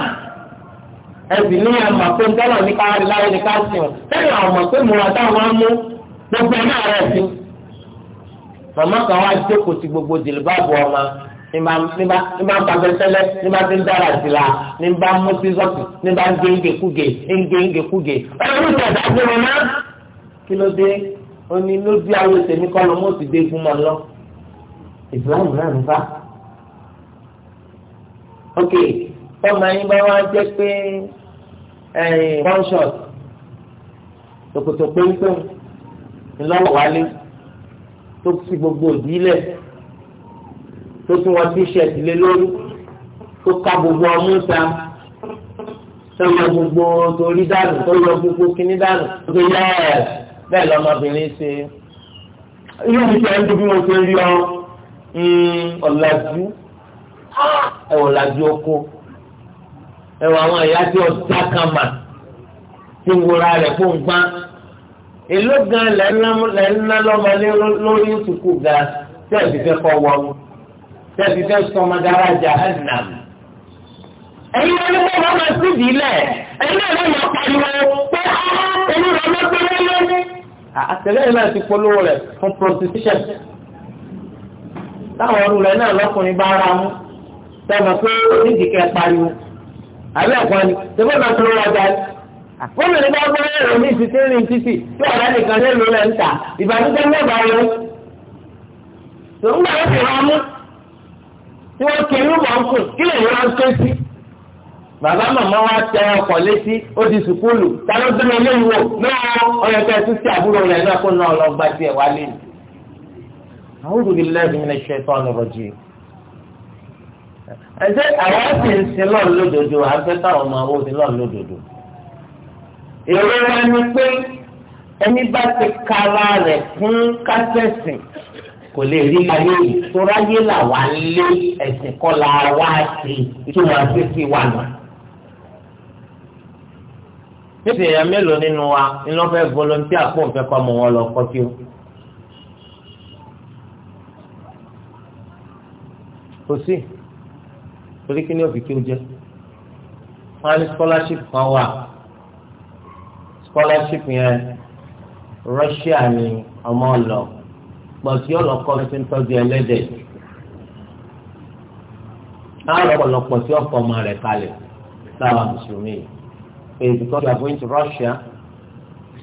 ẹbí ní àmà pé ntọ́nà ní káwárí láyé ní káṣíọ̀ sẹ́yìn àwọn ọmọ pé múra táwọn á mú gbogbo ẹ̀ náà rẹ̀ sí. màmá kan wá jókòó ti gbogbo dìlú báàbò ọmọ ní bá ń ba bẹsẹlẹ ní bá ti ń dára sí la ní bá ń mú sísọ́ọ̀sì ní bá ń gé ń gé kúgè ń gé ń gé kúgè. ẹ̀rọ ìjọba ti rìn náà kí ló dé oní ló bí àwọn ètè mi ti dé ok tọ́mọ yín bá wá jẹ́ pé conscious tòkòtò péńpé ńlọ́wọ́ wálé tó fi gbogbo òdílẹ̀ tó tún wọn tíṣẹ̀tì lé lórí tó ká gbogbo ọmú ta tó yọ gbogbo torí dànù tó yọ gbogbo kíní dànù tó fi yẹ ẹ bẹ́ẹ̀ lọ́mọbìnrin ṣe yóò fi ṣe ẹni tó bí mo ṣe rí ọ hmm, ọ̀làjú ẹ wò lajú oko ẹ wò àwọn ẹ̀yà tí ọ̀dà kan mà tí wúra rẹ̀ fún gbá èló gan lẹ́ ńlá lọ́mọ lórí ìsìnkú ga tẹ́ẹ̀bì fẹ́ kọ́ wọ́n tẹ́ẹ̀bì fẹ́ sọmọdára jà hànàm. ẹ̀yin ló ní kó wọ́n máa síbi ilẹ̀ ẹ̀yin náà lọ́mọ pariwo pé ah, ẹ̀yin ló máa gbé wọ́n lọ́wọ́. àtẹlẹ́yìn náà ti polówó rẹ̀ fún prostitution. táwọn ọ̀rùn rẹ̀ náà lọ́kùnrin bá ara mú sọmọ pé onídìí kẹ pariwo àbí ẹ̀kọ́ ni tẹ́fẹ́ máa tó wọ́n jáde. gómìnà bá gbọ́ ẹ̀rọ ní ìsìté ní títì tí ọ̀rẹ́ nìkan ní èlò rẹ̀ ń tà ìbànújẹ́ mẹ́ba yẹn. tòun gbàgbé ti wọn mú tí wọ́n kiri mọ̀ ń kù kí lè wọ́n ké sí. bàbá màmá wa tẹ ọkọ̀ létí ó di sùkúlù tálọ́ tó lọ léwu wò náà ọyọ kẹ tó sí àbúrò rẹ̀ náà kó náà lọ gbà tiẹ̀ wálé. àwọn olùdílé ẹsẹ àwọn sì ń sin lọ lódodo àgbẹ̀ táwọn ọmọ àwọn òsín lọ lódodo èrò wa ni pé ẹni bá ti kara rẹ̀ fún kásẹ̀sìn kò lè rí ayé ìtúráyé là wá lé ẹ̀sìn kọ́ la wá sí ìtumọ̀ sísè wà nù. níbi èèyàn mélòó nínú wa ni wọ́n fẹ́ volunteer fún òfẹ́ kọ́ mọ́ wọn lọ kọ́ kí o. kò sí torí kí ni òbí kí ó jẹ wọn á ní scholarship kan wà scholarship yẹn Russia ni ọmọ ọlọ gbọ̀nsí ọlọ́kọ́ ti ń tọ́jú ẹlẹ́dẹ̀ náà lọ́pọ̀lọpọ̀ sí ọkọ̀ ọmọ rẹ̀ kalẹ̀ láwọn mùsùlùmí yìí because you are going to Russia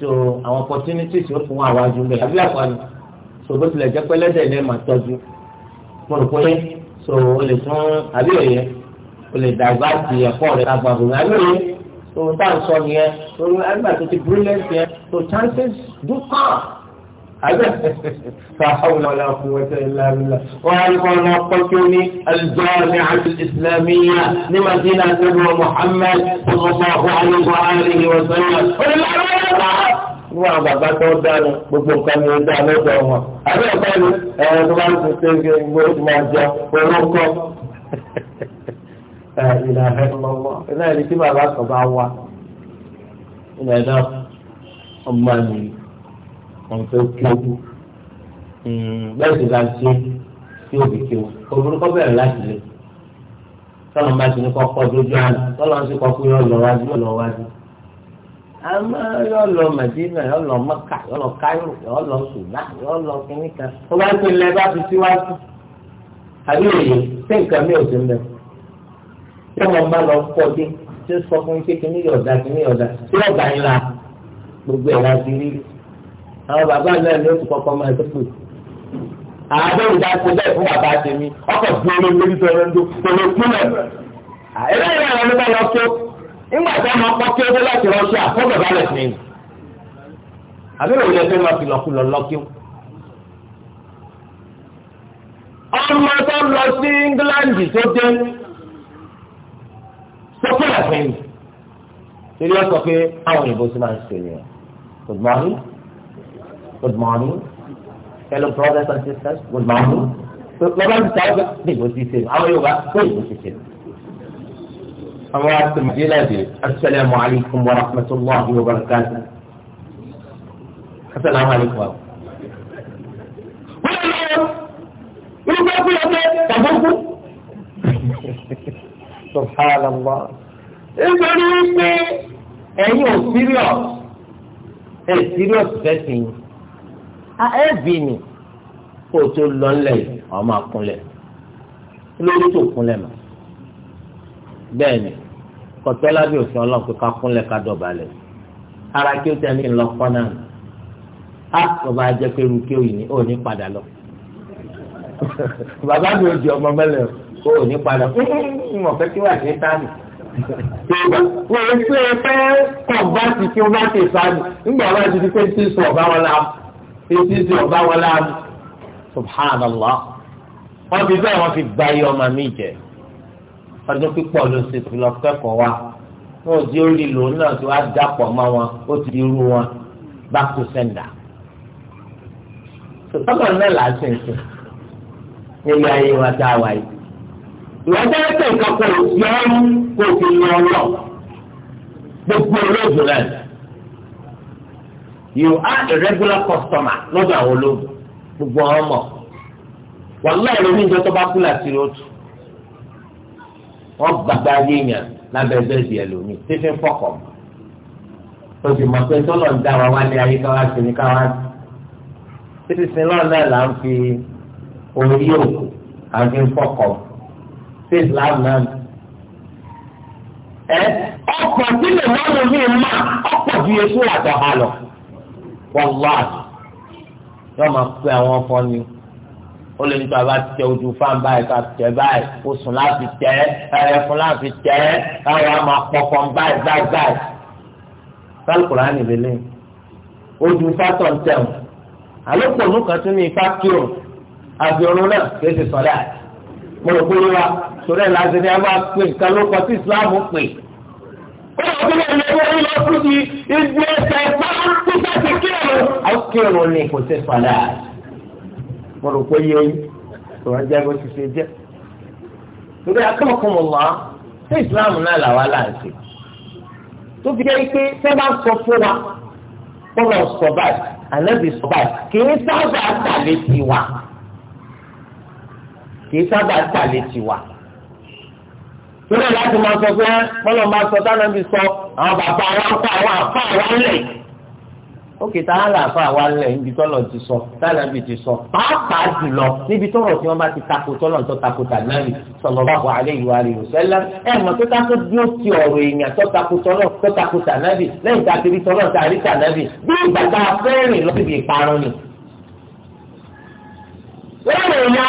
so àwọn opportunities yóò fún àwájú bẹ́ẹ̀ àbí àpá ni so bó tilẹ̀ jẹ́ pé ẹlẹ́dẹ̀ lẹ́ẹ̀ máa tọ́jú mo rò pé so o lè fún àbí òye o lè dàgbà ti ẹ̀kọ́ rẹ̀ lágbà bò àbí òye so n táà sọ nìyẹn so àgbà tó ti brilliant yẹn so chances do come àbẹ fàáwọn ọlá fún wẹsẹ ìlànà wọn á kọ́ ọ́nà pọ́kí ní alìjọ́ọ̀nì àti ìsìlámìyà ní madina àti ẹ̀rọ muhammed sọ̀rọ̀ bá wà ní wàhálì ìwọ̀sán yẹn níwọ̀n àwọn bàbá tó ń dáná gbogbo nǹkan ni ó dá lọ́dọ̀ wọn. àbí ọ̀gá ni ẹ̀rọ tó bá ń sọ pé gbogbo ó ti máa jẹ owó kọ́. ìlà ẹ̀ lọ́wọ́ iná ẹni tí bàbá kan bá wá ilẹ̀ náà ọmọ mi ọ̀n tó kéwú hmm, bẹ́ẹ̀ sì bá ṣe tí òbí kéwú òbúrúkọ bẹ̀rẹ̀ láti lè tọ́lọ́mọba ti ní kọ́ kọ́ dójú àná tọ́lọ́mọba ti kọ́ kú yọ àmọ́ yọ lọ mẹdínà yọ lọ mọkà yọ lọ káyọ yọ lọ sùdá yọ lọ kìnnìkan tó bá ń pè lẹ bá fi síwájú àbí òye ṣé nǹkan mi ò sí ń bẹ tí wọn bá lọ pọ dé tí ó sọ fún pé kí ní yọ̀dá kí ní yọ̀dá tí wọn gbà ń la gbogbo ẹ̀ la ti rí àwọn bàbá náà ni ó ti kọ́kọ́ máa tó pè àádọ́rùn dá kó bẹ́ẹ̀ fún bàbá tèmi ọkọ̀ gbọ́n nígbà tí ọmọ ọkọ kí ó dé láti rọṣẹ àfọwọ́ balẹ̀ sí ni àbẹ̀rẹ̀ òun lẹ́fẹ̀ẹ́ máa fi lọ́kùlọ̀ lọ́kíw. ọmọ tó lọ sí Íńgíláńdì tó dé sọ́kùlà fún mi torí ọ sọ pé àwọn òyìnbó sì máa ń ṣe yẹn good morning good morning Hello, brothers and sisters good morning lọ́ba ti sáré pé bí ìbò ti ṣe àwọn Yorùbá pé ìbò ti ṣe àwọn àtìmọ̀délàdé asalaamu alaykum wa rahmatulahi wa barakatu asalaamu alaykum wa. wọ́n lọ inú bá kú lọ pé bàbá kú. subhanallah. nítorí pé ẹ̀yin ò serious ẹ̀ serious fẹ́sìn yìí ẹ̀ bì ní kó o tó lọ ńlẹ̀ yìí ọ̀ lórí tó kúnlẹ̀ mọ́ bẹ́ẹ̀ ni kọtọ lábẹ́ òfin Ọlọ́run pé ká kúnlẹ̀ ká dọ̀bálẹ̀ ara kí o tẹ ní lọ kọ náà á ọba jẹ pé irú kí o yìí ò ní padà lọ bàbá mi ò di ọmọ mẹlẹ o ò ní padà mo fẹ́ kí wà ní sáàmì wọ́n lè ṣe é fẹ́ kọ̀ọ̀bá ti kí wọ́n bá ti sáàmì nígbà wọn ti di pé tí sùn ọ̀bá wọn láàmú tí sùn ọ̀bá wọn láàmú subhanallah wọ́n fi bẹ́ẹ̀ wọ́n fi gba iye ọmọ mi jẹ́ ọdún pípọ̀ ló ṣe fi lọ kẹ́kọ̀ọ́ wa wọn ò di orí lòun náà tí wọ́n á dàpọ̀ mọ́ wọn ó ti irú wọn back to sender. sọ̀tọ́kọ̀ náà là á ṣe ń sìn nílé ayé wa tá a wà yìí. ìwọ́n tẹ́lẹ̀ tẹ̀ nǹkan kò yọ ọ́ kó o fi yan lọ gbogbo olóògùn náà you are a regular customer lọ́dọ̀ àwọn olóògùn gbogbo àwọn ọmọ wàhálà ìròyìn ìjọ tó bá kú láti rí o tù wọ́n gbàgbá yéèyàn lábẹ́ bẹ́ẹ̀dì ẹlòmíì títí ń fọkọ̀ o sì mọ̀ pé tọ́lọ̀ ń dá wa wálé ayé káwá sí ní káwá títí sin lọ́ọ̀ náà là ń fi orí òkú àti ń fọkọ̀ sí Islam náà ẹ ọkọ̀ sílẹ̀ lọ́rùn mi máa ọkọ̀ ju Yésù àtọ̀hà lọ wọ́n wá yọ máa pe àwọn ọkọ ni ó lè nípa bá tẹ ojú fáwọn báyìí ká tẹ báyìí kó sùn láti tẹ ẹfun láti tẹ káwọn àmọ́ pọpọ báyìí báyìí báyìí. sálùkùrá nìbẹ̀lẹ̀ ojú fátọ̀ ń tẹ̀ wọ́n àlòpọ̀ nùkan tún ní ifá kí o àbí ọ̀run náà kì í ṣe sọ̀dá mo rò pé wíwá sọ̀rọ̀ ẹ̀ láti ní a máa pè nǹkan ló kọ sí ìsìláàmù pè ó lọ sí ọ̀run ní mo rò pé yẹ yín tó wá jẹ́ bó ti ṣe jẹ́. Ìgbé akọ́mọkọ́mọ wá sí ìsìláàmù náà làwa láǹṣe. Tó fi jẹ́ pé tẹ́ bá sọ fún wa kọ́lọ̀ sọ báyìí ànábì sọ báyìí kì í sábà tàlé tiwa. Kì í sábà tàlé tiwa. Torí ẹ̀ láti máa sọ pé kọ́lọ̀ máa sọ tánàbì sọ àwọn bàbá wa kọ́ àwọn àfa àwọn lẹ̀ òkè tá a là fà wá lẹ̀ níbi tọ́lọ̀ ti sọ tálà bíi ti sọ pàápàá jùlọ níbi tọ́lọ̀ tí wọ́n bá ti tako tọ́lọ̀ tó tako tànàlì sallallahu alaihi wa alihi wasallam ẹ̀ mọ̀ tó tako dúró ti ọ̀rọ̀ èèyàn tó tako tọ́lọ̀ tó tako tànàlì lẹ́yìn tá a ti rí tọ́lọ̀ tá a rí tànàlì bí ìgbà tá a ìparun ni. lẹ́yìn ìyá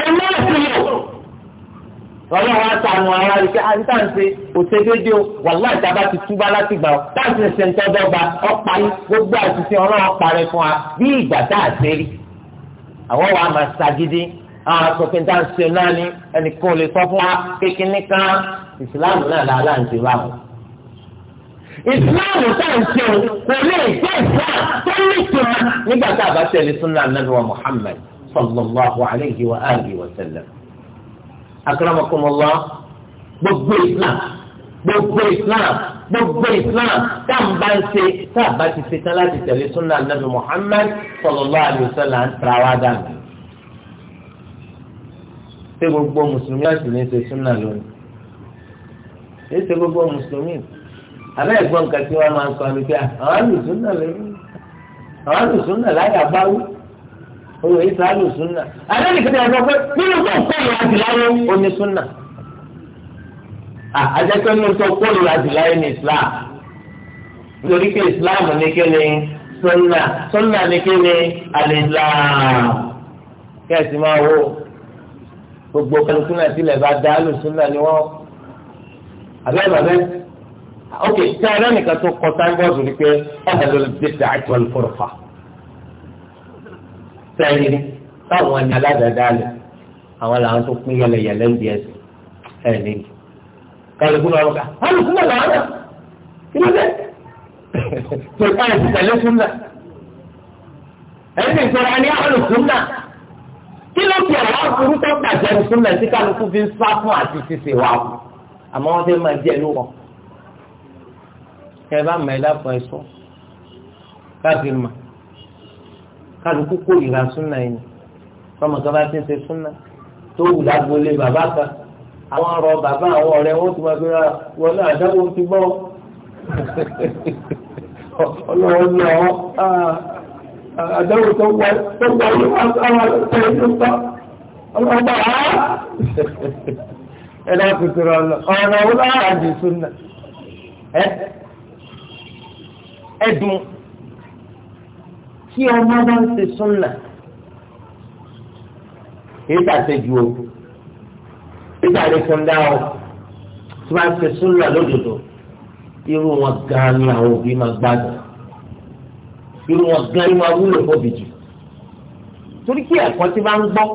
àgbèrè ọlọ́run á sànù ara rẹ̀ pé àti táǹsì òṣèdédé o wàhálà ìjàmbá ti túbá láti gbà ọ́ táǹsì ṣe ń tọ́dọ́gba ọ̀pá yín gbogbo àṣìṣe ọlọ́run parẹ́ fún wa bí ìgbà tá a ṣe rí. àwọn wa máa ṣàgídí àwọn asòfin táǹsì náà ni ẹnìkan ò lè sọ fún wa kékeré kan ìsìláàmù náà là á là ń ṣe wá wọn. ìsìláàmù táǹsì o kò lè jẹ́ ìsìláàmù tó ní ìtura nígbà tá Muhammad sallallahu akramakumullah gbogbo islam gbogbo islam gbogbo islam táàbà ń ṣe táàbà ti ṣe tán láti tẹ̀lé súnà nàbì muhammad sallallahu alaihi wasallam ń tara wá dànù. ṣé gbogbo mùsùlùmí láti ní ṣe súnà lónìí? ṣé ṣe gbogbo mùsùlùmí? àbẹ́ ẹ̀gbọ́n kan tí wọ́n máa ń sọ ní pé àwọn àlùsùn náà lẹ́yìn àwọn àlùsùn náà láyà báwú òun yìí sàálù súnà àdéhùn kìtà ẹ̀sọ́ pé nínú tó ń kọ́ ìlà àdìláyé oní súnà àjẹpẹ́ nínú tó ń kọ́ ìlà àdìláyé ní Islam nítorí pé Islam ní kí ni súnà súnà ní kí ni al-Islam kẹ́sì máa wò gbogbo kálukú náà tilẹ̀ bá dá àlù súnà ni wọ́n àbẹ́ bàbẹ́ ok tí a tó kọ sáńgbọ́ọ̀dù ni pé ọ̀dà ló lè dé dáàtì wọn fọ́rọ̀fà sẹ́yìn táwọn ni aládàádáalẹ̀ àwọn làwọn tó pín yẹlẹyẹlẹ ń di ẹsẹ̀ ẹ̀ níbi kálukú lọ́wọ́ ká kálukú lọ́wọ́ àwọn náà kí ló dé tó káyà ti tẹ̀lé súnà ẹ̀sìn ìṣòro ẹni àwọn súnà kí ló fi àwọn akuru tó gbàjẹ́ súnà tí kálukú fi ń sá fún àti ṣiṣẹ́ wa kù àmọ́ wọ́n fẹ́ máa jẹ́ ló wọ̀ ẹ bá mọ̀ ẹ́ láfọ̀ ẹ̀ sọ káfíń mọ̀ kálukú kó ìra súnà yìí fọmọ kan bá ti ń ṣe súnà tó wù lágbolé bàbá kan àwọn ọ̀rọ̀ bàbá àwọn ọ̀rẹ́ wọn ti máa gbéra wọn náà àdáwò ti gbọ́ ọlọ́wọ́ ní ọ ah, ah, àdáwò tó wọ tó wọ ní wọn sáwọn ọlọ́pàá tó sọ ọlọ́pàá á ẹ náà tuntun ọlọ ọ̀rọ̀ wọn náà àdìsúnà ẹ ẹdùn tí ọmọ bá ń ṣe súnà kìí ṣàṣejù o kìí ṣàlékúndá o tí wọ́n ṣe súnà lódodo irú wọn gan ni àwọn òbí máa gbádùn irú wọn gan ni wọn wúlò fóbi jù torí kí ẹ̀kọ́ tí bá ń gbọ́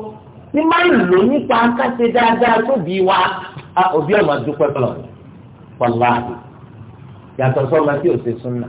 tí máa ń lò nípa akáṣe dáadáa tó bí wa òbí ọmọ dúpẹ́ pẹ̀lú ọ̀la yàtọ̀ sọ́ma tí ò ṣe súnà.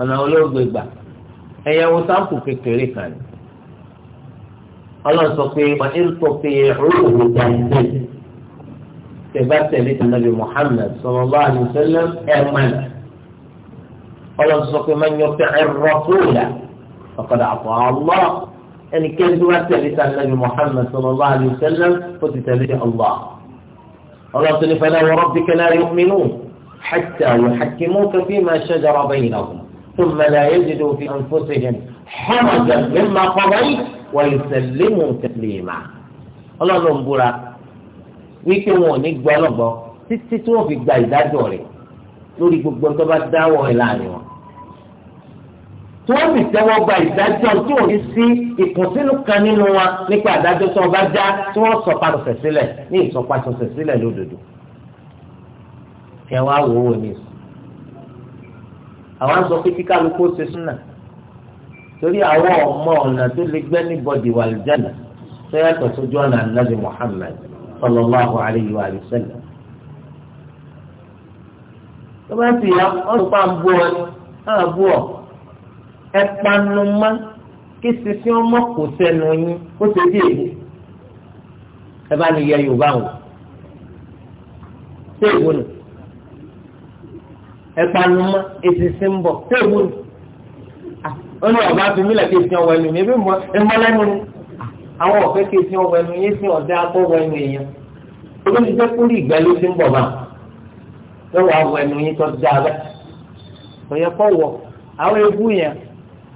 ọ̀nà olóògbé gbà ẹ̀yà wo sáǹpù kékeré kan ni ọlọ́run sọ pé wà á sọ pé olóògbé dàndé tẹ̀bá tẹ̀lé tẹ̀lé Muhammad sallallahu alaihi wasallam ẹ̀ mọ́nà ọlọ́run sọ pé wọ́n yọ pé ẹ̀ rọ́pùlà ọ̀kadà àpò àlọ́ ẹnikẹ́ni tó bá tẹ̀lé tẹ̀lé bá a alaihi wasallam ó ti tẹ̀lé ọlọ́ ọlọ́run tó ní fẹ́lẹ́ wọ́n rọ́bì kẹ́lẹ́ rẹ̀ mí nù حتى يحكموك فيما شجر بينهم ثم لا يجدوا في أنفسهم حرجا مما قضيت ويسلموا تسليما الله búra wípé wọn ò ní gbọ́ ọlọ́gbọ́ títí tí wọ́n fi gba ìdájọ́ rẹ̀ lórí gbogbo tó bá dáwọ́ ẹ̀ láàrin wọn. tí wọ́n sì tẹ́wọ́ gba ìdájọ́ tí ò ní sí ìkùnsínú kan nínú wa nípa àdájọ́ tí bá já tí wọ́n sọ̀pá sọ̀sẹ̀ sílẹ̀ ní ìsọ̀pá sọ̀sẹ̀ sílẹ̀ lódodo. kẹwàá wò ó wò ní àwọn sọ pé kíkálukú ṣe súnà torí àwọn ọmọ ọ̀nà tó lè gbẹ́ ní bọ́dì wà lùjánà tó yàtọ̀ sójú ọ̀nà ànábì Muhammad sallallahu alayhi wa sallam. tó bá sì yá ọ̀rùn pa ń bú ọ ní náà bú ọ ẹ panu mọ́ kí sisi ọmọ kò sẹ́nu yín kó ṣe dé èyí ẹ bá ní yẹ Yorùbá wò ṣé ìwọ nù ẹ̀panumọ́ èsìsì ń bọ̀ tẹ́wọ́ ni ó ní ọ̀gá fi mílẹ̀ kí èsì ọ̀wọ́ ẹnu mi ebi mọ ẹmọlẹ́nu ni àwọn ọ̀fẹ́ kí èsì ọ̀wọ́ ẹnu yé sí ọ̀dẹ́ akọ́wọ́ ẹnu èèyàn ó ní jẹ́ kúrú ìgbẹ́ ló ti ń bọ̀ máa lọ́wọ́ àwọ̀ ẹnu yín tó dáa bẹ́ẹ̀ kò yẹ kọ́ wọ̀ àwọn ebú yẹn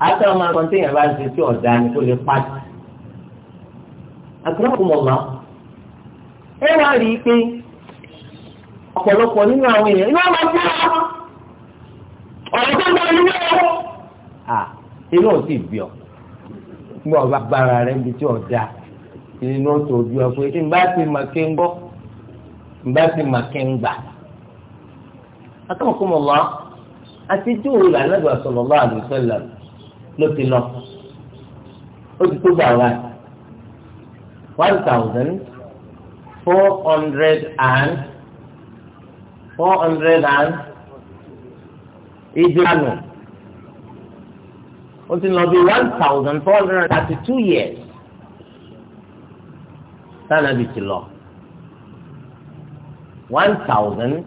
àtàwọn máa kọ́ téèyàn bá ṣe sí ọ̀dà ni kó lè pàdé àkàràkùmọ̀lá ẹ wá rí i pé ọ̀pọ̀lọpọ̀ nínú àwọn èèyàn iná máa bú wa ọ̀rọ̀ tó ń bọ̀ nínú ẹ̀rọ. à inú ò sì bí ọ gbọ́ ọba gbára rẹ níbi tí ọ̀dà inú tó bí ọ pé ń bá ti mà ké ń gbọ́ ń bá ti mà ké ń gbà. akọ́kọ́ mọ̀ àti tí òun là nàgbà sallallahu alaihi wasallam ló ti lọ ó ti tó gbà wá one thousand four hundred and four hundred and ìdílànà ó ti lọ bí one thousand four hundred and thirty two years tánàbì ti lọ one thousand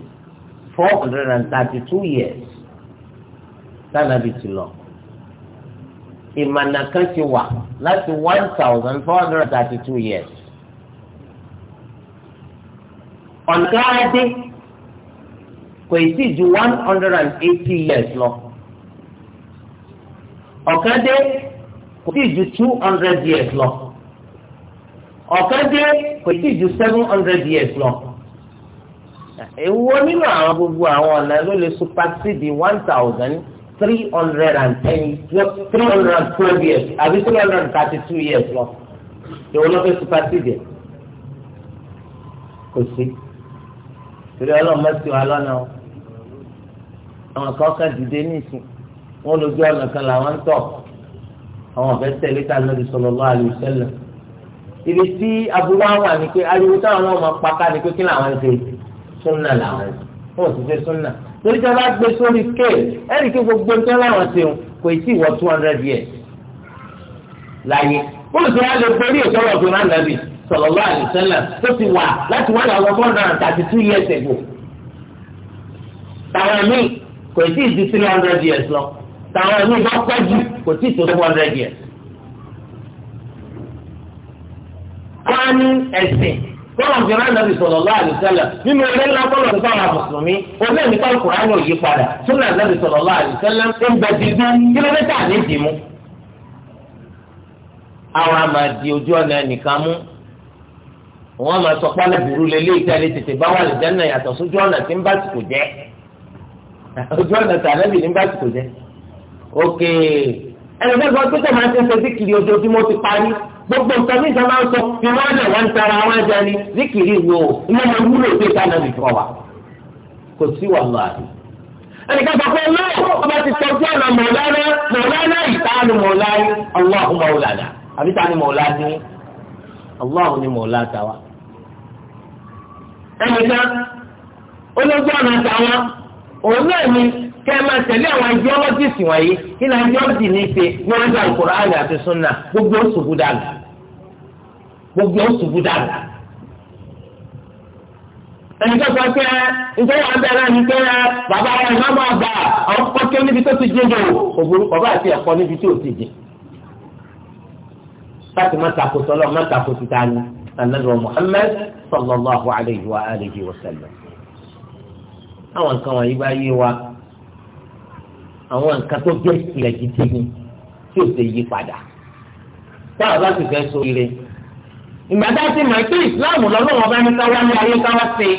four hundred and thirty two years tánàbì ti lọ ìmànà kan ti wà láti one thousand four hundred and thirty two years ọ̀nà kan á dé kò ì sí ju one hundred and eighty years lọ ọ̀kan dé kò sí ju two hundred years lọ ọ̀kan dé kò sí ju seven hundred years lọ èwo nínú àwọn gbogbo àwọn ọ̀nà ló lè supersede one thousand three hundred and ten three hundred and twelve years àbí three hundred and thirty two years lọ èwo ló fẹ́ supersede kò sí torí ọlọ́run mẹ́sì wà lọ́nà o àwọn kan kan dìde níìsín wọn lójú ọ̀nà kan làwọn ń tọ̀ àwọn ọ̀fẹ́ tẹ̀lé ká lórí sallallahu alaihi wasallam ibi tí aburú àwọn àni pé ariwo táwọn náà máa paká ni pé kí làwọn ń ṣe súnà làwọn wọn ò sì ṣe súnà torí tí a bá gbé sórí scale ẹnì kí gbogbo nǹkan làwọn ṣe kò tí ì wọ two hundred years láyé bóòlù tí lè borí ìṣòro ọ̀gbìn náà nàbì sallallahu alaihi wasallam tó ti wà láti wọ́n àwọn ọmọ náà thirty two years ago. Tàwọn míì kò tí ì di three hundred years lọ. Tàwọn míì bá pẹ́ jù kò tí ì tó two hundred years. Wọ́n á ní ẹ̀sìn kọ́lọ̀ fi nàbì sallallahu alaihi wasallam nínú ilé ńlá kọ́lọ̀ tó sáwọn mùsùlùmí omi ẹ̀mí kan Kùránì ò yí padà súnà nàbì sallallahu alaihi wasallam ń bẹ ti dún kílómítà ní ìdìmú. àwọn àmàdì ojú ọ̀nà ẹnìkan mú wọn máa sọ pé aláburú lélẹ́ ìtàlẹ́ tètè bá wà lẹ́jẹ̀nà yàtọ̀ sójú ọ̀nà tí ń bá ti kò jẹ́ ojú ọ̀nà tàbí ní bá ti kò jẹ́ òkè ẹnì bẹ́ẹ̀ gbọ́dọ̀ tó máa ń ṣe zikiri ojoojúmọ́ ti parí gbogbo nǹkan ní ìjọba ń sọ ni wọ́n náà wọ́n ń tara wọn jẹ ni zikiri wo iná máa wúlò pé ká náà nìkan wà kò sí wàhálà àbí. ẹnì kan sọ pé lóò ọba ti tọ́jú ọ̀nà mọ̀lánà mọ̀lánà ìtàn mọ̀lánà ọlọ́ọ̀hún mọ̀lánà àbí tàn mọ̀lánà Allahu ni mọ̀ọ́lá tàwa. ẹnìkan olójú ọ̀nà tàwa òun náà ni kẹ́ ẹ máa tẹ̀lé àwọn ideologist wọ̀nyí kí ni ideology ní ṣe ní wọ́n ń àti gbogbo gbogbo ẹnìkan sọ pé pé bàbá rẹ̀ máa bá àwọn níbi o bàbá àti ẹ̀kọ́ níbi ti jẹ́. láti má takòtò ọlọ́run má takòtò ta ni anabiwa muhammed sallallahu alayhi wa alayhi wa sallam. àwọn nǹkan wọ̀nyí bá yé wa àwọn nǹkan tó jẹ́ ìpìlẹ̀ gidi ni tí o ṣe yí padà táwọn bá ti fẹ́ so ire ìgbà tá a ti mọ̀ pé ìsìláàmù lọ́lọ́wọ́ bá ní káwá ní ayé káwá ṣe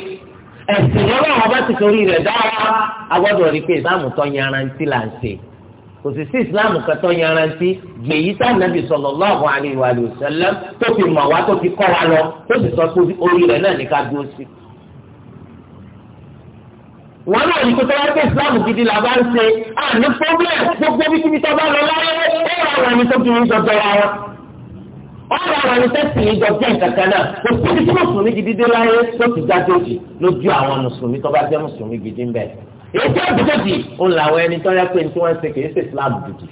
ẹ̀sìn lọ́lọ́wọ́ bá ti torí rẹ̀ dára a rí pé ìsìláàmù tó yanrantí là ń ṣe kò sì sí islam kẹtọ yanrantí gbèyí tá nàbì sallallahu alaihi wa sallam tó fi mọ̀ wá tó fi kọ́ wa lọ tó sì sọ pé orí rẹ̀ náà ní ká dúró sí. wọn náà ní kó tọ́wọ́ pé islam gidi là bá ń ṣe àní problem gbogbo bí kíbi tó bá lọ láyé ó wà wà ní tó kiri jọjọ wa wọn. ó wà wà ní tẹ́sí ìjọjọ́ ìkankan náà kò síbi tí mùsùlùmí gidi dé láyé tó ti dá dòjì lójú àwọn mùsùlùmí tó bá jẹ́ mùsùlùmí gidi ń bẹ̀rẹ̀ èyí tí wọ́n gbòdì ó làwọn ẹni tó yẹ pé ní tí wọ́n ń ṣe kìí ṣe Islam gidi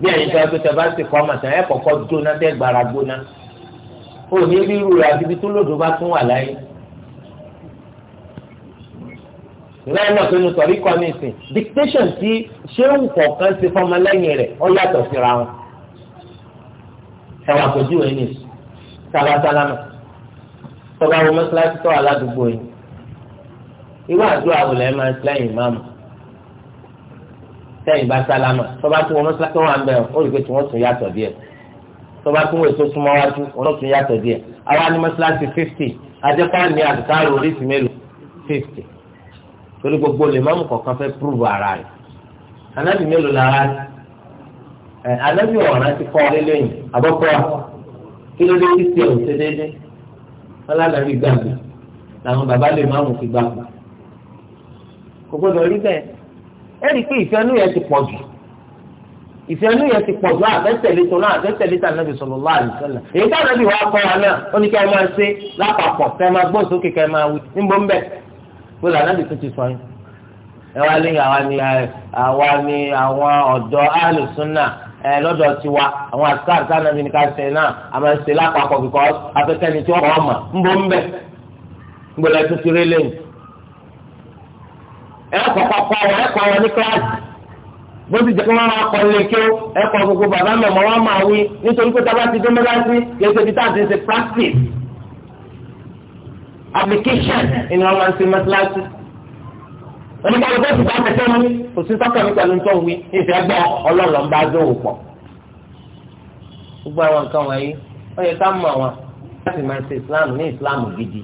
bí ẹ̀yin tó yẹ pé tẹ̀bá ṣe kọ́ màtà ẹ̀ kọ́kọ́ jóná tẹ́ gbára gbóná ó ní bí irú rẹ̀ àti ibi tó lòdò bá tún wà láyé. lẹ́yìn náà pinnu sọ̀rí kọ́ ní ìsìn dictation tí ṣéun kọ̀ọ̀kan ti fọmọ lẹ́yìn rẹ̀ ó yàtọ̀ síra wọn. ẹ̀wà kò jù ẹ̀yìn sábà sálámà tọ́ba wọn mọ́ṣáláṣí tọ́ irú àdúrà àwòlẹ máa ń lẹ́yìn ìmáàmù sẹ́yìn bá sálámà tọba tí wọn tó wà ń bẹ ó rí i pé tí wọn tún yàtọ̀ díẹ̀ tọba tí wọn èso súnmọ́ wájú wọn tún yàtọ̀ díẹ̀ àwa ní mọ́ṣáláṣí fifty àjẹpá ní àtúntàrò oríṣi mélòó fifty torí gbogbo lè máàmù kọ̀ọ̀kan fẹ́ púrúbù ara rẹ̀ anábì mélòó lára ẹ̀ anábì ọ̀ràn ti kọ́ ọ lẹ́yìn àbọ̀kọ́ kí ló dé títí ẹ̀ ò ṣe déédéé wọn lánàá rí gbàgbé làwọn bàbá lè máàmù ti gbàgbé kò gbọdọ̀ rí bẹ́ẹ̀ ẹ rí i pé ìfẹ́nú yẹn ti pọ̀ jù ìfẹ́nú yẹn ti pọ̀ jù àfẹ́tẹ̀lé tó náà àfẹ́tẹ̀lé tà nàbì sallallahu alaihi wasallam èyí tá nàbì wàá kọ́ wa náà ó ní kẹ́ ẹ máa ṣe lápapọ̀ kẹ́ ẹ máa gbọ́ sókè kẹ́ ẹ máa wí níbo ń bẹ̀ pé lànàbì tó ti sọ yín ẹ wá lé àwa ni àwa ni àwọn ọ̀dọ́ Ahlus Sunnah ẹ lọ́dọ̀ tiwa àwọn àṣàr sànàbì ní ká ṣe náà àmọ́ ṣe lápapọ̀ because afẹ́tẹ̀lé tí wọ́n mọ̀ ń bọ̀ ń bẹ̀ ń bọ̀ lẹ́tún ti rí lẹ́yìn ẹ̀kọ́ kọ́kọ́ wọn ẹ̀kọ́ wọn ní kíláàsì bó ti jẹ́ kí wọ́n máa kọ́ lé kí ó ẹ̀kọ́ gbogbo bàbá mẹ́mọ́ wọn máa wí nítorí pé tábà ti dé mẹ́láṣí yẹsẹ̀ bí táà ti ṣe practice application ni wọ́n máa ń ṣe mẹ́láṣí. oníkàlù bẹ́ẹ̀ ti bá tẹ̀sẹ̀ mú kò sí sọ́kàn mi pẹ̀lú tó ń wí ìfẹ́ gbọ́ ọlọ́ọ̀lọ́ ń bá dóòwò pọ̀. gbogbo àwọn nǹkan wọ̀nyí ó yẹ ká mọ̀ wọn láti máa ṣe Islam ní Islam gidi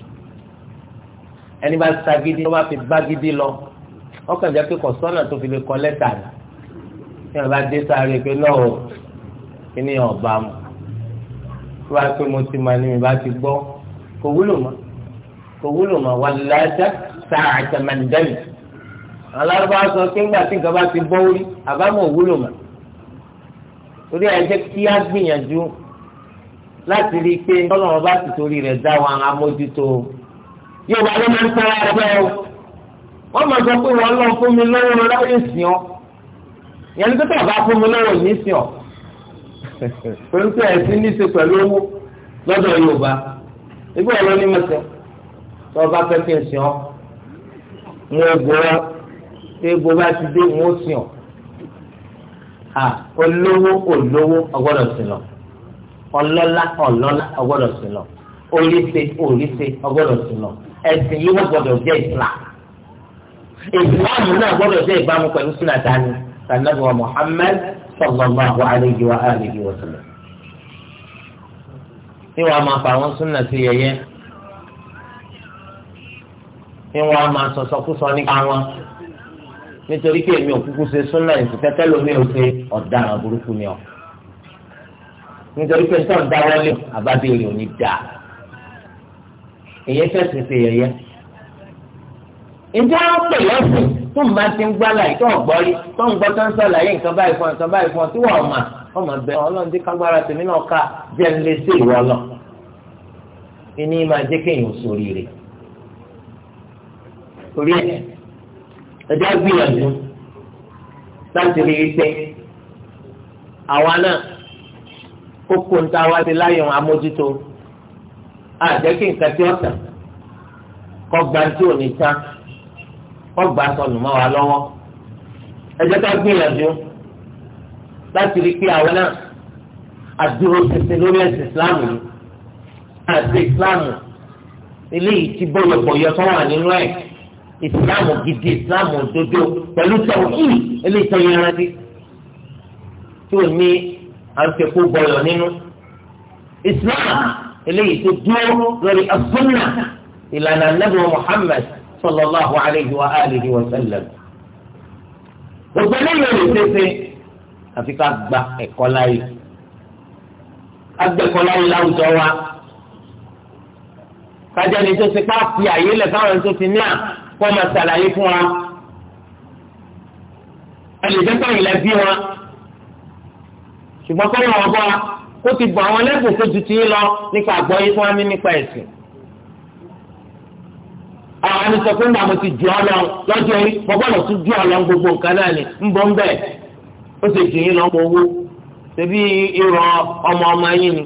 ẹni bá ṣagídí ló bá fi bá gidi lọ ọkàn jẹ́ pé kọ̀sọ́nà tó fi lè kọ́ lẹ́tà ni ní ọba dé sáré pé lọ́wọ́ kí ni ọba mu tó bá pé mo ti máa ní mi bá ti gbọ́ kò wúlò mọ́ kò wúlò mọ́ wà lájà sáà tẹ̀mẹ̀ndẹ́lì alárúbá sọ pé ńgbà tí nǹkan bá ti bọ́ orí àbámọ̀ wúlò mọ́ torí ẹ kí á gbìyànjú láti rí i pé ọlọ́run bá ti torí rẹ̀ dá wa amójútó yóò wá ló máa ń sára ẹgbẹ́ o wọ́n máa sọ pé wọ́n lọ fún mi lọ́wọ́ ráyè sí ọ yẹn ní pípẹ́ bá fún mi lọ́wọ́ yìí sí ọ pẹ̀lú pé ẹ̀sìn ní í ṣe pẹ̀lú owó lọ́dọ̀ Yorùbá ibi ọ̀rọ̀ ní mọ̀sẹ̀ tó o bá fẹ́ kí n sìn ọ́ ń wọ́n gbọ́ ọ́ tí egbò bá ti dé ń wọ́n sìn ọ́ à olówó olówó ọgbọ́dọ̀ sìn lọ ọlọ́lá ọlọ́lá ọgbọ́dọ̀ sìn lọ oríṣi oríṣi ọgbọ́dọ̀ sìn lọ ẹ̀sìn yìí wọ́n gbọ́dọ̀ jẹ́ ìsìlámù ìsìláàmù náà gbọ́dọ̀ jẹ́ ìbámu pẹ̀lú súnà dání sànàbí wa Muhammad sallallahu alayhi wa alihi wa sallam. ní wàá máa fa àwọn súnà sí yẹ̀yẹ́ ní wàá máa sọ̀sọ̀kúsọ nípa wọn nítorí pé èmi ò kúkú ṣe súnà ìsìn tẹ́tẹ́ lómi ò ṣe ọ̀daràn burúkú ni ọ̀ nítorí pé sọ̀rọ̀ dáwọ́lé àbábẹ́rẹ́ ò dáa èyẹ fẹ́ sèse yẹ̀yẹ́. ìjọ pè lọ́sìn tó ń bá ti ń gbá láì tó ń gbọ́ rí tó ń gbọ́ tó ń sàlàyé nǹkan báyìí fún nǹkan báyìí fún ọ tí wọ́n mà ọmọ bẹ́ẹ̀ ọlọ́run ti kágbára tèmi náà ká jẹ́ ń lé sí ìwọ lọ. ìní máa jẹ́ kéèyàn sórí rẹ̀ ẹ̀ ẹ̀dá gbìyànjú láti rí i pé àwa náà kókó ń wá ọgbà sọnù mọ́ wa lọ́wọ́ ẹ jẹ́ ká gbìyànjú láti rí pé àwọn náà àdúró tètè lórí ẹ̀sìn islam yìí àti islam eléyìí ti bọ̀yọ̀bọ̀yọ̀ tó wà nínú ẹ̀ islam gidi islam òdodo pẹ̀lú tẹ̀wọ́kì eléyìí tó yẹn rántí tí ò ní àǹtẹ̀kù bọ̀yọ̀ nínú islam eléyìí tó dúró lórí asúnà ìlànà nàbẹ̀wò muhammad sallallahu alayhi wa alihi wa sallam. gbogbo nílò ìṣẹ́ṣe àfi ká gba ẹ̀kọ́ láyé agbẹ̀kọ́ láyé láwùjọ wa kájà ni tó ti pa fi àyè lẹ̀ káwọn tó ti ní à kó máa ṣàlàyé fún wa ẹlẹ́dẹ́gbẹ́ ìlẹ̀ bí wa ṣùgbọ́n kọ́ wọn wa ó ti bọ̀ àwọn lẹ́bùn tó ju ti lọ nípa àgbọ́yé fún wa ní nípa ẹ̀sìn. àwọn ẹni sọ pé màmú ti jù ọ lọ lọ́jọ́ yìí bọ́bọ́lọ̀ tún jù ọ lọ gbogbo nǹkan náà ni ń bọ́ ó sì jù yín lọ owó ọmọ ọmọ yín ni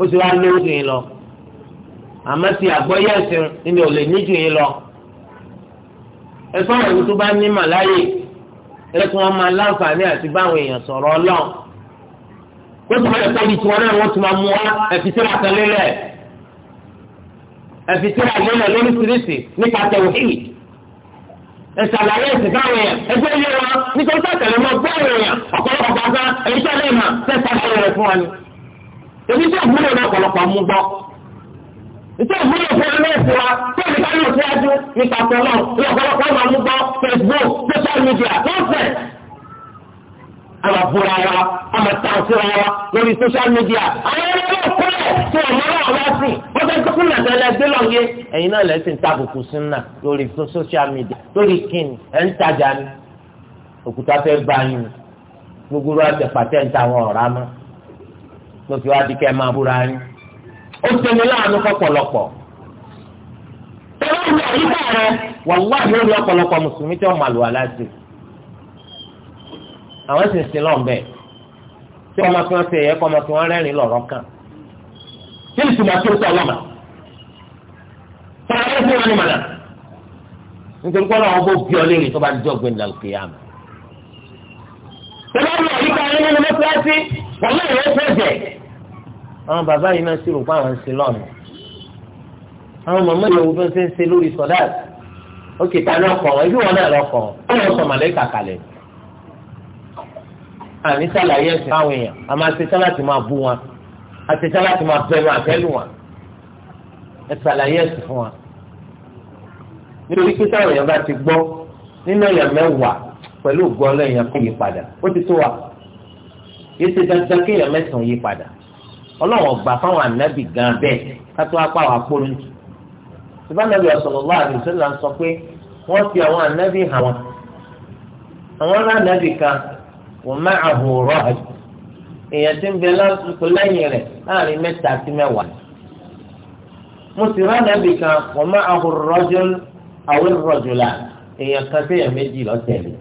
ó sì wá jù yín lọ ní jù yín lọ ẹ tó bá ní wọn máa láǹfààní àti ẹ̀fì tí wọ́n mọ̀nà lóríṣiríṣi nípa tẹ̀wọ̀hì. ìṣàlàyé ìsìnká àwọn èèyàn ẹgbẹ́ ilé wọn nítorí sàtẹ̀lẹ́ mọ́ gbọ́ àwọn èèyàn ọ̀pọ̀lọpọ̀ gbàgbá èyí tó lè mà tẹ̀sà àwọn rẹ̀ fún wa ni. èmi tí òbúrò náà ọ̀pọ̀lọpọ̀ mú gbọ́. ìṣe òbúrò fún wa náà fún wa tó ní káyọ̀ síwájú nípa tọ́lọ́ àmàbúra wa àmàtàǹsíra wa lórí social media àwọn ẹni tó kọ́ ẹ̀ tó ọ̀nà náà wá sí wọ́n fẹ́ gbókùn náà tẹ́lẹ̀ gbé lọ yé. ẹ̀yin náà lẹ́sìn tábùkù sínú lórí social media lórí kíni ẹ̀ ń tajà ni òkúta fẹ́ bá yín gbogbo rẹ̀ àti pàtẹ́ǹtì àwọn ọ̀rá mọ́ tó fi wá di kẹ́ máa búra yín. ó tẹ̀lé láàánú kọ́pọ̀lọpọ̀ tẹ̀lé ìgbà yíká rẹ̀ wàlúwà yóò lọ́pọ̀lọpọ̀ mùsùlùmí tí wọ́n màlúwa láti àwọn sì ń sin lọ́n bẹ́ẹ̀ tí ọmọ tí wọ́n ṣe ẹ̀yẹ kọ́ ọmọ tí wọ́n rẹ́rìn lọ́rọ́ kàn kí ni tìmọ̀ tó sọ ọlọ́mà tọ́lá ẹ̀sìn wọn ni màdà nítorí pé ọlọ́wọ́ bó bí ọ léèrè tó bá jọ gbé nílẹ̀ òkè yàmù. tọ́lá ẹ̀sìn wọn yíká nínú mọ́tíláṣí wọ́n lé ìwé fẹ́jẹ̀. àwọn bàbá yìí náà sì rò pé àwọn ń sin lọ́nà àwọn màmá yòówù fẹ́ ń ṣe lórí sọ̀dáàtì ó kìtà náà kọ̀ ọ́ ibi wọn náà lọ kọ̀ ọ́ àní sàlàyé ẹ̀sìn fáwọn èèyàn a máa ṣe sáláàtì máa bú wọn a ṣe sáláàtì máa bẹ̀rù àtẹ́lù wọn ẹ sàlàyé ẹ̀sìn fún wọn. nítorí pé táwọn èèyàn bá ti gbọ́ nínú èèyàn mẹ́wàá pẹ̀lú ògùn ọlọ́ọ̀yàn kò yí padà ó ti tó wa yé ṣe dandan kí èèyàn mẹ́sàn-án yí padà ọlọ́wọ̀n gbà fáwọn ànábì gan bẹ́ẹ̀ kátó apá àwọn akólóńtì sibanabi ọsọlọlọ àdùsọlá wọ́n má àhòrò àjò èèyàn ti ń bẹ lásìkò lẹ́yìn rẹ̀ láàrin mẹ́ta sí mẹ́wàá mo sì rán nàbì kan wọ́n má àhòrò rọ́jò àwọn ìrọ̀jò là èèyàn kan sí èèyàn méjì lọ́tẹ̀lẹ̀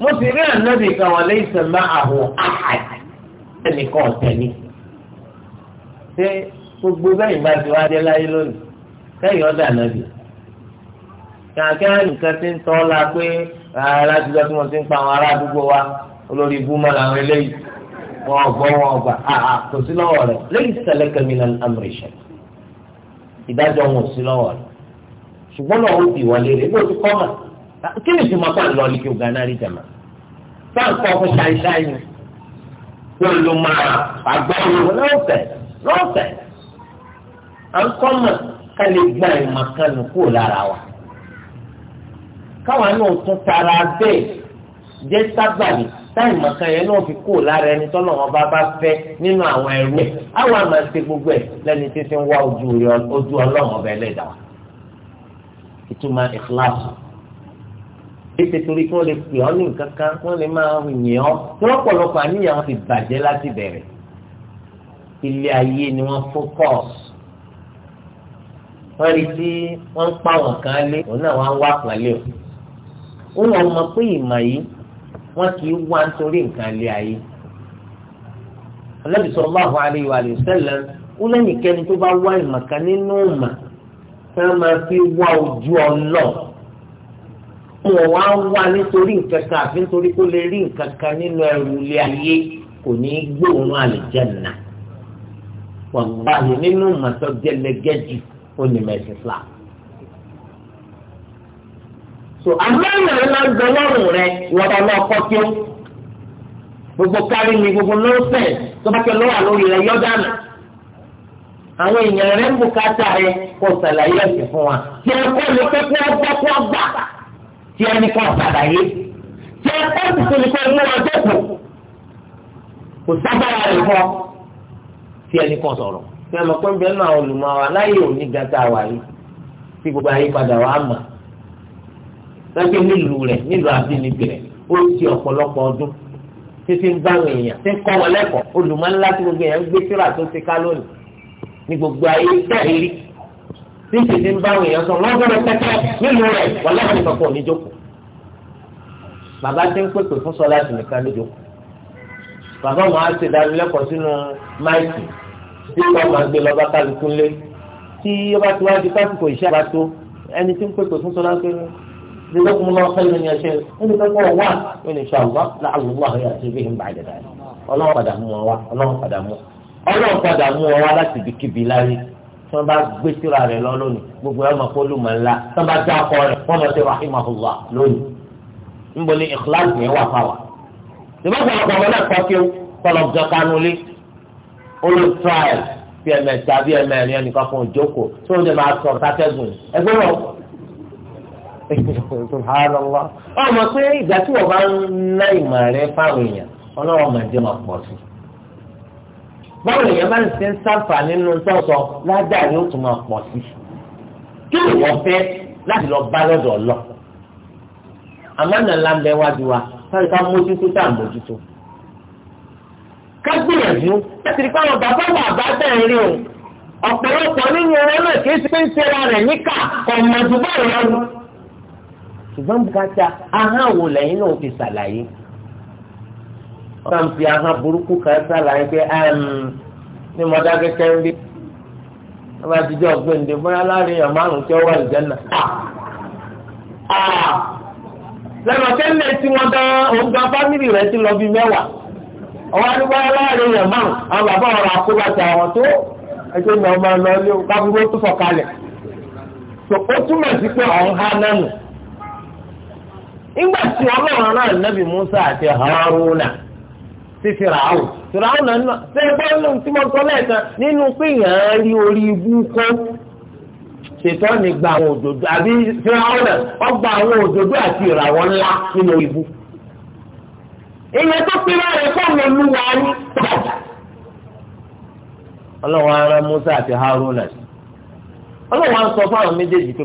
mo sì rí ànábì kan wọ́n lè sè má àhò àhàjì ẹnìkan ọ̀tẹ̀lẹ̀ ṣé gbogbo bẹ́ẹ̀ ìgbà tí wàá dé láyé lónìí kẹ́yìn ọ̀dà nàbì kíákíá nìkan ti ń tọ́ la pé rárá ah, jíjọ tí wọ́n ti ń pa àwọn ará àdúgbò wa olórí búmọ́ làwọn eléyìí wọn gbọ́ wọn gbà àhà ah, ah, kò sí lọ́wọ́ rẹ̀ lẹ́yìn sẹ́lẹ̀ kẹ́mínà amúrẹ́sẹ̀ ìdájọ́ wọn ò sí lọ́wọ́ rẹ̀ ṣùgbọ́n náà ó bì wọlé rẹ̀ lóòótọ́ kọ́mà kí ni ìtumọ̀ pa lọ kí o gánà rí jàmà sáǹkọ́ fún ṣáìṣáì ni kó ló máa àgbáwo lọ́fẹ̀ lọ́fẹ̀ káwọn náà tún tara bẹ́ẹ̀ jẹ́ sábàbí táyì mọ̀kan yẹn náà fi kó lára ẹni tọ́lọ̀ wọn bá bá fẹ́ nínú àwọn ẹrú ẹ̀ àwọn àmà ṣe gbogbo ẹ̀ lẹ́ni tí fi ń wá ojú ọlọ́run ọbẹ̀ lẹ́dà wa ìtumọ̀ ìkíláàsì ètè torí kí wọ́n lè pè ọ́ ní nǹkan kan wọ́n lè máa yìn ọ́ tí wọ́n pọ̀lọpọ̀ àníyàn wọn ti bàjẹ́ láti bẹ̀rẹ̀ ilé ayé ni wọ́n fókọ̀s wọ́n rí tí wọ́n ń pa àwọn kan lé òun náà wọ́n á wá pàlẹ́ o ó wọn mọ pé ìmọ̀ yìí wọn kì í wá nítorí nǹkan lé ayé Ànábì sallallahu alayhi wa sallam ó lẹ́nìkẹ́ni tó bá wá ìmọ̀ kan nínú ìmọ̀ tí wọ́n máa fi wá ojú ọlọ́ wọn wá wá nítorí nǹkan kan àfi nítorí kó lè rí nǹkan kan nínú ẹrù ilé ayé kò ní í gbóòórùn àlùjánnà wàláhì nínú ìmọ̀ tó jẹ́ lẹ́gẹ́jì ó ní mẹ́sì fúlàmù so àmọ́nà ńlá gbọ́lọ́rùn rẹ ìwọ́ta lọ kọ́ kí ó gbogbo kárí ni gbogbo nọ́ọ̀sẹ̀n tó bá kẹ́ lọ́wọ́ lórí rẹ yọ dànù àwọn èèyàn rẹ ń bùkátà rẹ kó sàlàyé ẹ̀sìn fún wa tí ẹ kọ́ ni kẹ́kọ́ ọgbà kọ́ ọgbà tí ẹ ní kọ́ sàlàyé tí ẹ kọ́ sì tó ní kọ́ inú wa dẹ́kun kò sábàá rẹ fọ́ tí ẹ ní kọ́ sọ̀rọ̀ tí ẹ mọ̀ pé ń bẹ́ẹ̀ náà olùmọ̀ wa láyé òní gàtà wáyé tí gbogbo ayé padà wà á mọ̀ lọ́jọ́ nílùú rẹ̀ nílùú abínibí rẹ̀ ó ti ọ̀pọ̀lọpọ̀ ọdún títí ń bá àwọn èèyàn tí ń kọ́ wọn lẹ́kọ̀ọ́ olùmọ̀lá tí gbogbo èèyàn ń gbé síra tó ti ká lónìí ní gbogbo ayé tẹ̀lé rí tí títí ń bá àwọn èèyàn sọ lọ́gọ́rọ̀ pẹ́pẹ́ nílùú rẹ̀ wọ́n lọ́kàn ní kankan oníjókòó bàbá tí ń pèpè fún sọlá tì nìkan níjókòó bàbá wọn á ti dánilẹ́kọ̀ọ́ sínú máìkì tí wọ́n máa gbé lọ́ba kálukú lé tí ó bá ti wá di pásítọ̀ ìṣẹ́ àbátó ẹni tí ń pèpè fún sọlá tó ní جزاكم الله خيرا يا شيخ اني تقول واه ان شاء الله لعل الله ياتي بهم بعد ذلك ọlọ́run padà mú wọn wá ọlọ́run padà تبكي ọlọ́run padà mú wọn wá láti ibikíbi láyé tí wọ́n bá gbé síra rẹ̀ lọ lónìí gbogbo ẹ̀ máa kó lùmọ̀ ńlá tí wọ́n bá dá ọkọ rẹ̀ wọ́n máa ṣe rahimahullah lónìí níbo ni ìkíláàsì yẹn wà fáwà. ìbáṣọ ọkọ ọmọ náà kọ́kí kọlọ̀ jọ kánú lé olú trial bí ẹ̀mẹ̀ta bí ẹ̀mẹ̀rin ẹnìkan fún òjókòó tí wọ́n jẹ́ máa sọ̀rọ̀ sátẹ́gùn ẹgbẹ́ wọn subhanallah ọmọ pé ìgbà tí wọ́n bá ń ná ìmọ̀ rẹ fáwọn èèyàn ọlọ́wọ́ máa jẹ́ wọn pọ̀ sí. báwo èèyàn máa ń ṣe ń sáfà nínú tọ́sọ ládàá yóò tún máa pọ̀ sí. kí ni wọ́n fẹ́ láti lọ bá lọ́dọ̀ ọlọ́ àmọ́ nà ńlá ń bẹ wájú wa sáré ká mójútó tá à ń mójútó. ká gbìyànjú láti rí káwọn bàbá bàbá bẹ́ẹ̀ rí o ọ̀pọ̀lọpọ̀ nínú ẹ̀rọ náà kì í ṣe ń ṣe ra rẹ̀ níkà ọ̀mọ̀dúbọ̀ ìrọ̀rùn ṣùgbọ́n bùkátà ahọ́n wo lẹ́yìn náà fi ṣàlàyé wọ́n máa ń fi ahọ́n burúkú kan ṣàlàyé pé ní mọ̀dá kẹ́kẹ́ ń bí wọ́n bá ti jẹ́ ọ̀gbẹ́ǹde fún aláàrin èèyàn márùn-ún tí ó wà ìjẹ́nà. lẹ́nu kẹ́lẹ́ tí wọ́n dán òun gan fámìlì rẹ̀ ti lọ bí mẹ́wàá ọwọ́ àdúgbò aláàrin èèyàn márùn-ún àwọn bàbá ọ̀rọ̀ àkóbàtà àwọn tó ẹgbẹ́ ní ọmọ ọlọ́ọ̀lẹ́ kábúrò tó fọ̀ kalẹ̀. ó túmọ̀ sí pé ọ̀hún há náà nígbà tí ọlọ́run náà nàbì Musa àti Haruna ti fìràwù fìràwù náà nà sẹ́gbẹ́ nínú tí mo sọ lẹ́ẹ̀kan nínú pé yàn rí orí ibú kọ́ ṣètò ní gba àwọn òdòdó àbí fìràwù náà ọgbà àwọn òdòdó àti ìràwọ̀ ńlá nínú ibú. ìyẹn tó fún ní Musa àti Haruna ọlọ́run sọ fún àwọn méjèèjì pé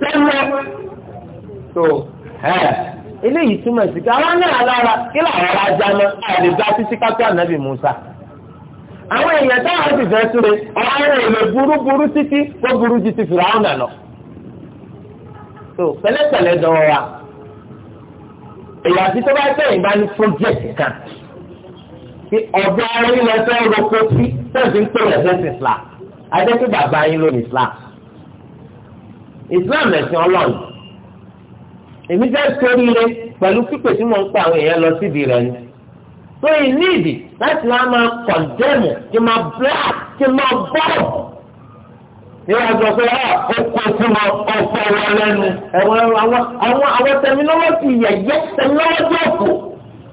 lẹ́nu tó eléyìí túmọ̀ sí ká wọn náà lára kí làwọn ará jáná àlè gba títí kápẹ́ ànábì Musa àwọn èèyàn táwọn ti fẹ́ súre ọ̀rọ̀ èlò burúburú títí kó burú ju ti fìrà ọ̀nà lọ. tó pẹ̀lẹ́pẹ̀lẹ́ dọ̀wọ́ wa èyí àti tó bá tẹ̀ ìbá ní fúrọ́jẹ̀tì kan kí ọ̀gá orí lọ sẹ́yìn roko sí tẹ̀sí ń pè lẹ́sẹ̀ sí Islam adé kí bàbá yín ló ní Islam islam ẹ̀sìn ọlọ́run èmi fẹ́ sórí rẹ pẹ̀lú pípé tí mo ń pa àwọn èèyàn lọ síbi rẹ ni tó yìí níìdì láti wá máa kọ̀ndẹ́mù kí máa bíláà kí máa bọ́ọ̀ níwájú ọ̀pẹ ọkọ̀ tí mo ọ̀pọ̀ wọn lẹ́nu ẹ̀wọ̀n àwọn àwọn tẹ̀mínọ́lọ́sì yẹ̀yẹ́ tẹ̀mínọ́lọ́sì òkú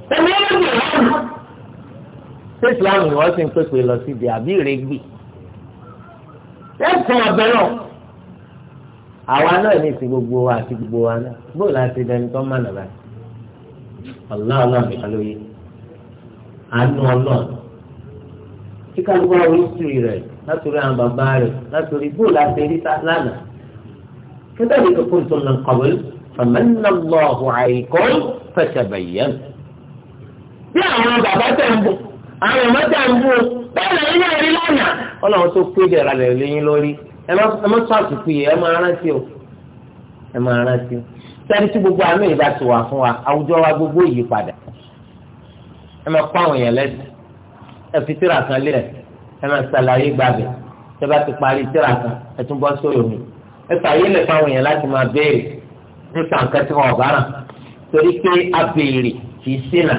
tẹ̀mínọ́lọ́sì ìlànà ṣé islam ni wọ́n ti ń pèpè lọ síbi àbí ìrẹ́gbì ẹ̀sìn ọ̀bẹ náà àwa náà ní ìsìn gbogbo wa àti gbogbo wa náà bóòlù àti ìdẹni tó má nàbà ọlọ́ọ̀ náà mi kálọ́ yé àánú ọlọ́ọ̀ kí kálukú àwọn ìsìrì rẹ̀ látòrí àwọn bàbá rẹ̀ látòrí bóòlù àti ìrí lánàá kíkọ́ ní kókó tó nà kọ̀wé fàmẹ́nà lọ́ọ̀hùn àìkọ́ fẹsẹ̀bẹ̀yẹn bí àwọn bàbá tẹ̀ ń bọ̀ àwọn ọmọ tẹ̀ ń bọ̀ bẹ́ẹ̀ lẹ́yìn àrí lánàá ọlọ́run tó pé ẹ má ẹ má sọ àtúntò yìí ẹ má rántí o ẹ má rántí o sẹ́ni tí gbogbo àánú yìí bá ti wà fún wa àwùjọ wa gbogbo yìí padà ẹ má kó àwọn èèyàn lẹ́sìn ẹ fi tíra kan lélẹ̀ ẹ má ṣàlàyé gbàgbẹ́ tẹ́ bá ti parí tíra kan ẹ tún bọ́ sórí omi ẹ fàyè lẹ̀ fún àwọn èèyàn láti máa béèrè nípa nǹkan tí wọn ò bá rà torí pé abèrè kì í ṣìnà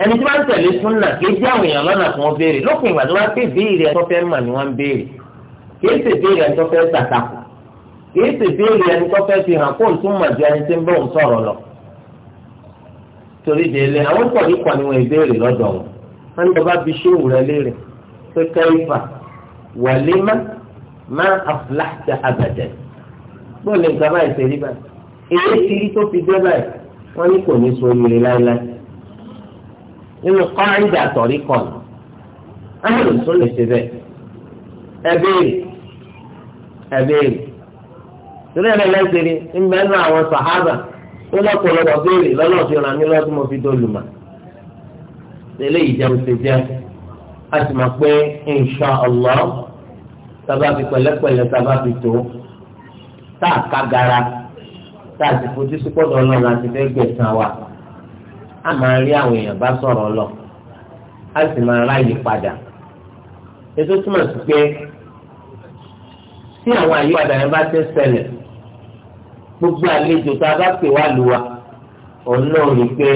ẹni tí wọ́n tẹ̀lé súnà kì í jẹ́ àwọn èèyàn lọ́nà tí wọ́n béèrè lópin ìgbà tí wọ́n á pè béèrè ẹ̀ tó fẹ́ mà ni wọ́n ń béèrè kìí sì béèrè ẹni tó fẹ́ sàtàkù kìí sì béèrè ẹni tó fẹ́ fi hàn kóun tún mọ̀ ju ẹni tí ń bọ̀ ń sọ̀rọ̀ lọ. torí délé àwọn pọ̀lìpọ̀ ni wọ́n ìbéèrè lọ́dọ̀ wọn wọ́n ní bàbá bíi ṣéwù rẹ léèrè pé kẹ́rífà wàlímà má àfúláṣà àbàjẹ́ bóòlù nǹkan báyìí ṣe rí báyìí èyí ti rí tó fi dé báyìí wọ́n ní kò ní so yèrè láéláé nínú kọ́ àìdà àtọ̀rí kan náà áhùn tó lè ṣe bẹ́ẹ̀ ẹ ẹ̀bẹ̀rẹ̀ torí ẹ̀rẹ́ lẹ́sẹ̀rẹ́ ńbẹ́nu àwọn sàhábà tó lọ́pọ̀lọpọ̀ béèrè ọ̀nà mi mo fi ìjẹun a pé ọlọ sábà fi tó tá a ká gara tá a fojú sí pọ̀dọ̀ fẹ́ gbẹ̀sán wa a máa rí àwọn èèyàn bá sọ̀rọ̀ lọ a sì máa tí àwọn àyípadà yẹn bá ti ń ṣẹlẹ̀ gbogbo àlejò tá a bá pè wá òun náà rí i pé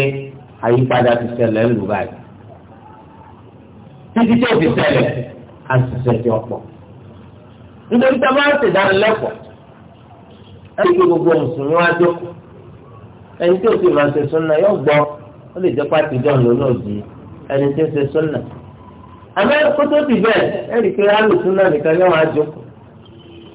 àyípadà ti ń lù báyìí títí fi ọ̀pọ̀ nítorí tá a bá ń gbogbo mùsùlùmí wá jókòó ẹni tí ó sì máa ṣe súnà yóò gbọ́ ó lè jẹ́ pàtí di ẹni tí ń ṣe súnà àmọ́ kótó ti bẹ́ẹ̀ pé nìkan yóò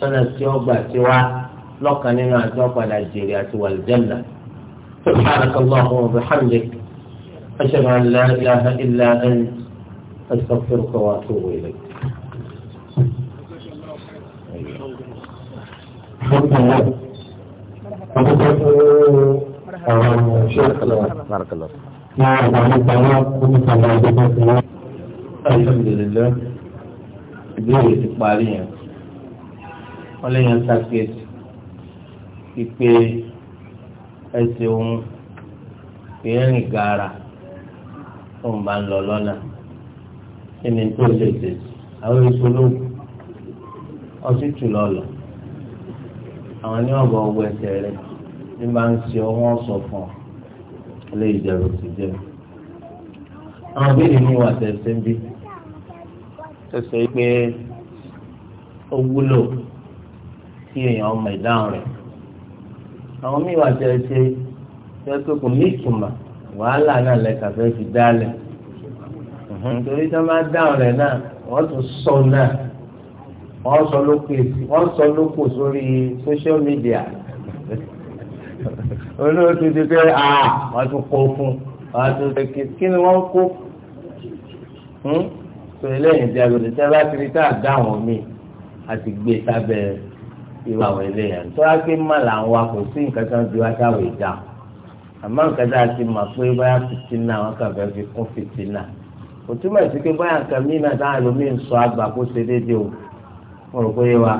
sọ́nà tí ó gbà tí wá lọ́kàn nínú àti ọ̀padà jèrè àti wàlìjẹ́nà. سبحانك اللهم وبحمدك أشهد أن لا إله إلا أنت أستغفرك وأتوب إليك بارك الله الحمد لله wọ́n lè yan sàkíyèsí ìpè ẹsẹ̀ òun kìí rìn gaara tó ń bá ń lọ lọ́nà kí ni tó lè dé àwọn èso lóògùn ọtí tù lọ́lọ́ àwọn ní ọ̀bọ̀ ọgbọ ẹsẹ̀ rẹ ní bá ń ṣe ọwọ́ sọ fún ọ lè jẹrù sí jẹrù. àwọn bíi ní ìwà tẹ̀sẹ̀ ń bí tẹ̀sẹ̀ pé ó wúlò kí èèyàn mọ ìdáhùn rẹ̀ àwọn míì wà ṣe ṣe ṣe pé kò ní ìtumọ̀ wàhálà náà lẹ́ka fẹ́ fi dálẹ̀ torí tí wọ́n bá dáhùn rẹ̀ náà wọ́n tún sọ náà wọ́n sọ lóko wọ́n sọ lóko sórí social media olóò tún ti pé à wọ́n tún kó fún wọ́n tún ṣe kí ni wọ́n kó sọ eléyìí ìdí àgbẹ̀dẹ̀ tẹ́ bá ti rí tá dáhùn mi àti gbé e sábẹ́ rẹ̀ irú àwọn eléyàn tọ́lá pé má là ń wa kò sí nǹkan kan ju aṣáwò ìjà àmọ́ nǹkan tá a ti mọ̀ pé báyà fìtínà wọn kàn fẹ́ fi kún fìtínà kò túmọ̀ sí pé báyà nǹkan mí náà táwọn ẹlòmíín sọ àgbà kó ṣe déédéé o mo rò pé wa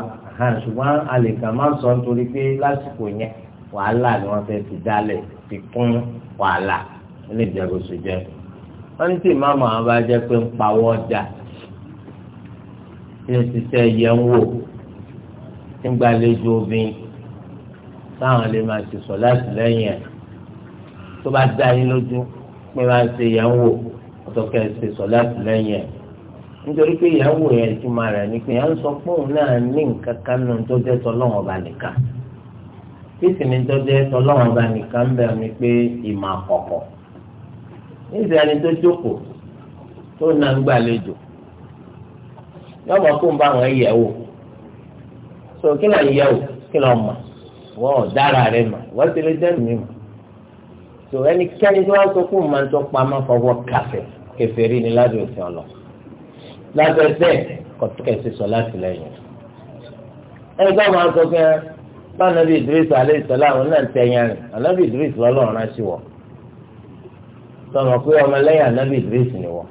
ṣùgbọ́n alẹ́ kan máa ń sọ nítorí pé lásìkò yẹn wàhálà ni wọ́n fẹ́ fi dálẹ̀ fi kún wàhálà ní ìjẹ́gòsò jẹ́ wọ́n ní tí ìmáàmù àwọn bá jẹ́ pé ń pawọ́ ọjà tí nígbà àlejò obìnrin táwọn lè máa ti sọ láti lẹ́yìn ẹ̀ tó bá dá yín lójú pé máa ń ṣe ìyàwó ọ̀tọ̀kẹ́ ṣe sọ láti lẹ́yìn ẹ̀ nítorí pé ìyàwó yẹn ìtumọ̀ rẹ̀ ni pé à ń sọ pé òun náà ní nǹkan kan nù tó jẹ́ tọ́lọ́wọ́n ọba nìkan títí ni tó jẹ́ tọ́lọ́wọ́n ọba nìkan bẹ̀rẹ̀ ni pé ìmọ̀ àkọ́kọ́ níbi ẹni tó jókòó tó náà ń gbàlejò yọ̀bọ̀ so kí náà yẹ o kí náà mọ̀ wọ́n ò dára rẹ mọ̀ wọ́n ti lè dẹ́nu mi mọ̀ so ẹnikẹ́ni tí wọ́n sọ fún màá tó pamọ́ fọwọ́ kàfẹ́ kẹfẹ́rí ni lábẹ́ òfin ọlọ lábẹ́ bẹ́ẹ̀ kọ̀tùkẹ́sì sọ láti lẹ́yìn ẹni tó máa sọ fún ẹ bánabi idris alayhi salam náà tẹ̀yàn rẹ̀ anabi idris lọ́lọ́run rán sí wọ sọmọ pé ọmọ lẹ́yìn anabi idris ni wọ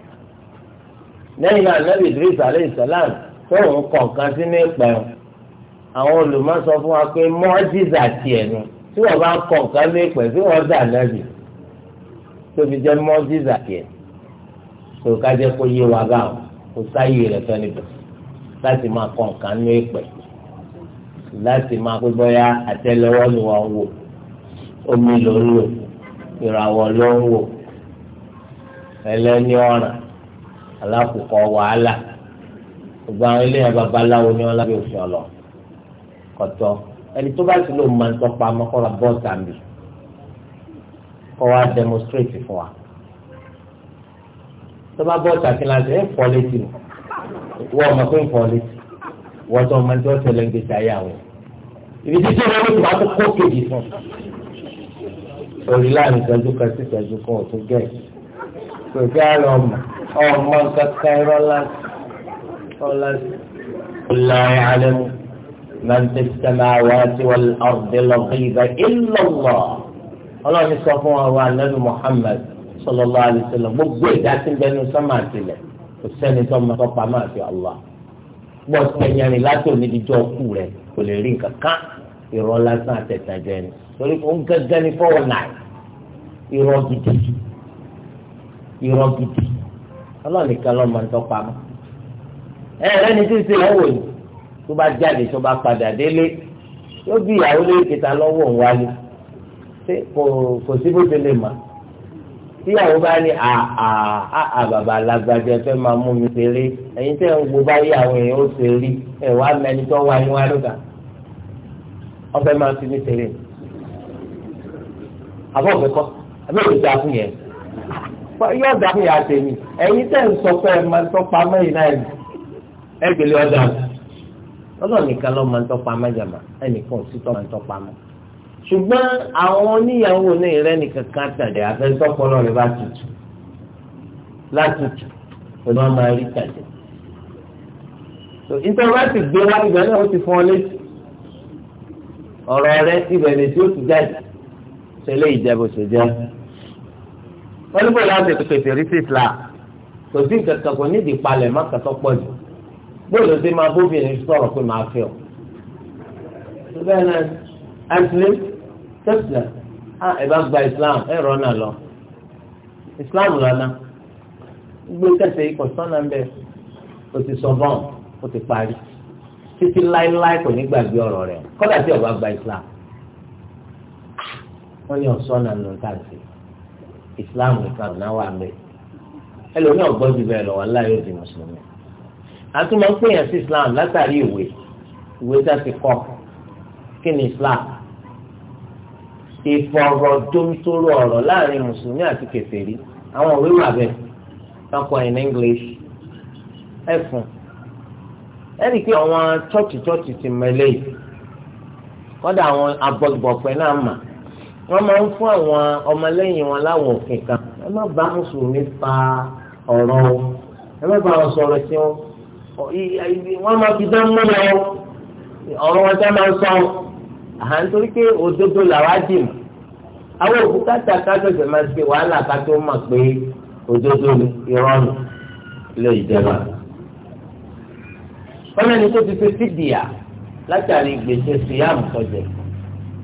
lẹ́yìn anabi idris alayhi tó ń kọ̀ọ̀kan sí ní ìpẹ́rùn àwọn olùmọ̀ sọ fún wa pé mọ́jísà tiẹ̀ nu tí wọ́n bá ń kọ̀ nǹkan lé pẹ̀ tí wọ́n dà lẹ́bi tó fi jẹ́ mọ́jísà tiẹ̀ tó ká jẹ́ kó yé wa báwọn kó sáyé rẹ̀ fẹ́ni bẹ̀ láti máa kọ̀ nǹkan lé láti máa pé bọ́yá àtẹ́lẹwọ́ ni wọ́n wò omi ló ń lò ìràwọ̀ ló ń wò ẹlẹ́ni ọ̀ràn alákòókò wàhálà gbogbo àwọn eléyàn babaláwo ni wọ́n lábẹ́ òfin ọlọ́run kọ̀tọ́ ẹni tó bá sì lò máa ń tọ́pa ọmọkọ́ra bọ́ọ̀sì àmì kọ́ wa demonstrate fún wa tó bá bọ́ọ̀sì àkínláṣẹ ẹ̀ fọ́ létí wọ́n ọmọ pé ń fọ́ létí wọ́n tó ọmọ tí wọ́n tẹ̀lé ń gbèsè ayé àwọn ibi títí wọn ló tó kó kejì fún orí láàrin ìtọ́jú kan sí ìtọ́jú kan ò tó kò sí àlọ́ ọmọ ọmọ kankan irọ́ láti ọ̀la ọ̀la ẹ̀ من في السماوات والأرض الغيب إلا الله ọlọ́run sọ fún wa wa anabi muhammed sallallahu alaihi wasallam gbogbo ìdásí bẹnu sọmọ àtìlẹ kò sẹ́ni tó máa tọpa máa fi allah gbọ tẹnyẹrin láti onídìjọ kú rẹ kò lè rí nǹkan kan irọ́ lásán àtẹ̀tẹ̀jẹ ni torí kò ń gẹ́gẹ́ ní fọwọ́ náà irọ́ gidi irọ́ gidi ọlọ́run nìkan ló máa tọpa mọ́ ẹ ẹ lẹ́ni tí ń ṣe ẹ̀wọ̀ yìí tó bá jáde tó bá padà délé yóò bí ìyàwó lè kíta lọ́wọ́ òun wálé kò sí bó ṣe lè mà tíyàwó bá ní àà bàbá alágbájá fẹ́ máa mú mi ṣeré ẹ̀yin tẹ́ ń gbọ́ báyìí àwọn èèyàn ó ṣe rí ẹ̀ wá mẹ́ni tó wá ní wá lóga ọ̀fẹ́ máa fi mí ṣeré àbọ̀ òfin kọ́ àbẹ̀ òfin ta fún yẹn yóò dá fún yàrá tèmi ẹ̀yin tẹ́ ń sọ pé ẹ̀ máa tọ́ pamọ́ yìí náà ẹ̀ gbélé ọ̀dà mi ọlọ́run nìkan ló máa ń tọ́pa amájàmá ẹnìkan ò sí tọ́ máa ń tọ́pa amá ṣùgbọ́n àwọn oníyàwó náà rẹ nìkan kan tàdé afẹ́sọ́pọ̀lọ rẹ bá tutù látutù pẹ̀lú ọmọ rí tàdé nítorí wọ́n ti gbé wá ibẹ̀ náà ó ti fún ọ létí ọ̀rọ̀ rẹ ibẹ̀ lè tí ó ti jáde ṣẹlẹ̀ ìjẹ́bù ṣe jẹ́ wọ́n ní bóyá ọ̀sẹ̀ pèsè rí sí Islam kò sí nǹkan kan kò nídìí palẹ̀ mọ́kàtọ́ pọ̀ jù bóòlù ṣe máa bóbìnrin sọ̀rọ̀ pé máa fẹ́ ọ. bẹ́ẹ̀ náà àtìlẹ́ tẹ́sílẹ̀ ẹ bá gba islam ẹ rọ́ náà lọ islam lọ́nà gbé tẹ̀sẹ̀ ikọ̀ sọ́nà bẹ́ẹ̀ o ti sọ bọ́ọ̀n o ti parí títí láéláé kò ní gbàgbé ọ̀rọ̀ rẹ̀ kọ́dà tí ọba gba islam wọ́n ní ọ̀sọ́nà nù tàǹtì islam nìkan náà wà mẹ́ ẹlòmíì ọ̀gbọ́n ti bẹ̀rẹ̀ lọ́wọ́ aláyọ̀ di mùsùlùmí a tún máa ń pèèyàn islam látàrí ìwé ìwé tá a ti kọ́ kí ni islam ìfọ̀rọ̀dómítóró ọ̀rọ̀ láàrin mùsùlùmí àti kèfèrí àwọn òwe wà bẹ́ẹ̀ lọ́kọ̀ in english ẹ̀fún ẹ̀rí pé àwọn chọ́ọ̀tì chọ́ọ̀tì ti mẹ́lẹ̀ yìí kọ́dà àwọn abọ́gbọ̀pẹ́ náà mà wọ́n máa ń fún àwọn ọmọlẹ́yìn wọn láwọn òfin kan ẹ má bá mùsùlùmí fa ọ̀rọ̀ ẹ má bá wọn sọ̀rọ̀ sí wọn wọ́n máa fi dán mọ́ lọ ọ̀rọ̀ wọn sá máa ń sọ àhà nítorí pé òdodo làwa dì mọ́ àwọn òkúta kájọsẹ̀ máa ṣe wàhálà ká tó mọ̀ pé òdodo ìrọ̀rùn lè jẹba. wọ́n lẹ́nu tó ti fi fídíà látàrí gbèsè síyàmù kọjá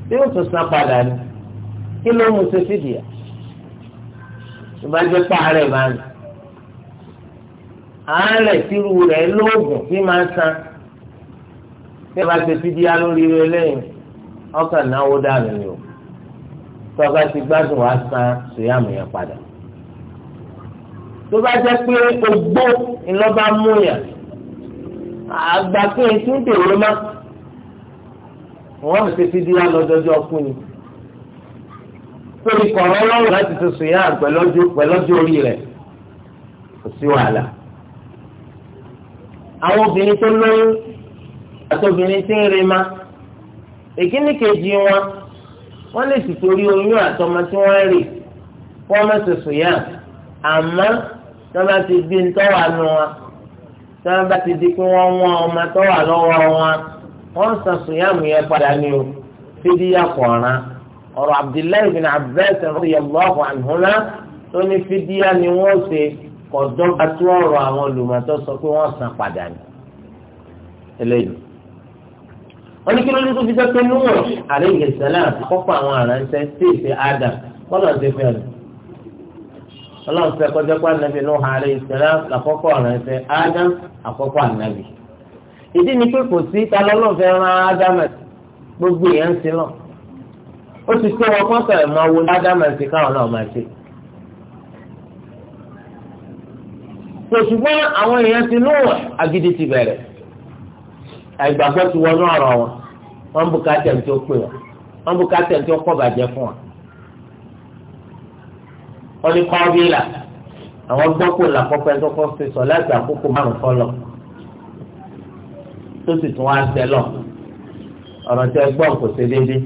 bí ó tún san padà ní kí ló mú ṣe fídíà. ìbájẹ́ pààrẹ̀ máa àálẹ̀ tìrú rẹ̀ lóògùn tí máa san tí a bá ṣe ti di alórí rẹ̀ lẹ́yìn ọkàn náwó dànù ni o tó a bá ti gbádùn wá san sòyàmù yẹn padà tó bá jẹ́ pé ogbó ńlọ́ba mú yàn àgbà pé etí ń dèrò má wọ́n ti ti di alọ́dọ́jọ́ kú ni torí kọ̀ọ̀rọ̀ lọ́wọ́ láti tó sòyàmù pẹ̀lọ́jọ́ orí rẹ̀ kò sí wàhálà àwọn obìnrin tó lóyún àti obìnrin tí ń rema èkíní kejì wọn wọ́n lè sì torí oyún àtọmọ tí wọ́n rè wọ́n má sòsò yá àmọ́ tí wọ́n bá ti di ntọ́wà nù wọn tí wọ́n bá ti di pé wọ́n wọ́n ọmọ tọ́wà lọ́wọ́ wọn wọ́n san sòyàmù yẹn padà ní o fídíyà kọ̀ọ̀ràn ọ̀rọ̀ Abdullahi bin Abbas radiyallahu anhuma tó ní fídíyà ni wọ́n ṣe kọ̀dọ́ àti ọ̀rọ̀ àwọn olùmọ̀tọ́ sọ pé wọ́n san padà ní eléyìí. wọ́n ní kí ló ní tó fi jẹ́ pé níwọ̀n alayhi salam kọ́kọ́ àwọn aránṣẹ́ tí ìfẹ́ ádà kọ́lọ̀ ti fẹ́ rẹ̀. ọlọ́run fẹ́ kọjá pé ànábì ló ha alayhi salam àkọ́kọ́ aránṣẹ́ ádà àkọ́kọ́ ànábì. ìdí ni pé kò sí ta lọ́lọ́run fẹ́ rán ádámẹ̀ gbogbo ìyẹn ń sin lọ. ó ti pé wọn kọ́ tó ṣùgbọ́n àwọn èèyàn ti lóhùn agídí ti bẹ̀rẹ̀ àìgbàgbọ́ ti wọnú ọ̀rọ̀ wọn wọn bu kátẹ̀ tí ó pè wọn wọn bu kátẹ̀ tí ó kọ́ bàjẹ́ fún wọn. wọ́n ní kọ́bílà àwọn gbọ́kù làkọ́kọ́ ẹ̀ tọ́kọ́ ṣe sọ láti àkókò márùn-ún fọlọ́ tó sì tún wá ṣẹ lọ ọ̀rọ̀ tí ẹ gbọ́ kò ṣe déédéé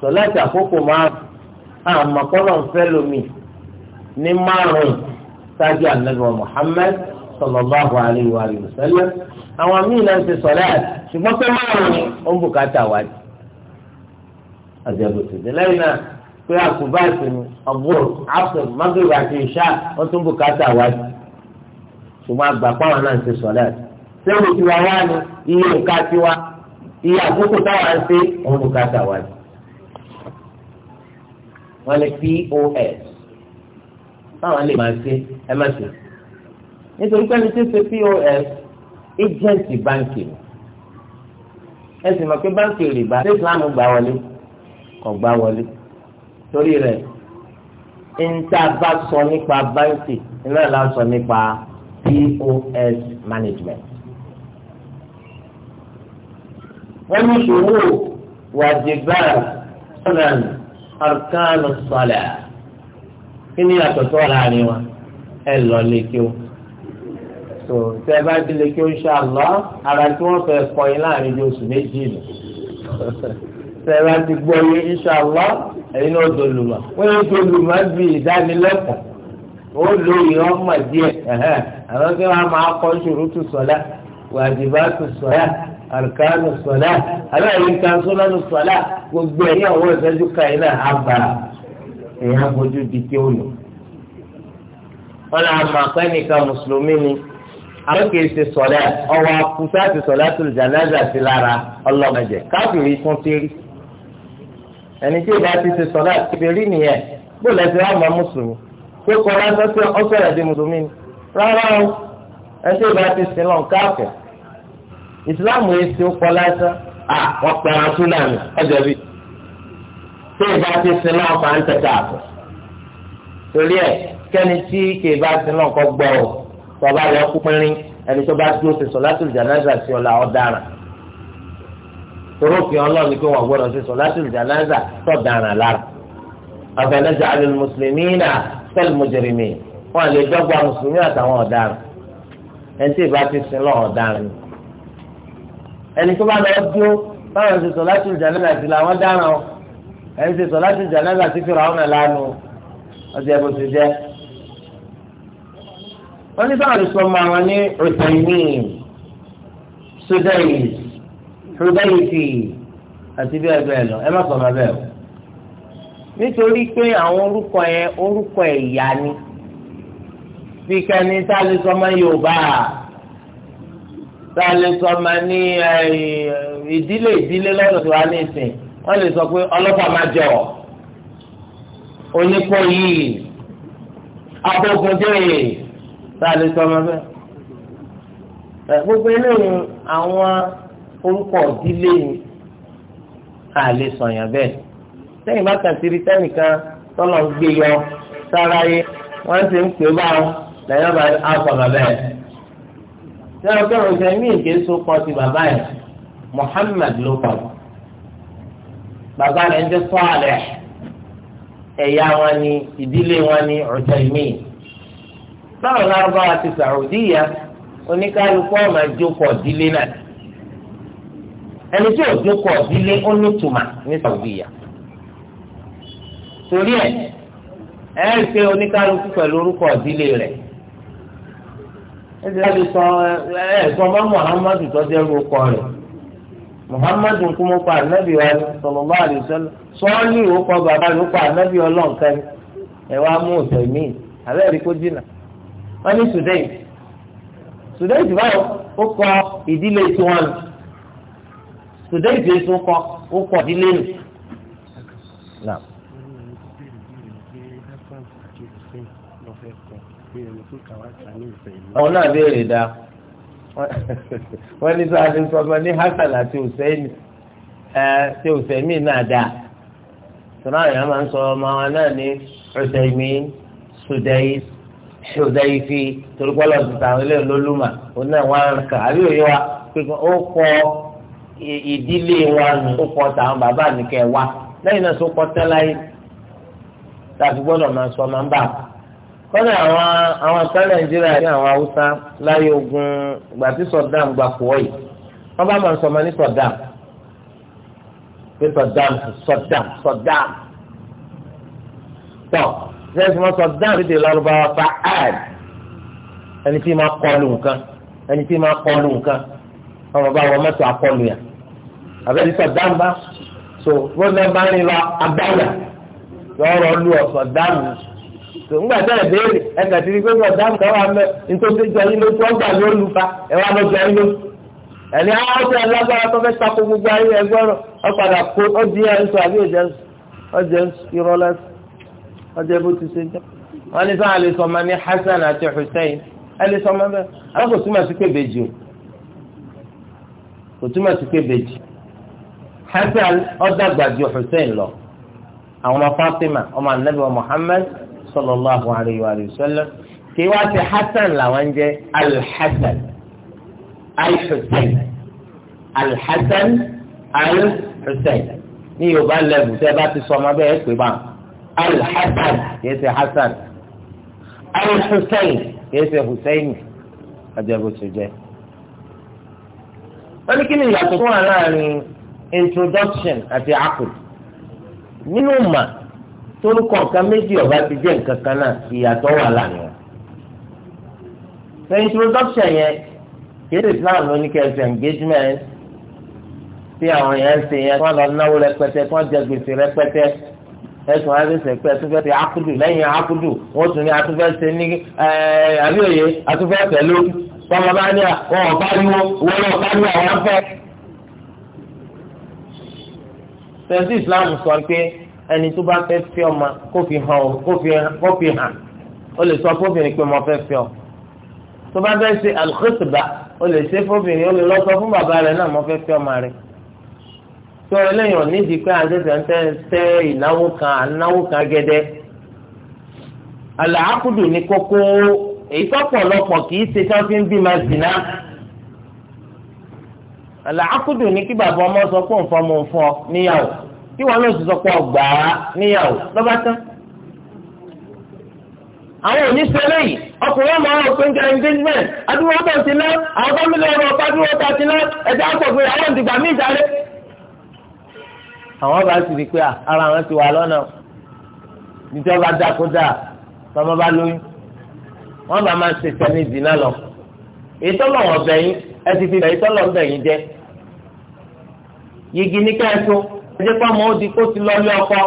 sọ láti àkókò márùn-ún àwọn ń fẹ́ lómi ní márùn-ún ṣáájú ànábì wa Muhammad sallallahu alayhi wa sallam àwọn míì náà ṣe sọ̀láàt ṣùgbọ́n pé márùn-ún ó ń bùkátà wájú. àjẹbù tìdí lẹ́yìn náà pé àkùbá ìsinmi ọ̀gbọ́n àpò magreth àti ìṣá wọ́n tún bùkátà wájú. ṣùgbọ́n àgbà pàwọn náà ṣe sọ̀láàt sẹ́wọ̀n tiwa wá ni iye nǹka tiwa iye àkókò táwa ń ṣe òun bùkátà wájú. wọ́n lè pos táwọn lè máa ṣe ẹ má ṣe nítorí pé ẹni tí ń ṣe pos agent báńkì ẹ sì mọ̀ pé báńkì rìbá ṣé islam gbà wọlé kò gbà wọlé torí rẹ̀ níta bá sọ nípa báńkì iná là ń sọ nípa pos management. wọ́n ní ṣòro wàjibá ọ̀nà arkanu sọ̀lá kí ni àtọ̀tọ̀ láàrin wa ẹ lọ lè kí o tó tẹ ẹ bá ti lè kí o ṣe àlọ́ ara tí wọ́n fẹ́ kọ́ yín láàrin bí oṣù méjì nù tẹ ẹ bá ti gbọ́ yín iṣẹ́ àlọ́ ẹ̀yin náà dolùmọ̀ wọ́n yóò dolùmọ̀ bí ìdánilẹ́kọ̀ọ́ ó lo ìran mọ̀ díẹ̀ àwọn kí wọ́n máa kọ́ ṣùrùtù sọ̀lá wàjibátù sọ̀lá àrùkánù sọ̀lá aláìní kan sọ́lá nù sọ̀lá gbogbo ẹ̀yìn àwọn ìṣẹ́jú kan yìí náà á bàrà èèyàn bójú di kí ó lò. wọn náà mọ akẹ́nìkan mùsùlùmí ni àwọn kìí ṣe sọ̀lẹ́ ọwọ́ akúṣà ti sọ̀lẹ́ tó jànáza sí lára ọlọ́mọdé káfíìrì tún ti rí ẹni tí ìbá ti ṣe sọ̀lẹ́ ti rí nìyẹn bó lẹ́sẹ̀ wà mọ́ mùsùlùmí pé kọ́ lásán ọ̀sọ̀rọ̀ di mùsùlùmí ni rárá o ẹni tí ìbá ti sin lọ káfíà ìsìláàmù yìí ti kọ́ lásán à wọ́n pẹ̀rẹ̀ tó ìbá ti sin náà fà ń tẹ̀ka àbọ̀ torí ẹ̀ kẹ́ni tí kì í bá sin náà kọ́ gbọ́ ọ tọ́ba rẹ̀ kú pínrín ẹni tó bá dúró ṣe sọ̀látùl jánásà sí ọ̀la ọ̀daràn torókì ọlọ́run ni pé wọ́n gbọ́dọ̀ ṣe sọ̀látùl jánásà tọ̀daràn lára àfẹnẹ́jà alẹ́ mùsùlùmí náà sẹ́lì mùjẹ̀rìmí wọn lè dọ́gba mùsùlùmí àtàwọn ọ̀daràn ẹni tí ìbá ti sin náà ọ̀daràn ni ẹni tó bá lọ dúró báwọn ṣe sọ̀látùl jánásà sí làwọn dáràn ọ́ ẹ̀ ń ṣe sọ̀láàtì jánásà sí Fíráúnà lánàá ọ̀sẹ̀ ẹ̀bùn ti jẹ́. wọ́n ní sáwọn ìsọmọ àwọn ní rìtẹ̀yìn sudeis sudeisi àti bẹ́ẹ̀ bẹ́ẹ̀ lọ ẹ má sọ̀rọ̀ bẹ́ẹ̀ o. nítorí pé àwọn orúkọ yẹn orúkọ ẹ̀yà ni bí kẹ́ni tá a lè sọ ọmọ Yorùbá tá a lè sọ ọmọ ní ìdílé ìdílé lọ́dọ̀ tó wà ní ìsìn wọ́n lè sọ pé ọlọ́pàá máa jẹ ọ́ onípọ̀ yìí abókundé tá a lè sọ ọmọ bẹ́ẹ̀. gbogbo eléyìí àwọn orúkọ ìdílé ni a lè sọ̀yàn bẹ́ẹ̀. sẹ́yìn bá kàtìrí sẹ́nìkan tọ́lọ̀ ń gbé yọ sára yé wọ́n ti ń pè báwọn lẹ́yìn ọba àkọ́nà bẹ́ẹ̀. sẹ́yìn ọ̀kẹ́ òṣèlú mi kì í bàbá yẹn Muhammad ló pàgọ́. bàbá rẹ̀ ń jẹ́ Salih ẹ̀yà wọn ni ìdílé wọn ni Uthaymin báwo lárúbáwá ti Saudiya oníkálukú ọmọ ìjókòó ìdílé náà ẹni tí òjókòó ìdílé ó ní tùmà ní torí ẹ̀ ẹ̀ ń ṣe oníkálukú pẹ̀lú orúkọ ìdílé rẹ̀ ẹ̀ ti sọ sọ Muhammadu tó jẹ́ orúkọ muhammadu kún mọ́ pa ànábì wa ni sallallahu alaihi wasallam sọ́ọ́lì ó kọ́ bàbá ló pa ànábì ọlọ́ọ̀kan ni ẹ wá mú ọ̀sẹ̀ míì àbẹ́rẹ́ kó jìnnà wọ́n ní sudan sudan ti báyọ̀ ó kọ ìdílé tiwọn nù sudan ti tún kọ ó ìdílé nù. àwọn náà béèrè dáa wọ́n ní sọ àti sọ́mọ ní hasan àti hussein ṣe hussein náà dá sọ́nà àyàn máa ń sọ ọmọ wọn náà ní hussein sudais sudaifi torúkọ́lọ́ ti tàwọn ilé olólùmọ̀ òun náà wọ́n á kà á rí òye wa pé ó kọ́ ìdílé wa nù ó kọ́ tàwọn bàbá mi kẹ́ wa lẹ́yìn náà sọ kọ́ tẹ́láyé tàbí gbọ́dọ̀ máa sọ máa ń bà á kọ́nà àwọn àwọn kan nàìjíríà ní àwọn haúsá láyé ogun ìgbà tí sọ̀dáàmù gba kuwait wọ́n bá máa ń sọmọ ní sọ̀dáàmù pé sọ̀dáàmù sọ̀dáàmù sọ̀dáàmù tọ́ sẹ́yìn mọ́ sọ̀dáàmù lédè lọ́rùbáwá fa ad ẹni tí máa kọlu nǹkan ẹni tí máa kọlu nǹkan ọmọ bá wọn mọ́tò akọlu yà àbẹ́ni sọ̀dáàmù bá so wọ́n náà bá ń lọ abáyà lọ́rọ̀ lu ọ̀sọ̀dáàmù ńgbà tẹ́ ẹ̀ béèrè ẹ kàtí ní pẹ́ẹ́pẹ́ ọ̀dáàmù kan wà mẹ́ nítorí jọ yín lójú ọgbà ló lu fa ẹ wà lọ́jọ́ yín lójú. ẹni àwọn ọ̀sẹ̀ alágbára tó fẹ́ takò gbogbo ayé ẹgbọ́rọ̀ ọ̀padà kó ó di ẹ̀ ń sọ àbí ọ̀jẹ̀ ọ̀jẹ̀ irọ́ lẹ́sìn ọ̀jẹ̀ bó ti ṣe jẹ́. wọ́n ní sọ́n àlè sọ́mọ ní Hasan àti Hussein ẹni sọ́mọ bẹ́ẹ̀ àwọn kò túmọ̀ sí pé bèjì o kò túmọ̀ sí pé bèjì Hasan ó dàgbà ju Hussein lọ àwọn Fatima ọmọ anabi wa Muhammad sallallahu alayhi wa sallam kí wá sí hasan làwọn ń jẹ́ alhassan alhussein alhassan alhussein ní yorùbá lẹ́bù tẹ́ bá ti sọ ọmọ bẹ́ẹ̀ pé bá alhassan kìí ṣe hasan alhussein kìí ṣe hussein ajẹ́bù tó jẹ́. wọ́n ní kí ni ìyàtọ̀ fún wa láàrin introduction àti akul nínú mà torúkọ nǹkan méjì ọba ti jẹ́ nǹkan kan náà ìyàtọ̀ wà lánàá. the introduction yẹn kéde islam ló ní kẹsì engagement tí àwọn yẹn ń ṣe yẹn wọ́n lọ náwó rẹpẹtẹ wọ́n jẹ gbèsè rẹpẹtẹ ẹsùn àdéhùn ẹgbẹ àtúfẹ́ ti akudu lẹ́yìn akudu wọ́n tún ní àtúfẹ́ ṣe ní àbíòye àtúfẹ́ pẹ̀lú tọ́mọ bá ní àwọn ọ̀bá ní wọ́n náà bá ní àwọn afẹ́. sẹ́ńtì islam sọ pé ẹni tó bá fẹ́ fẹ́ ọmọ kó fi hàn ó kó fi hàn ó lè sọ fóbìnrin pé mo fẹ́ fẹ́ ọ tó bá fẹ́ ṣe alùpùpù ó lè ṣe fóbìnrin ó lè lọ sọ fún bàbá rẹ náà mo fẹ́ fẹ́ ọmọ rẹ tó ẹlẹ́yìn onídìí pé àtẹ̀tẹ̀ ń tẹ́ tẹ́ ìnáwó kan ànáwó kan gẹ́dẹ́ àlàákùdù ní kókó èyí tọ́pọ̀lọpọ̀ kì í ṣe tí wọ́n fi ń bímọ zìnà àlàákùdù ní kí bàbá ọmọ sọ pé òun fọ́ mo fọ́ níyàwó tí wọn lọ sọ pé ọgbà níyàwó lọ́ba tán àwọn oníṣẹ́lẹ̀ yìí ọkùnrin ọmọ ọ̀rọ̀ pé engagement adúlọ́ bẹ̀ ti ná àwọn fámìlì ọmọ ọba dúró ta ti ná ẹ̀jẹ̀ àpọ̀gbìn àwọn ìdìgbà mí ìjàre. àwọn bá sì rí i pé ara wọn ti wà lọ́nà ìjọba dákúdà tọmọ bá lóyún wọn bá máa ṣe sẹni ìdìnnà lọ ìtọ́lọ̀ wọn ẹ ti fi ìtọ́lọ̀ ń jẹ yìgì ní kẹ́ẹ̀tún ẹjẹ́ pọ́ ọmọ òdì kó ti lọ ilé ọkọ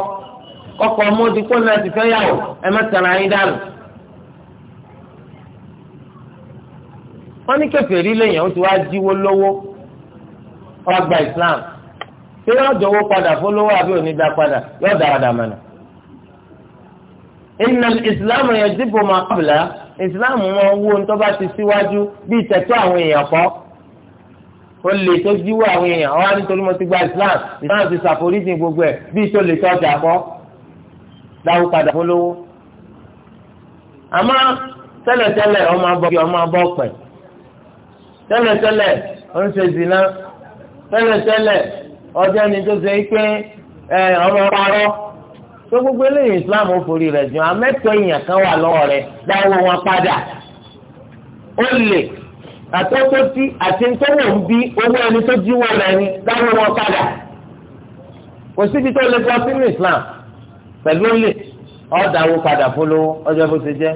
ọkọ ọmọ òdì kó náà ti fẹ́ yàwó ẹ má tẹ̀ra yín dànù. wọ́n ní kèfèrí lèèyàn ó ti wá jíwó lówó ọgbà Islam ṣé yóò jọ̀wọ́ padà fọlọ́wọ́ àbí òní dá padà yóò dáradà mọ́nà. inna islam yajibu ma qabla islam wọn wó ní tó bá ti síwájú bíi tẹ̀tọ́ àwọn èèyàn kọ́ ó lè tó jíwọ́ àwọn èèyàn wá nítorí mo ti gba Islam Islam ti ṣàforíjì gbogbo ẹ̀ bí tó lè tọ́ ọjà kọ́ dáwó padà fọlọ́wọ́. àmọ́ tẹ́lẹ̀tẹ́lẹ̀ ọmọ abọ́ ọmọ abọ́ pẹ̀ tẹ́lẹ̀tẹ́lẹ̀ ó ń ṣe zina tẹ́lẹ̀tẹ́lẹ̀ ọjọ́ ni tó ṣe pé ọmọ parọ́ tó gbogbo eléyìí Islam ó forí rẹ̀ jù amẹ́tọ̀ èèyàn kan wà lọ́wọ́ rẹ̀ dáwó wọn padà ó lè àtọ́tọ́tí àti ntọ́wọ̀ ń bí owó ẹni tó jí wọn lẹ́ni dáhùn wọn padà kò síbi tó lè bọ́ sínú Islam pẹ̀lú lè ọ̀dàwó padà polówó ọjọ́ bó ṣe jẹ́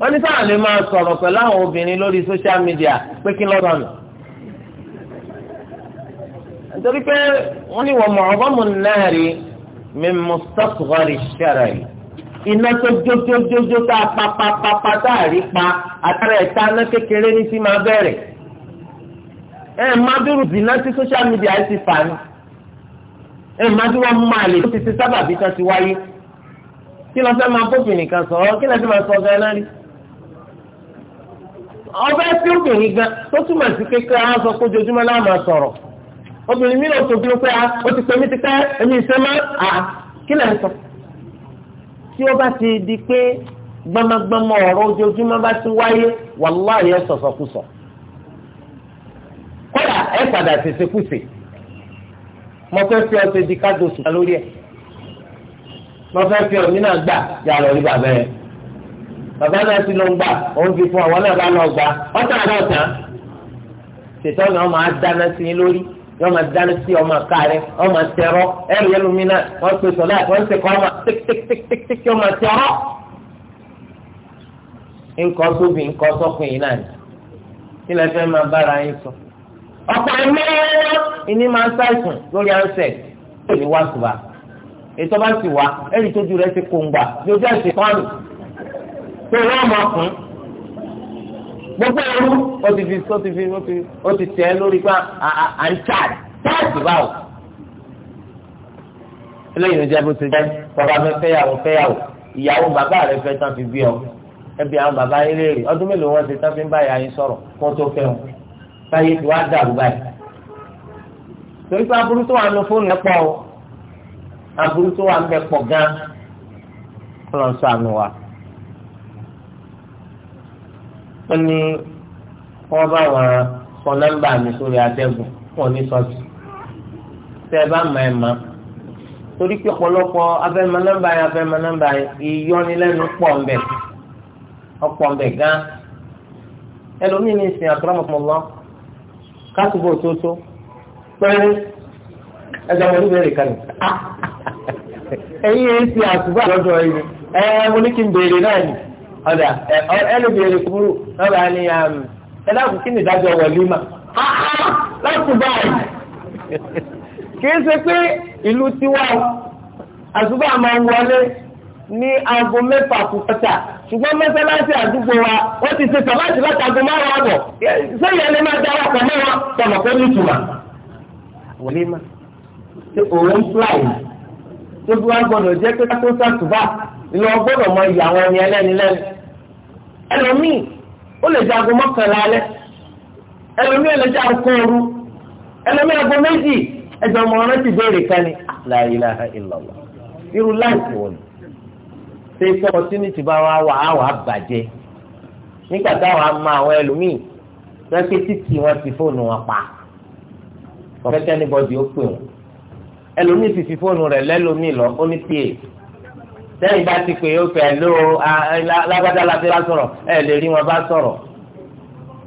wọ́n ní sáà lè máa sọ̀rọ̀ pẹ̀lú àwọn obìnrin lórí social media pé kí lọ́dọ̀ nù nítorí pé wọ́n ní wọ́n mọ̀ ọ́gọ́mù náà rí mi mustaqghari shar'i yìí iná tó jójójójó tá a pa pa pa pa tá a rí pa àtàrà ẹ̀ta iná kékeré ní sí máa bẹ̀rẹ̀ ẹ máa dúró zìnà sí social media ẹ ti fà ní ẹ máa dúró máa lè tó ti ti sábàbí tó ti wáyé kí lọ fẹ́ máa bóbìnrin kan sọ̀rọ̀ kí lọ fẹ́ máa sọ gan náà rí ọbẹ̀ tí obìnrin gan tó túmọ̀ sí kékeré á sọ pé ojoojúmọ́ náà máa sọ̀rọ̀ obìnrin mìíràn tó bí ó pé a ah, ó ti pẹ́ mi ti pẹ́ ẹ̀mí ìṣẹ́ máa à kí lẹ́ tí ó bá ti di pé gbamagbama ọ̀rọ̀ ojoojúmọ́ bá ti wáyé wàláhì ẹ sọ̀sọ̀kùsọ̀ kódà ẹ padà ṣèṣekúṣe mo fẹ́ fi ọtẹ di kájọ sùn lórí ẹ mo fẹ́ fi ọ̀mí náà gbà yà lọ rí bàbá yẹn bàbá náà ti lọ ń gbà òun fi fún àwọn náà bá lọ gbà ọ̀tá àdá ọ̀tá ṣètọ́ ni wọ́n máa dáná sí i lórí yọ máa dáná sí ọmọ káàrẹ ọmọ tẹrọ ẹrù yẹn lómi náà wọn pe sọlá wọn ṣe kọ ọmọ tíktíktíktíkí ọmọ tẹrọ. nǹkan tóbi nǹkan sọkùn yìí náà ni kí lè fẹ́ máa bára yín sọ. ọ̀pọ̀ ẹ̀mí ìní máa ń ṣàìsàn lórí ansẹ̀ tó ní wá sùbà ètò sì wá ẹ̀rí tójú rẹ̀ ti kó ń gbà lójú àṣetọ́nù tó wọ́n mọ̀ fún gbogbo ẹrú ó ti fi ó ti fi ó ti ó ti tẹ̀ ẹ́ lórí pa à ń tàd tààtì báwò. eléyìí ló jẹ́ bó ti jẹ́ bàbá mi fẹ́yàwó fẹ́yàwó ìyàwó bàbá rẹ̀ fẹ́ tán fi bí ọ ẹbí àwọn bàbá yín léèrè ọdún mélòó wọn ti tán fi ń bá ìyá yín sọ̀rọ̀ kó tó fẹ́ wọn táyé tí wàá dàrú báyìí. torí pé aburú tó wà nù fóònù ẹ̀ pọ̀ o aburú tó wà ń bẹ pọ̀ gan-an. ọlọ́run ṣàánú wa wọ́n ní wọ́n bá wọn sọ nọ́mbà mi sórí atẹ́gùn wọn ní sọ́ọ̀tì tẹ́ ẹ bá mọ̀ ẹ̀ mọ́ torí pé ọ̀pọ̀lọpọ̀ afẹ́mọ nọ́mbà yẹn afẹ́mọ nọ́mbà yẹn ìyọnilẹ́nu pọ̀ ń bẹ̀ ọ̀pọ̀ ń bẹ̀ gan ẹlòmíì ní ìsìn àtúrọ̀mọ̀pọ̀lọ́ kásìbò tótó pẹ́ẹ́rẹ́ ẹ̀jẹ̀ wọn níbẹ̀rẹ̀ kan ẹ̀yìn èsì àtúbà lọ́dọ̀ ẹ̀yìn ẹ̀ mo ní kí n béèrè náà yìí ọ̀dà ẹlòmíràn kúrú lọ́ba ni um, ẹ kí ni ìdájọ́ wọ̀límà láti báyìí kì í ṣe pé ìlú tiwa àtúbà máa ń wọlé ní aago mẹ́fà kúkọ́tà ṣùgbọ́n mẹ́sálásí àdúgbò wa wọ́n ti ṣe sàmáàtì láti aago márùn-ún àbọ̀ sẹ́yìn ẹni máa dára pọ̀ mọ́ wọn tọ̀nà pé ní ìtura. wọlé ma ṣe òun fúláì tó bí wọn gbọ́dọ̀ jẹ́ pé kátó sàtúbà ni wọn gbọ́dọ̀ mọ ìyá wọn ni ẹlẹ́ni ẹlòmíì ó lè jago mọ́kànlá alẹ́ ẹlòmíì ó lè jago kọ́ọ̀rù ẹlòmíì aago méjì ẹjọ ọmọ ọ̀rẹ́ ti béèrè kan ah, irú wọn ṣe sọ bá wa wà á wà á bàjẹ́ nígbà táwọn àwọn wọn ti fóònù wọn pa ọ̀fẹ́ kẹ́nìbọ̀dì ó pè wọn ti fi fóònù rẹ̀ lẹ́lòmíì lọ ó ní pa sẹ́yìn bá ti pè é ó fẹ́ ló lágbádá láti bá sọ̀rọ̀ ẹ lè rí wọn bá sọ̀rọ̀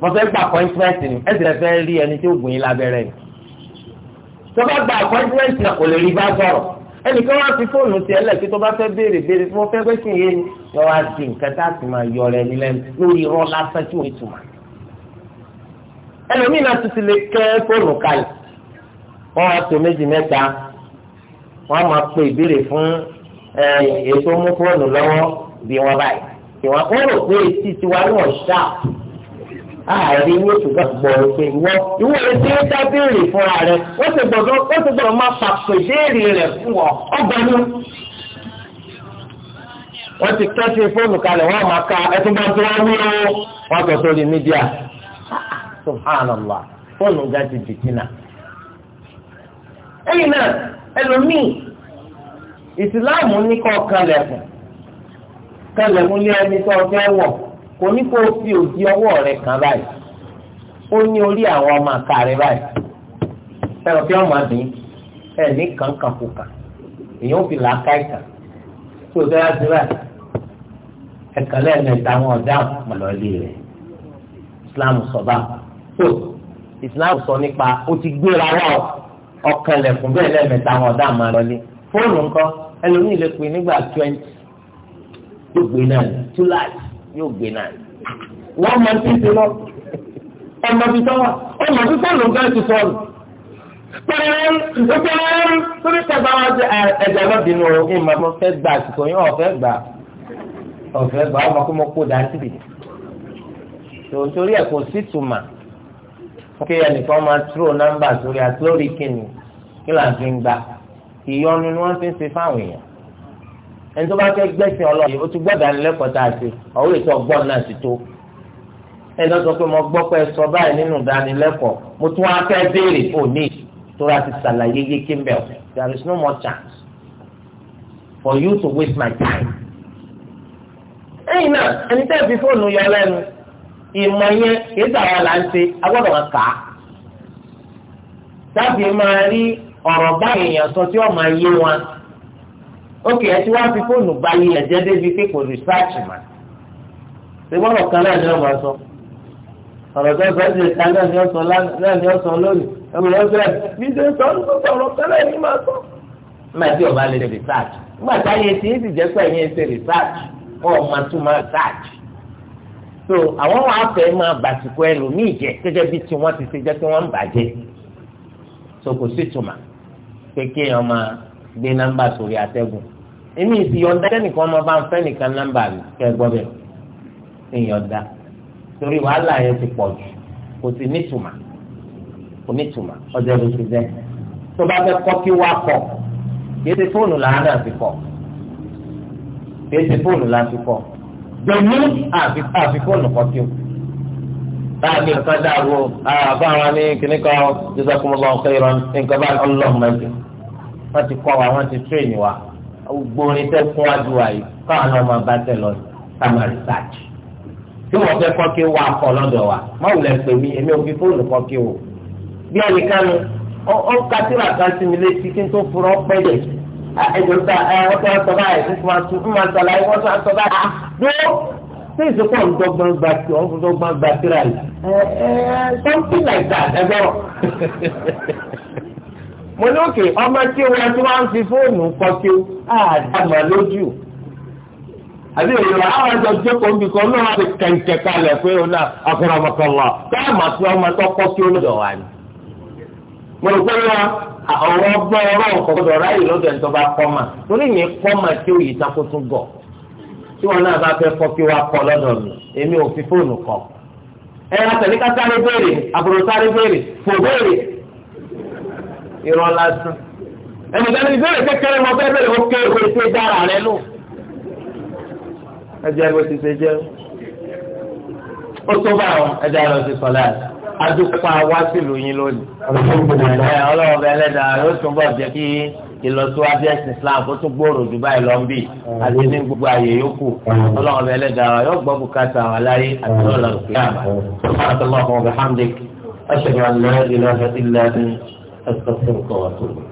mo fẹ́ gba appointment ni ẹ sì lè fẹ́ rí ẹni tí ó gùn yín lábẹ́rẹ́ ni tó bá gba appointment náà kò lè rí bá sọ̀rọ̀ ẹnìkan wá fi fóònù sí ẹ lẹ́sìn tó bá fẹ́ béèrè béèrè tí mo fẹ́ pé kí n yé ni yọ wá di nǹkan tá a sì máa yọ rẹ nílẹ̀ lórí irọ́ lásán tí ò ní tuma ẹlòmíín náà tuntun lè kẹ́ fóònù kalẹ̀ wọ́n wá tó méjì mẹ́ta wọ́n á máa pe ìbéèrè fún èso mú fóònù lọ́wọ́ bí wọ́n báyìí tí wọ́n kọ́ rò pé etí tiwa ní wọ́n ṣá ààrẹ yóò túbọ̀ gbọ́ pé ìwọ ìwọ ètò yóò dá béèrè fúnra rẹ wọ́n ti gbọ́dọ̀ wọ́n ti gbọ́dọ̀ máa pàṣẹ béèrè rẹ fún ọ ọgbẹ́nu. wọ́n ti kẹ́sì fóònù kalẹ̀ wọ́n máa ka ẹtú bá tó wọ́n wúlò wọ́n sọ sórí mídíà subhanallah fóònù ga ti dìtì náà. ẹ̀yin náà ẹlòmíì ìsìláàmù ní kọ́ kalẹ̀kùn kalẹ̀kùn lé ẹni tó fẹ́ wọ̀ kò ní kó fi òdi ọwọ́ rẹ̀ kan báyìí ó ní orí àwọn ọmọ àka rẹ̀ báyìí ẹ̀rọ fi ọmọ àdín ẹ̀ ní kankan kò kàn èèyàn fi làákà ìkà tó fẹ́ láti báyìí ẹ̀kan lẹ́ẹ̀mẹ́ta wọn ọ̀dà mọ̀lọ́lé rẹ̀ ìsìláàmù sọ̀bà tó ìsìláàmù sọ nípa ó ti gbéra wá ọkàn lẹ̀kùn bẹ́ẹ̀ lẹ́ẹ̀mẹ́ta wọn ọ̀dà mọ̀lọ́lé fóònù ńkọ́ ẹlòmíì lè pè nígbà twenty yóò gbé náà two large yóò gbé náà wọ́n máa ń tètè lọ ọmọ bíi tọ́wọ́ ọmọ bíi tọ́wọ́ ló ń gbé ti sọ̀rọ̀ pẹ̀lú pẹ̀lú torí tẹ̀gbà wọn ṣe ẹ̀jẹ̀ lọ́bìnrin o ní ìmọ̀ mo fẹ́ gbà àsìkò yín ọ̀fẹ́ gbà ọ̀fẹ́ gbà ọmọ kó mo kó dáńtìrì torí ẹ̀ kò sí tùmà kí ẹnìkan máa tró nọ́mbà sórí àti lórí kìnnì kí là ń fi ń gbà ìyọnu ni wọ́n fi ń ṣe fáwọn èèyàn ẹni tó bá fẹ́ gbẹ̀sìn ọlọ́run ó ti gbọ́dọ̀ ànilẹ́kọ̀ọ́ tá a ṣe ọ̀wé ìtọ́ gbọ́n náà ti tó ẹni tó sọ pé mo gbọ́ pé sọ báyìí nínú ìdánilẹ́kọ̀ọ́ mo tún wá fẹ́ béèrè òní tóra ti ṣàlàyé yéké ń there is no more chance for you to waste my time. ẹ̀yin náà ẹni tẹ́ fi fóònù yọ lẹ́nu ìmọ̀ yẹn kì í sàwọn là ń ṣe agbọ́dọ̀ wọn kà á. sábì máa rí ọ̀rọ̀ báyìí èèyàn sọ tí wọ́n máa yé wọn ókè ẹ ti wá fi fóònù gba ilẹ̀ jẹ́ débi pé kò rìsáàtì mà ṣùgbọ́n ọ̀kan náà ni wọ́n máa sọ ọ̀rọ̀ tó sọ ẹ̀sìn ìta náà ni wọ́n sọ náà ni wọ́n sọ lónìí ẹ̀wọ̀n lọ́sọ̀ ẹ̀ ní ṣe sọ ọ̀rọ̀ kan náà ni máa sọ. nígbà tí ọba lè rìsáàtì nígbà táyé tí yín sì jẹ́ pé ẹ̀yin ṣe rìsáàtì ọ̀ máa tún máa rìsáàtì so àwọn wàá fẹ́ máa bàtìkọ ẹlòmíì jẹ gẹ́gẹ́ bí tiwọn ti ṣe jẹ́ pé wọ́n ń bàjẹ́ so kò sí tuma pé kéèyàn máa gbé nọ́mbà sórí atẹ́gùn èmi ìsìyọ̀ǹda kẹ́nìkan ọmọ bá ń fẹ́ nìkan nọ́mbà mi kẹ́ gbọ́ bẹ́ẹ̀ ìyọ̀ǹda torí wàhálà yẹn ti pọ̀ jù kò sí nítumà kò nítumà ọjọ́ ló ti dẹ́ tó bá fẹ́ kọ́ kí wá kọ̀ kìí ṣe fóònù làánà àfikọ̀ kìí ṣe fóònù làánà àfikọ̀ gbẹ̀mí àfikọ̀ fóònù kọ́ kí o báàgì nǹkan dàrú àbáwọn ní kíníkà jazakumullahu khairan nǹkan bá ọlọ́mọ ẹ̀jẹ̀ wọ́n ti kọ́ wa wọ́n ti tírèèni wa gborin tẹ́ fún wa ju àyè káwọn náà máa bá tẹ̀ lọ sàmà rìsáàjì tí wọ́n fẹ́ kọ́ kí wa kọ́ lọ́dọ̀ wa má wùlẹ̀ pè mí èmi ò fi fóònù kọ́ kí o bí ẹnìkanu ó ka síra kan sí mi létí kí n tó furọ́ pẹ́ dẹ̀ ẹ̀jọ̀ ta ẹ̀ ọ́ ṣé ìsopọ̀ ń dọ́gbọ́n gba tí ọ̀ ń dọ́gbọ́n gba tíra yìí something like that ẹ gbọ́rọ̀. mo ní òkè ọmọ tí wọn tí wọn fi fóònù kọ tí ó ah. àdàmà lójú àbí èyí wa àwọn àjọ jókòó níbi kan náà wọn ti kẹ̀kẹ́ kalẹ̀ pé ó náà ọkùnrin ọmọkan wà táwọn àmà tí wọn máa tọ́ kọ́ tí ó lọ́dọ̀ wa ni. mo rò pé wọn ọ̀rọ̀ ọgbọ́n ọ̀rọ̀ ọ̀kọ̀ọ̀dọ̀ ráyè lọ́dọ̀ ẹ̀ tó bá kọ́ mà torí ìyẹn kọ́ mà tí ó yìí takótó gọ̀ọ́ tí wọn náà bá fẹ́ kọ́ kí wọ́n kọ́ lọ́dọ̀ mi èmi ò fi fóònù kọ́ ẹ àtẹ̀lé ká sáré béèrè àbúrò sáré béèrè fò béèrè irọ́ lásán ẹnìkan ní ìbéèrè kékeré wọn fẹ́ béèrè ó kéré kó ṣe dára rẹ lò ẹ jẹ́ bó ti ṣe jẹ́ ó tó bá ẹ dára ó ti sọ láàyè adúpá wá sílùú yín lónìí. ọlọ́run bẹ lẹ́dàá yóò túnbọ̀ jẹ́ kí ìlọsíwájú ẹ̀sìn Islam kó tún gbòòrò jù báyìí lọ ń bì àti ní gbogbo àyè yòókù ọlọ́run bẹ lẹ́dàá yóò gbọ́ bùkátà wà láyé àti lọ́la òkè àbá. subhanahu wa ta'ala wa bihamdik ashhadu an la ilaha illa anta astaghfiruka wa atubu.